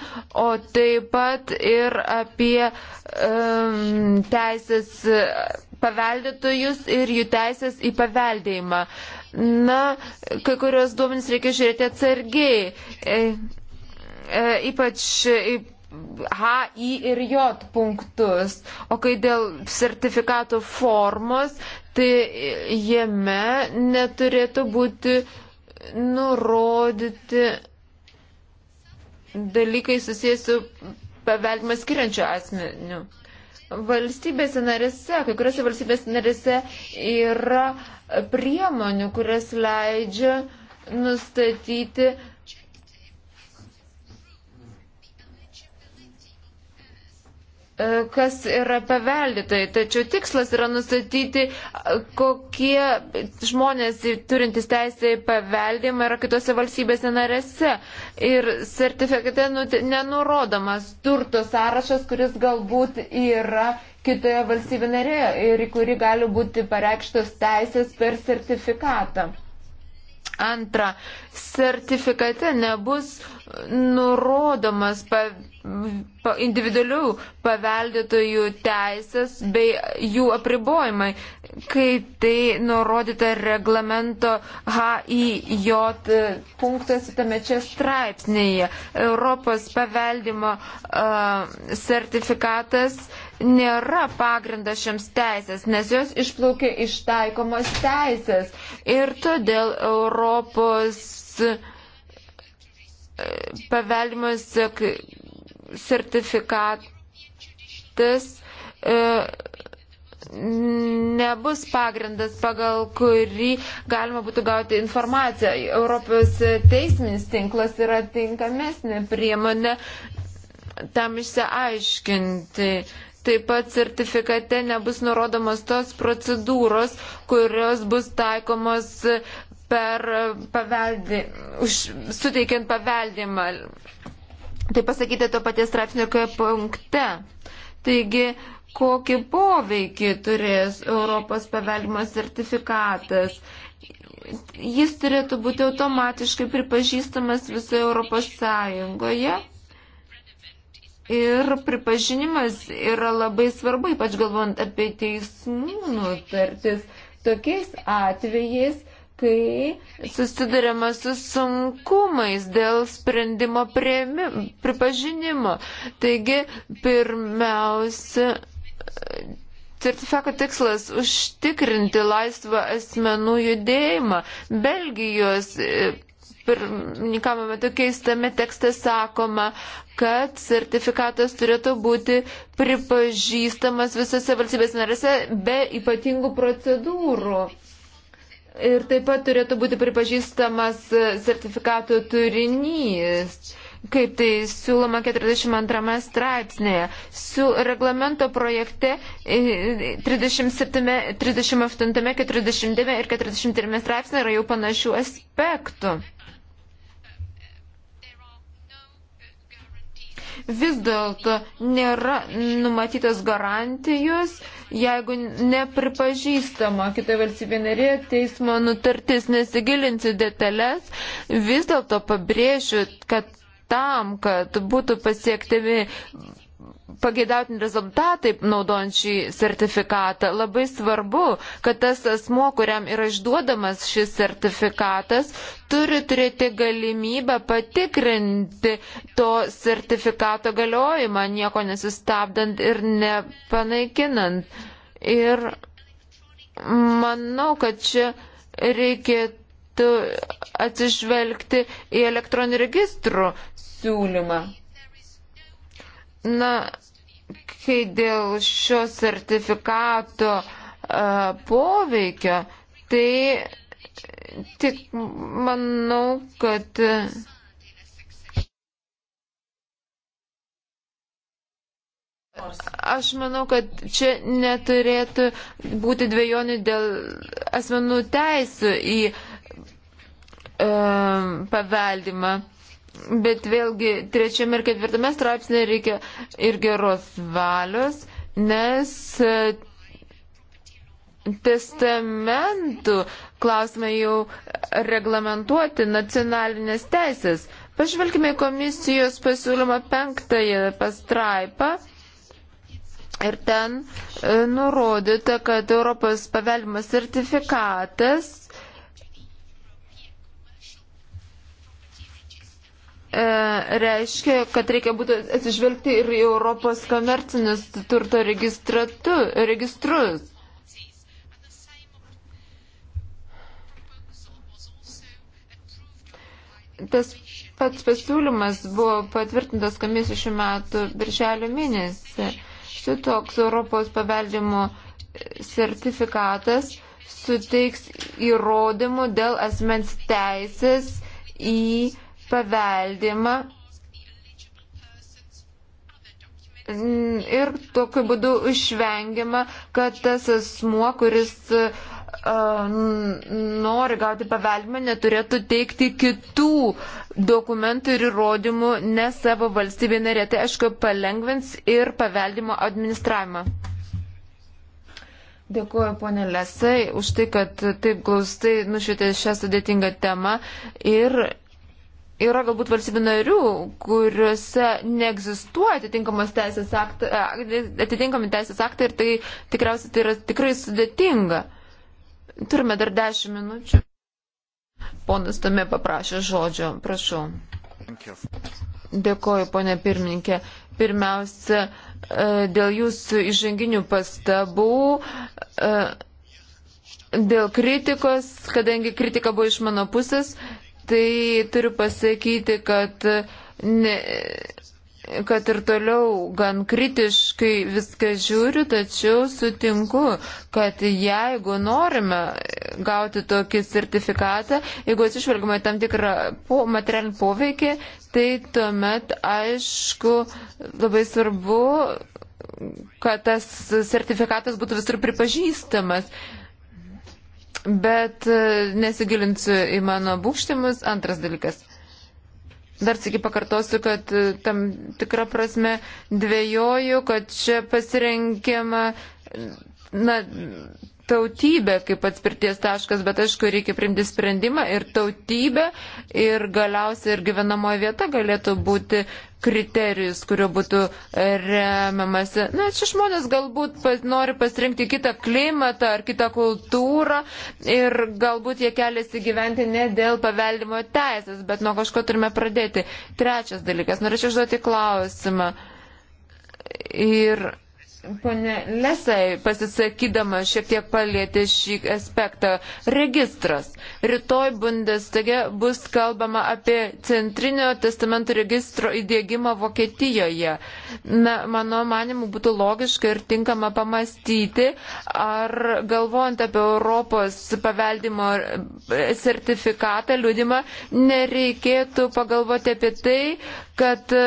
o taip pat ir apie um, teisės paveldėtojus ir jų teisės į paveldėjimą. Na, kai kurios duomenys reikia žiūrėti atsargiai, e, e, ypač e, H, I ir J punktus. O kai dėl sertifikato formos, tai jame neturėtų būti nurodyti dalykai susijęs su paveldimą skiriančiu asmeniu. Valstybėse narėse, kai kuriuose valstybėse narėse yra priemonių, kurias leidžia nustatyti E, kas yra paveldėtojai. Tačiau tikslas yra nustatyti, e, kokie žmonės turintys teisę į paveldimą yra kitose valstybėse narėse. Ir sertifikate nenurodomas turto sąrašas, kuris galbūt yra kitoje valstybė narėje ir į kurį gali būti pareikštos teisės per sertifikatą. Antra, sertifikate nebus nurodomas individualių paveldėtojų teisės bei jų apribojimai, kaip tai nurodyta reglamento HIJ punktas tame čia straipsnėje. Europos paveldimo uh, sertifikatas nėra pagrindas šiems teisės, nes jos išplaukia iš taikomos teisės. Ir todėl Europos paveldimo sek sertifikatas e, nebus pagrindas, pagal kurį galima būtų gauti informaciją. Europos teisminis tinklas yra tinkamesnė priemonė tam išsiaiškinti. Taip pat sertifikate nebus nurodomos tos procedūros, kurios bus taikomos per paveldį, už, suteikiant paveldimą Tai pasakyti to paties straipsnio kaip punkte. Taigi, kokį poveikį turės Europos paveldimo sertifikatas? Jis turėtų būti automatiškai pripažįstamas visoje Europos Sąjungoje. Ir pripažinimas yra labai svarbu, ypač galvojant apie teismų nutartis. Tokiais atvejais kai susidurima su sunkumais dėl sprendimo prieimi, pripažinimo. Taigi, pirmiausia, Certifikato tikslas - užtikrinti laisvą asmenų judėjimą. Belgijos e, pirmininkamo metu keistame tekste sakoma, kad sertifikatas turėtų būti pripažįstamas visose valstybės narėse be ypatingų procedūrų. Ir taip pat turėtų būti pripažįstamas sertifikato turinys, kaip tai siūloma 42 straipsnėje. Su reglamento projekte 37, 38, 40 ir 43 straipsnėje yra jau panašių aspektų. vis dėlto nėra numatytos garantijos, jeigu nepripažįstama kita valstybė narė teismo nutartis nesigilinti detalės, vis dėlto pabrėžiu, kad tam, kad būtų pasiektami pageidautini rezultatai naudojant šį sertifikatą, labai svarbu, kad tas asmo, kuriam yra išduodamas šis sertifikatas, turi turėti galimybę patikrinti to sertifikato galiojimą, nieko nesustabdant ir nepanaikinant. Ir manau, kad čia reikėtų atsižvelgti į elektroninių registrų siūlymą. Na, kai dėl šio sertifikato uh, poveikio, tai tik manau, kad. Aš manau, kad čia neturėtų būti dviejonių dėl asmenų teisų į um, paveldimą. Bet vėlgi trečiame ir ketvirtame straipsnėje reikia ir geros valios, nes e, testamentų klausimai jau reglamentuoti nacionalinės teisės. Pažvelkime į komisijos pasiūlymą penktąją pastraipą. Ir ten e, nurodyta, kad Europos paveldimas sertifikatas E, reiškia, kad reikia būtų atsižvelgti ir į Europos komercinius turto registrus. Tas pats pasiūlymas buvo patvirtintas komisijos šių metų birželio mėnesį. Šitoks Europos paveldimo sertifikatas suteiks įrodymų dėl asmens teisės į uh, paveldima ir tokiu būdu išvengiama, kad tas asmuo, kuris nori gauti paveldimą, neturėtų teikti kitų dokumentų ir įrodymų ne savo valstybė narė. Tai aišku, palengvins ir paveldimo administravimą. Dėkuoju, ponė Lesai, už tai, kad taip glaustai nušvietė šią sudėtingą temą ir Yra galbūt valstybių narių, kuriuose neegzistuoja atitinkamos teisės aktai, e, atitinkami teisės aktai ir tai tikriausiai tai yra tikrai sudėtinga. Turime dar dešimt minučių. Ponas Tome paprašė žodžio, prašau. Dėkoju, ponė pirmininkė. Pirmiausia, e, dėl jūsų įžanginių pastabų, e, dėl kritikos, kadangi kritika buvo iš mano pusės tai turiu pasakyti, kad, ne, kad ir toliau gan kritiškai viską žiūriu, tačiau sutinku, kad jeigu norime gauti tokį sertifikatą, jeigu atsižvelgime tam tikrą po, materialinį poveikį, tai tuomet aišku labai svarbu kad tas sertifikatas būtų visur pripažįstamas. Bet e, nesigilinsiu į mano būkštimus. Antras dalykas. Dar sėki pakartosiu, kad e, tam tikrą prasme dvėjoju, kad čia pasirenkiama na, tautybė kaip atspirties taškas, bet aišku, reikia primti sprendimą ir tautybė ir galiausiai ir gyvenamoji vieta galėtų būti kriterijus, kuriuo būtų remiamasi. Na, čia žmonės galbūt nori pasirinkti kitą klimatą ar kitą kultūrą ir galbūt jie keliasi gyventi ne dėl paveldimo teisės, bet nuo kažko turime pradėti. Trečias dalykas, norėčiau užduoti klausimą. Ir Pone Lesai, pasisakydama, šiek tiek palėtė šį aspektą. Registras. Rytoj Bundestage bus kalbama apie centrinio testamentų registro įdėgymą Vokietijoje. Na, mano manimu, būtų logiška ir tinkama pamastyti, ar galvojant apie Europos paveldimo sertifikatą, liūdimą, nereikėtų pagalvoti apie tai, kad e,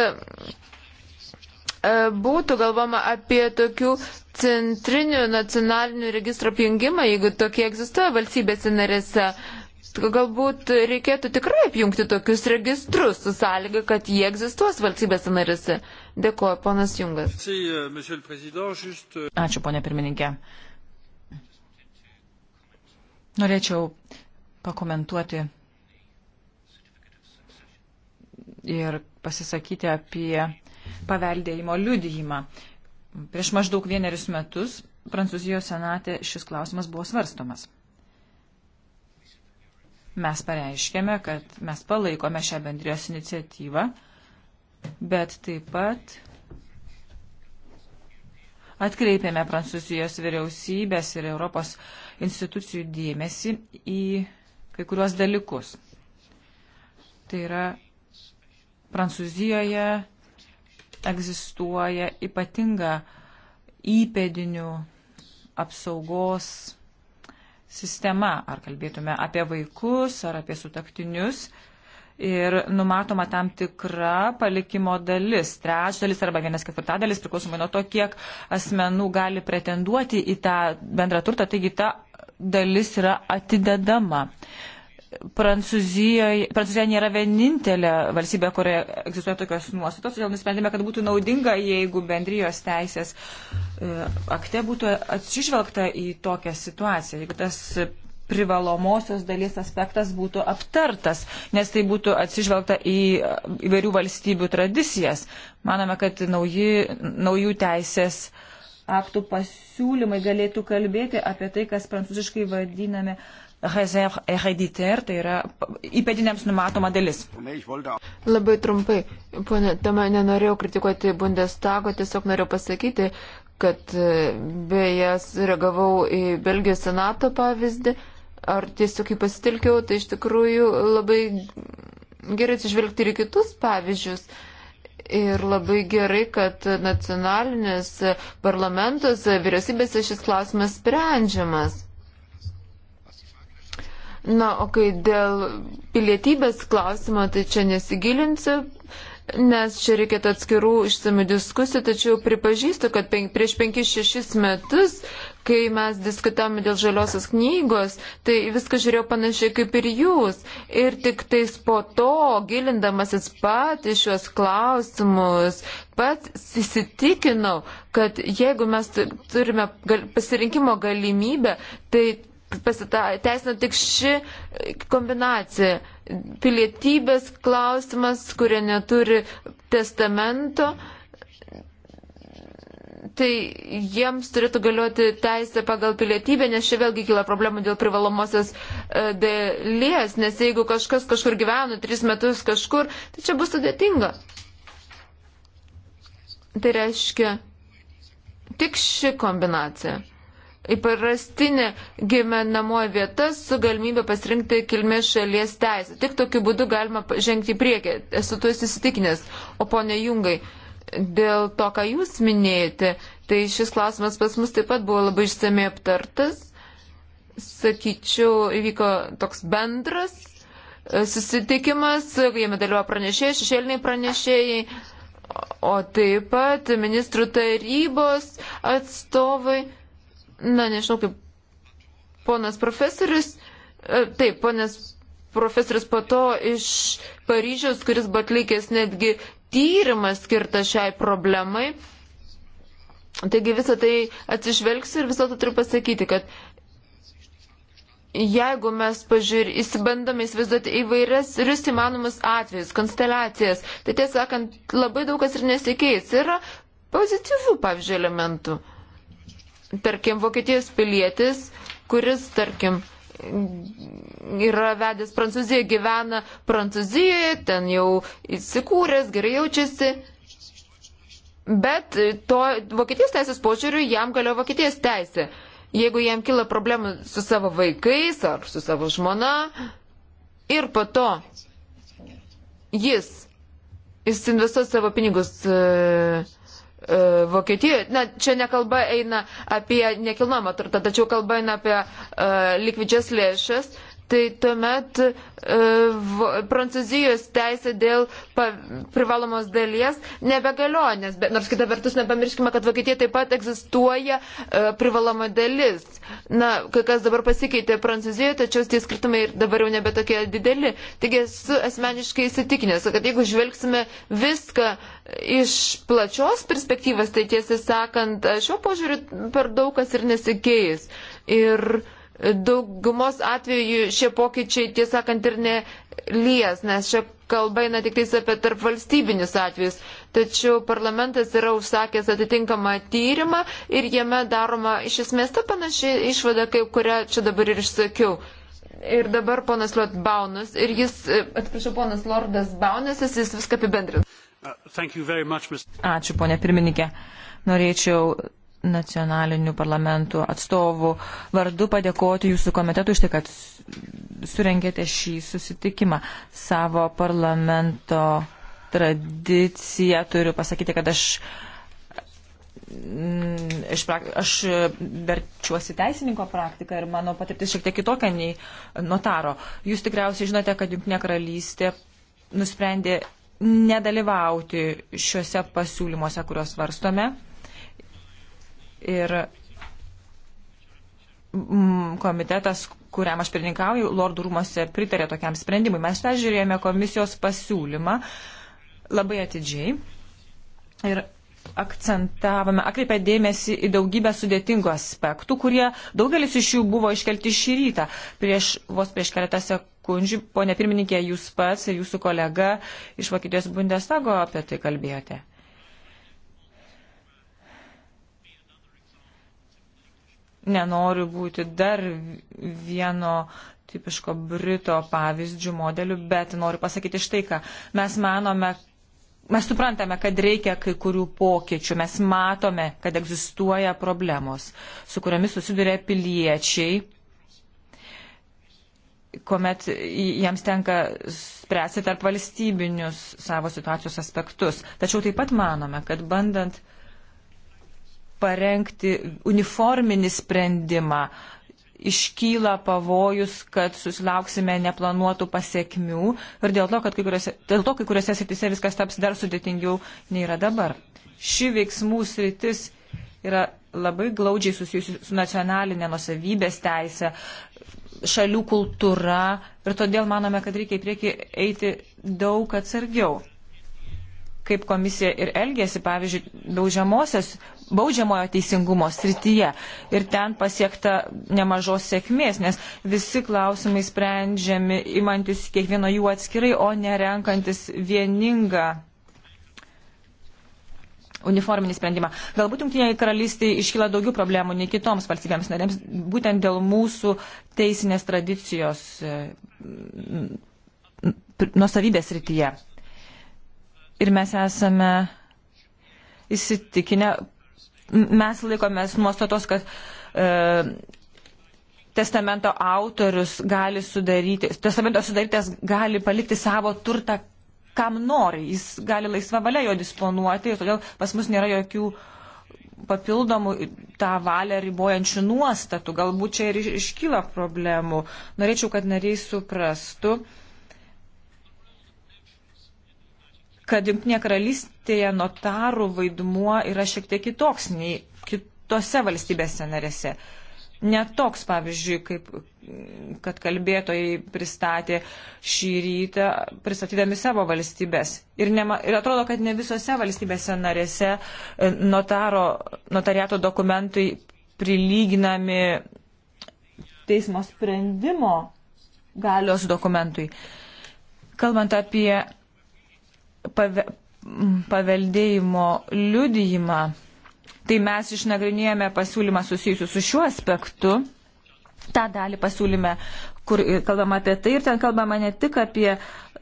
būtų galvama apie tokių centrinių nacionalinių registrų apjungimą, jeigu tokie egzistuoja valstybėse narėse. Uh, galbūt reikėtų tikrai apjungti tokius registrus su sąlyga, kad jie egzistuos valstybės narėse. Dėkuoju, ponas Jungas. Euh, euh, Ačiū, ponė pirmininkė. Norėčiau pakomentuoti ir pasisakyti apie paveldėjimo liudijimą. Prieš maždaug vienerius metus Prancūzijos senate šis klausimas buvo svarstomas. Mes pareiškėme, kad mes palaikome šią bendrijos iniciatyvą, bet taip pat atkreipėme Prancūzijos vyriausybės ir Europos institucijų dėmesį į kai kuriuos dalykus. Tai yra Prancūzijoje egzistuoja ypatinga įpėdinių apsaugos sistema, ar kalbėtume apie vaikus, ar apie sutaktinius. Ir numatoma tam tikra palikimo dalis, trečdalis arba vienas ketvirtadalis, priklausomai nuo to, kiek asmenų gali pretenduoti į tą bendrą turtą, taigi ta dalis yra atidedama. Uh, Prancūzija nėra vienintelė valstybė, kurioje egzistuoja tokios nuostatos, todėl nusprendėme, kad būtų naudinga, jeigu bendrijos teisės e, akte būtų atsižvelgta į tokią situaciją, jeigu tas privalomosios dalies aspektas būtų aptartas, nes tai būtų atsižvelgta į įvairių valstybių tradicijas. Manome, kad nauji, naujų teisės aktų pasiūlymai galėtų kalbėti apie tai, kas prancūziškai vadiname rezerv herediter, tai yra įpėdiniams numatoma dalis. Labai trumpai, ponė, tame nenorėjau kritikuoti Bundestago, tiesiog norėjau pasakyti, kad e, beje, reagavau į Belgijos senato pavyzdį, ar tiesiog jį pasitelkiau, tai iš tikrųjų labai gerai atsižvelgti ir kitus pavyzdžius. Ir labai gerai, kad nacionalinis parlamentas, vyriausybėse šis klausimas sprendžiamas. Na, o kai dėl pilietybės klausimo, tai čia nesigilinsiu, nes čia reikėtų atskirų išsamių diskusijų, tačiau pripažįstu, kad penk, prieš 5-6 metus, kai mes diskutavome dėl žaliosios knygos, tai viską žiūrėjau panašiai kaip ir jūs. Ir tik tais po to, gilindamasis pat į šios klausimus, pats įsitikinau, kad jeigu mes turime pasirinkimo galimybę, tai pasiteisino tik ši kombinacija. Pilietybės klausimas, kurie neturi testamento, tai jiems turėtų galioti teisė pagal pilietybę, nes čia vėlgi kyla problemų dėl privalomosios e, dalies, nes jeigu kažkas kažkur gyveno, tris metus kažkur, tai čia bus sudėtinga. Tai reiškia tik ši kombinacija įprastinė gyvenamoji vieta su galimybė pasirinkti kilmės šalies teisę. Tik tokiu būdu galima žengti į priekį. Esu tuo įsitikinęs. O ponė Jungai, dėl to, ką jūs minėjote, tai šis klausimas pas mus taip pat buvo labai išsamei aptartas. Sakyčiau, įvyko toks bendras e, susitikimas, jame dalyvavo pranešėjai, šešėliniai pranešėjai. O taip pat ministrų tarybos atstovai na nežinau, kaip ponas profesorius, e, taip, ponas profesorius po to iš Paryžiaus, kuris buvo atlikęs netgi tyrimą skirtą šiai problemai. Taigi visą tai atsižvelgsiu ir visą tai turiu pasakyti, kad jeigu mes pažiūrė, įsibandome įsivaizduoti įvairias ir jūs įmanomus atvejus, konsteliacijas, tai tiesą sakant, labai daug kas ir nesikeis. Yra pozityvių, pavyzdžiui, elementų tarkim, Vokietijos pilietis, kuris, tarkim, yra vedęs Prancūziją, gyvena Prancūzijoje, ten jau įsikūręs, gerai jaučiasi. Bet to Vokietijos teisės požiūriu jam galio Vokietijos teisė. Jeigu jam kila problemų su savo vaikais ar su savo žmona ir po to jis, jis investuos savo pinigus. Uh, E, Vokietijoje, na, čia nekalba eina apie nekilnojamą turtą, tačiau kalba eina apie e, likvidžias lėšas, uh, tai tuomet e, Prancūzijos teisė dėl pa, privalomos dalies nebegalionės. Bet, nors kita vertus nepamirškime, kad Vokietija taip pat egzistuoja e, privaloma dalis. Na, kai kas dabar pasikeitė Prancūzijoje, tačiau tie skirtumai dabar jau nebe tokie dideli. Taigi esu asmeniškai įsitikinęs, kad jeigu žvelgsime viską iš plačios perspektyvos, tai tiesą sakant, šiuo požiūriu per daug kas ir nesikeis. Ir uh, daugumos atveju šie pokyčiai, tiesąkant, ir nelies, nes čia kalba eina tik tais apie tarp valstybinius atvejus. Tačiau parlamentas yra užsakęs atitinkamą tyrimą ir jame daroma iš esmės ta panaši išvada, kaip kurią čia dabar ir išsakiau. Ir dabar ponas Lord Baunas, ir jis, e, atsiprašau, ponas Lordas Baunas, jis viską apibendrins. Uh, Ačiū, ponė pirmininkė. Norėčiau nacionalinių parlamentų atstovų vardu padėkoti jūsų komitetui už tai, kad surengėte šį susitikimą. Savo parlamento tradiciją turiu pasakyti, kad aš, mm, aš, aš e, verčiuosi teisininko praktiką ir mano patirtis šiek tiek kitokia nei notaro. Jūs tikriausiai žinote, kad Junktinė karalystė nusprendė nedalyvauti šiuose pasiūlymuose, kuriuos varstome Ir mm, komitetas, kuriam aš pirmininkauju, Lordų rūmose pritarė tokiam sprendimui. Mes peržiūrėjome komisijos pasiūlymą labai atidžiai ir akcentavome, atkreipė dėmesį į daugybę sudėtingų aspektų, kurie daugelis iš jų buvo iškelti šį rytą. Prieš, vos prieš keletą sekundžių, ponė pirmininkė, jūs pats ir jūsų kolega iš Vokietijos Bundestago apie tai kalbėjote. nenoriu būti dar vieno tipiško Brito pavyzdžių modelių, bet noriu pasakyti štai ką. Mes manome, mes suprantame, kad reikia kai kurių pokyčių, mes matome, kad egzistuoja problemos, su kuriamis susiduria piliečiai kuomet jiems tenka spręsti tarp valstybinius savo situacijos aspektus. Tačiau taip pat manome, kad bandant uh, parengti uniforminį sprendimą. Iškyla pavojus, kad susilauksime neplanuotų pasiekmių ir dėl to, kad kai kuriuose, dėl to, kai kuriuose srityse viskas taps dar sudėtingiau nei yra dabar. Ši veiksmų sritis yra labai glaudžiai susijusi su nacionalinė nusavybės teisė, šalių kultūra ir todėl manome, kad reikia į priekį eiti daug atsargiau. Kaip komisija ir elgėsi, pavyzdžiui, daužiamosios baudžiamojo teisingumo srityje. Ir ten pasiekta nemažos sėkmės, nes visi klausimai sprendžiami imantis kiekvieno jų atskirai, o nerenkantis vieningą uniforminį sprendimą. Galbūt Junktinėje karalystėje iškyla daugiau problemų nei kitoms valstybėms narėms, būtent dėl mūsų teisinės tradicijos nusavybės rytyje. Ir mes esame įsitikinę, Mes laikomės nuostatos, kad e, testamento autorius gali sudaryti, testamento sudarytas gali palikti savo turtą, kam nori, jis gali laisvą valią jo disponuoti ir todėl pas mus nėra jokių papildomų tą valią ribojančių nuostatų. Galbūt čia ir iškyla problemų. Norėčiau, kad nariai suprastų, kad Junktinė karalystėje notarų vaidmuo yra šiek tiek kitoks nei kitose valstybėse narėse. Netoks, pavyzdžiui, kaip kad kalbėtojai pristatė šį rytą, pristatydami savo valstybės. Ir, nema, ir atrodo, kad ne visose valstybėse narėse e, notaro, notariato dokumentai prilyginami teismo sprendimo galios dokumentui. Kalbant apie pave, paveldėjimo liudijimą. Tai mes išnagrinėjome pasiūlymą susijusiu su šiuo aspektu. Ta dalį pasiūlyme, kur kalbama apie tai ir ten kalbama ne tik apie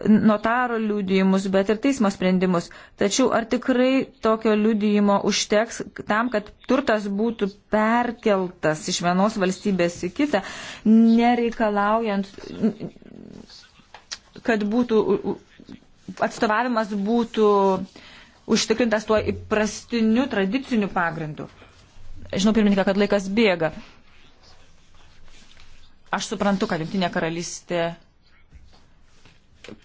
notaro liudijimus, bet ir teismo sprendimus. Tačiau ar tikrai tokio liudijimo užteks tam, kad turtas būtų perkeltas iš vienos valstybės į kitą, nereikalaujant, kad būtų atstovavimas būtų užtikrintas tuo įprastiniu, tradiciniu pagrindu. Žinau, pirmininką, kad laikas bėga. Aš suprantu, kad Junktinė karalystė.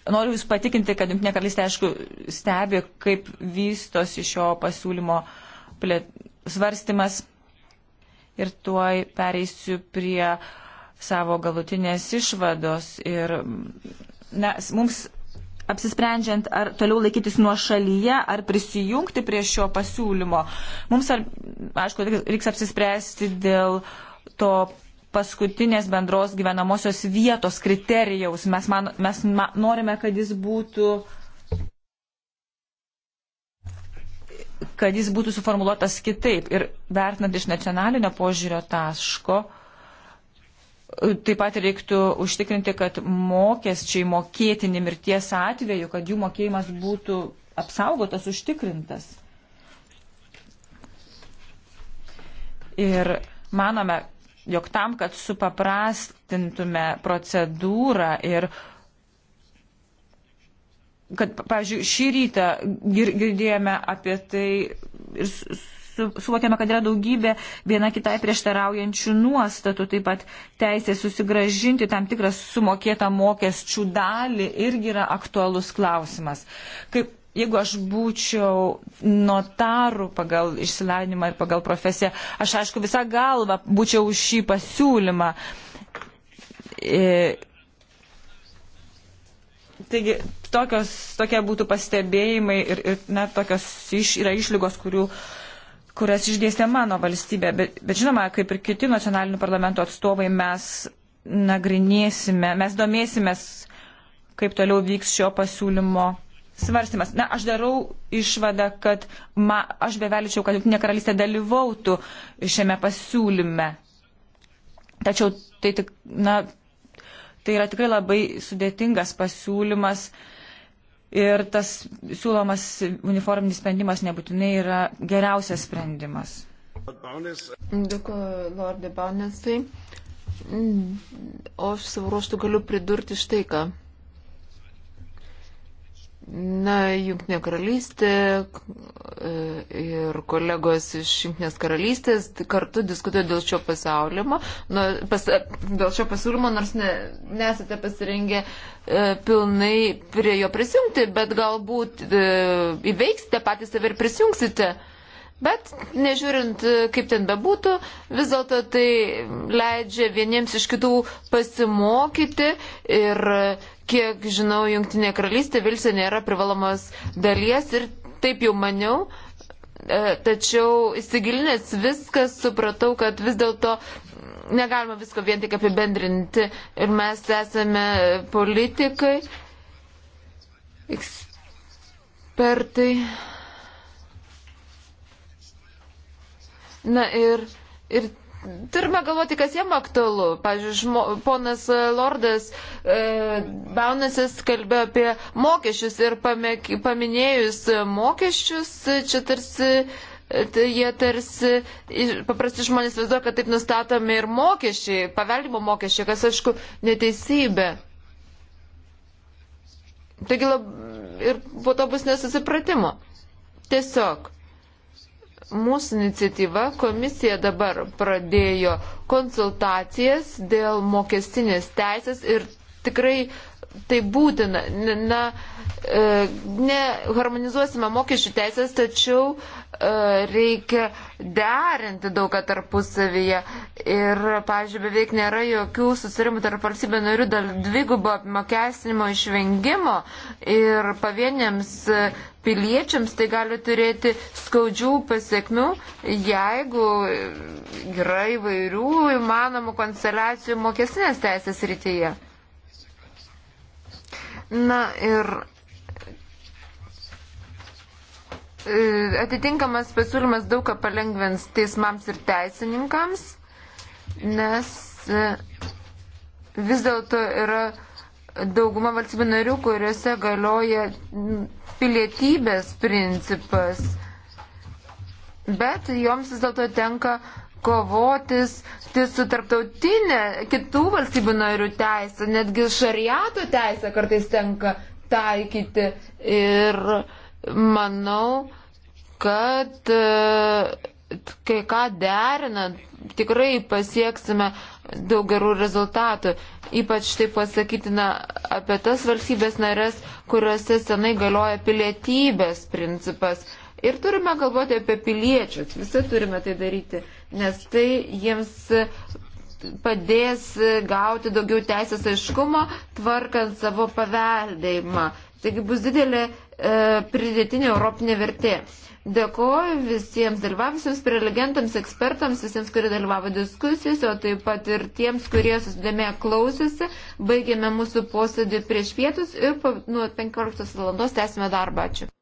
Noriu Jūs patikinti, kad Junktinė karalystė, aišku, stebi, kaip vystosi šio pasiūlymo plėt... svarstymas. Ir tuoj pereisiu prie savo galutinės išvados. Ir na, mums apsisprendžiant ar toliau laikytis nuo šalyje, ar prisijungti prie šio pasiūlymo. Mums, ar, aišku, reiks apsispręsti dėl to paskutinės bendros gyvenamosios vietos kriterijaus. Mes, man, mes ma, norime, kad jis būtų kad jis būtų suformuoluotas kitaip ir vertinant iš nacionalinio požiūrio taško, uh, Taip pat reiktų užtikrinti, kad mokesčiai mokėtini mirties atveju, kad jų mokėjimas būtų apsaugotas, užtikrintas. Ir manome, jog tam, kad supaprastintume procedūrą ir kad, pavyzdžiui, šį rytą girdėjome apie tai ir su, suvokiame, kad yra daugybė viena kitai prieštaraujančių nuostatų, taip pat teisė susigražinti tam tikrą sumokėtą mokesčių dalį irgi yra aktualus klausimas. Kaip jeigu aš būčiau notaru pagal išsilavinimą ir pagal profesiją, aš aišku visą galvą būčiau už šį pasiūlymą. E, taigi, tokios, tokie būtų pastebėjimai ir, ir na, tokios iš, yra išlygos, kurių, kurias išdėstė mano valstybė. Bet, bet žinoma, kaip ir kiti nacionalinių parlamento atstovai, mes nagrinėsime, mes domėsimės, kaip toliau vyks šio pasiūlymo svarstymas. Na, aš darau išvadą, kad ma, aš beveličiau, kad Junktinė karalystė dalyvautų šiame pasiūlyme. Tačiau tai, tik, na, tai yra tikrai labai sudėtingas pasiūlymas. Uh, Ir tas siūlomas uniforminis sprendimas nebūtinai yra geriausias sprendimas. Dėkuoju, Lorde Baunesai. O mm, aš savo ruoštų galiu pridurti štai ką. Na, Junktinė karalystė e, ir kolegos iš Junktinės karalystės kartu diskutuoja dėl šio pasaulimo, nu, pas, e, dėl šio pasiūlymo, nors ne, nesate pasirengę e, pilnai prie jo prisijungti, bet galbūt įveiksite patys save ir prisijungsite. Bet nežiūrint, kaip ten bebūtų, vis dėlto tai leidžia vieniems iš kitų pasimokyti ir uh, Kiek žinau, Junktinė karalystė Vilsė nėra privalomos dalies ir taip jau maniau, e, tačiau įsigilinęs viskas supratau, kad vis dėlto negalima visko vien tik apibendrinti ir mes esame politikai, ekspertai. Na ir, ir turime galvoti, kas jiem aktualu. Pavyzdžiui, ponas Lordas e, Baunasas kalbė apie mokesčius ir pamek, paminėjus mokesčius, čia tarsi. Tai jie tarsi, paprasti žmonės vizuoja, kad taip nustatomi ir mokesčiai, paveldimo mokesčiai, kas aišku neteisybė. Taigi lab, ir po to bus nesusipratimo. Tiesiog mūsų iniciatyva komisija dabar pradėjo konsultacijas dėl mokestinės teisės ir tikrai tai būtina. Na, e, neharmonizuosime mokesčių teisės, tačiau e, reikia derinti daugą tarpusavyje. Ir, pavyzdžiui, beveik nėra jokių susirimų tarp valstybė narių dėl dvigubo apmokestinimo išvengimo ir pavieniams e, piliečiams tai gali turėti skaudžių pasiekmių, jeigu yra įvairių įmanomų konsteliacijų mokestinės teisės rytyje. Na ir e, atitinkamas pasiūlymas daug ką palengvins teismams ir teisininkams, nes e, vis dėlto yra dauguma valstybių narių, kuriuose galioja pilietybės principas, bet joms vis dėlto tenka uh, kovotis su tarptautinė kitų valstybių narių teisė, netgi šariato teisė kartais tenka taikyti. Ir manau, kad e, kai ką derinant, tikrai pasieksime daug gerų rezultatų. Ypač tai pasakytina apie tas valstybės narės, kuriuose senai galioja pilietybės principas. Ir turime galvoti apie piliečius, visi turime tai daryti nes tai jiems padės gauti daugiau teisės aiškumo, tvarkant savo paveldėjimą. Taigi bus didelė e, pridėtinė europinė vertė. Dėkoju visiems dalyvavusiems prelegentams, ekspertams, visiems, kurie dalyvavo diskusijose, o taip pat ir tiems, kurie susidėmė klausiusi. Baigėme mūsų posėdį prieš pietus ir nuo 15 valandos tęsime darbą. Ačiū.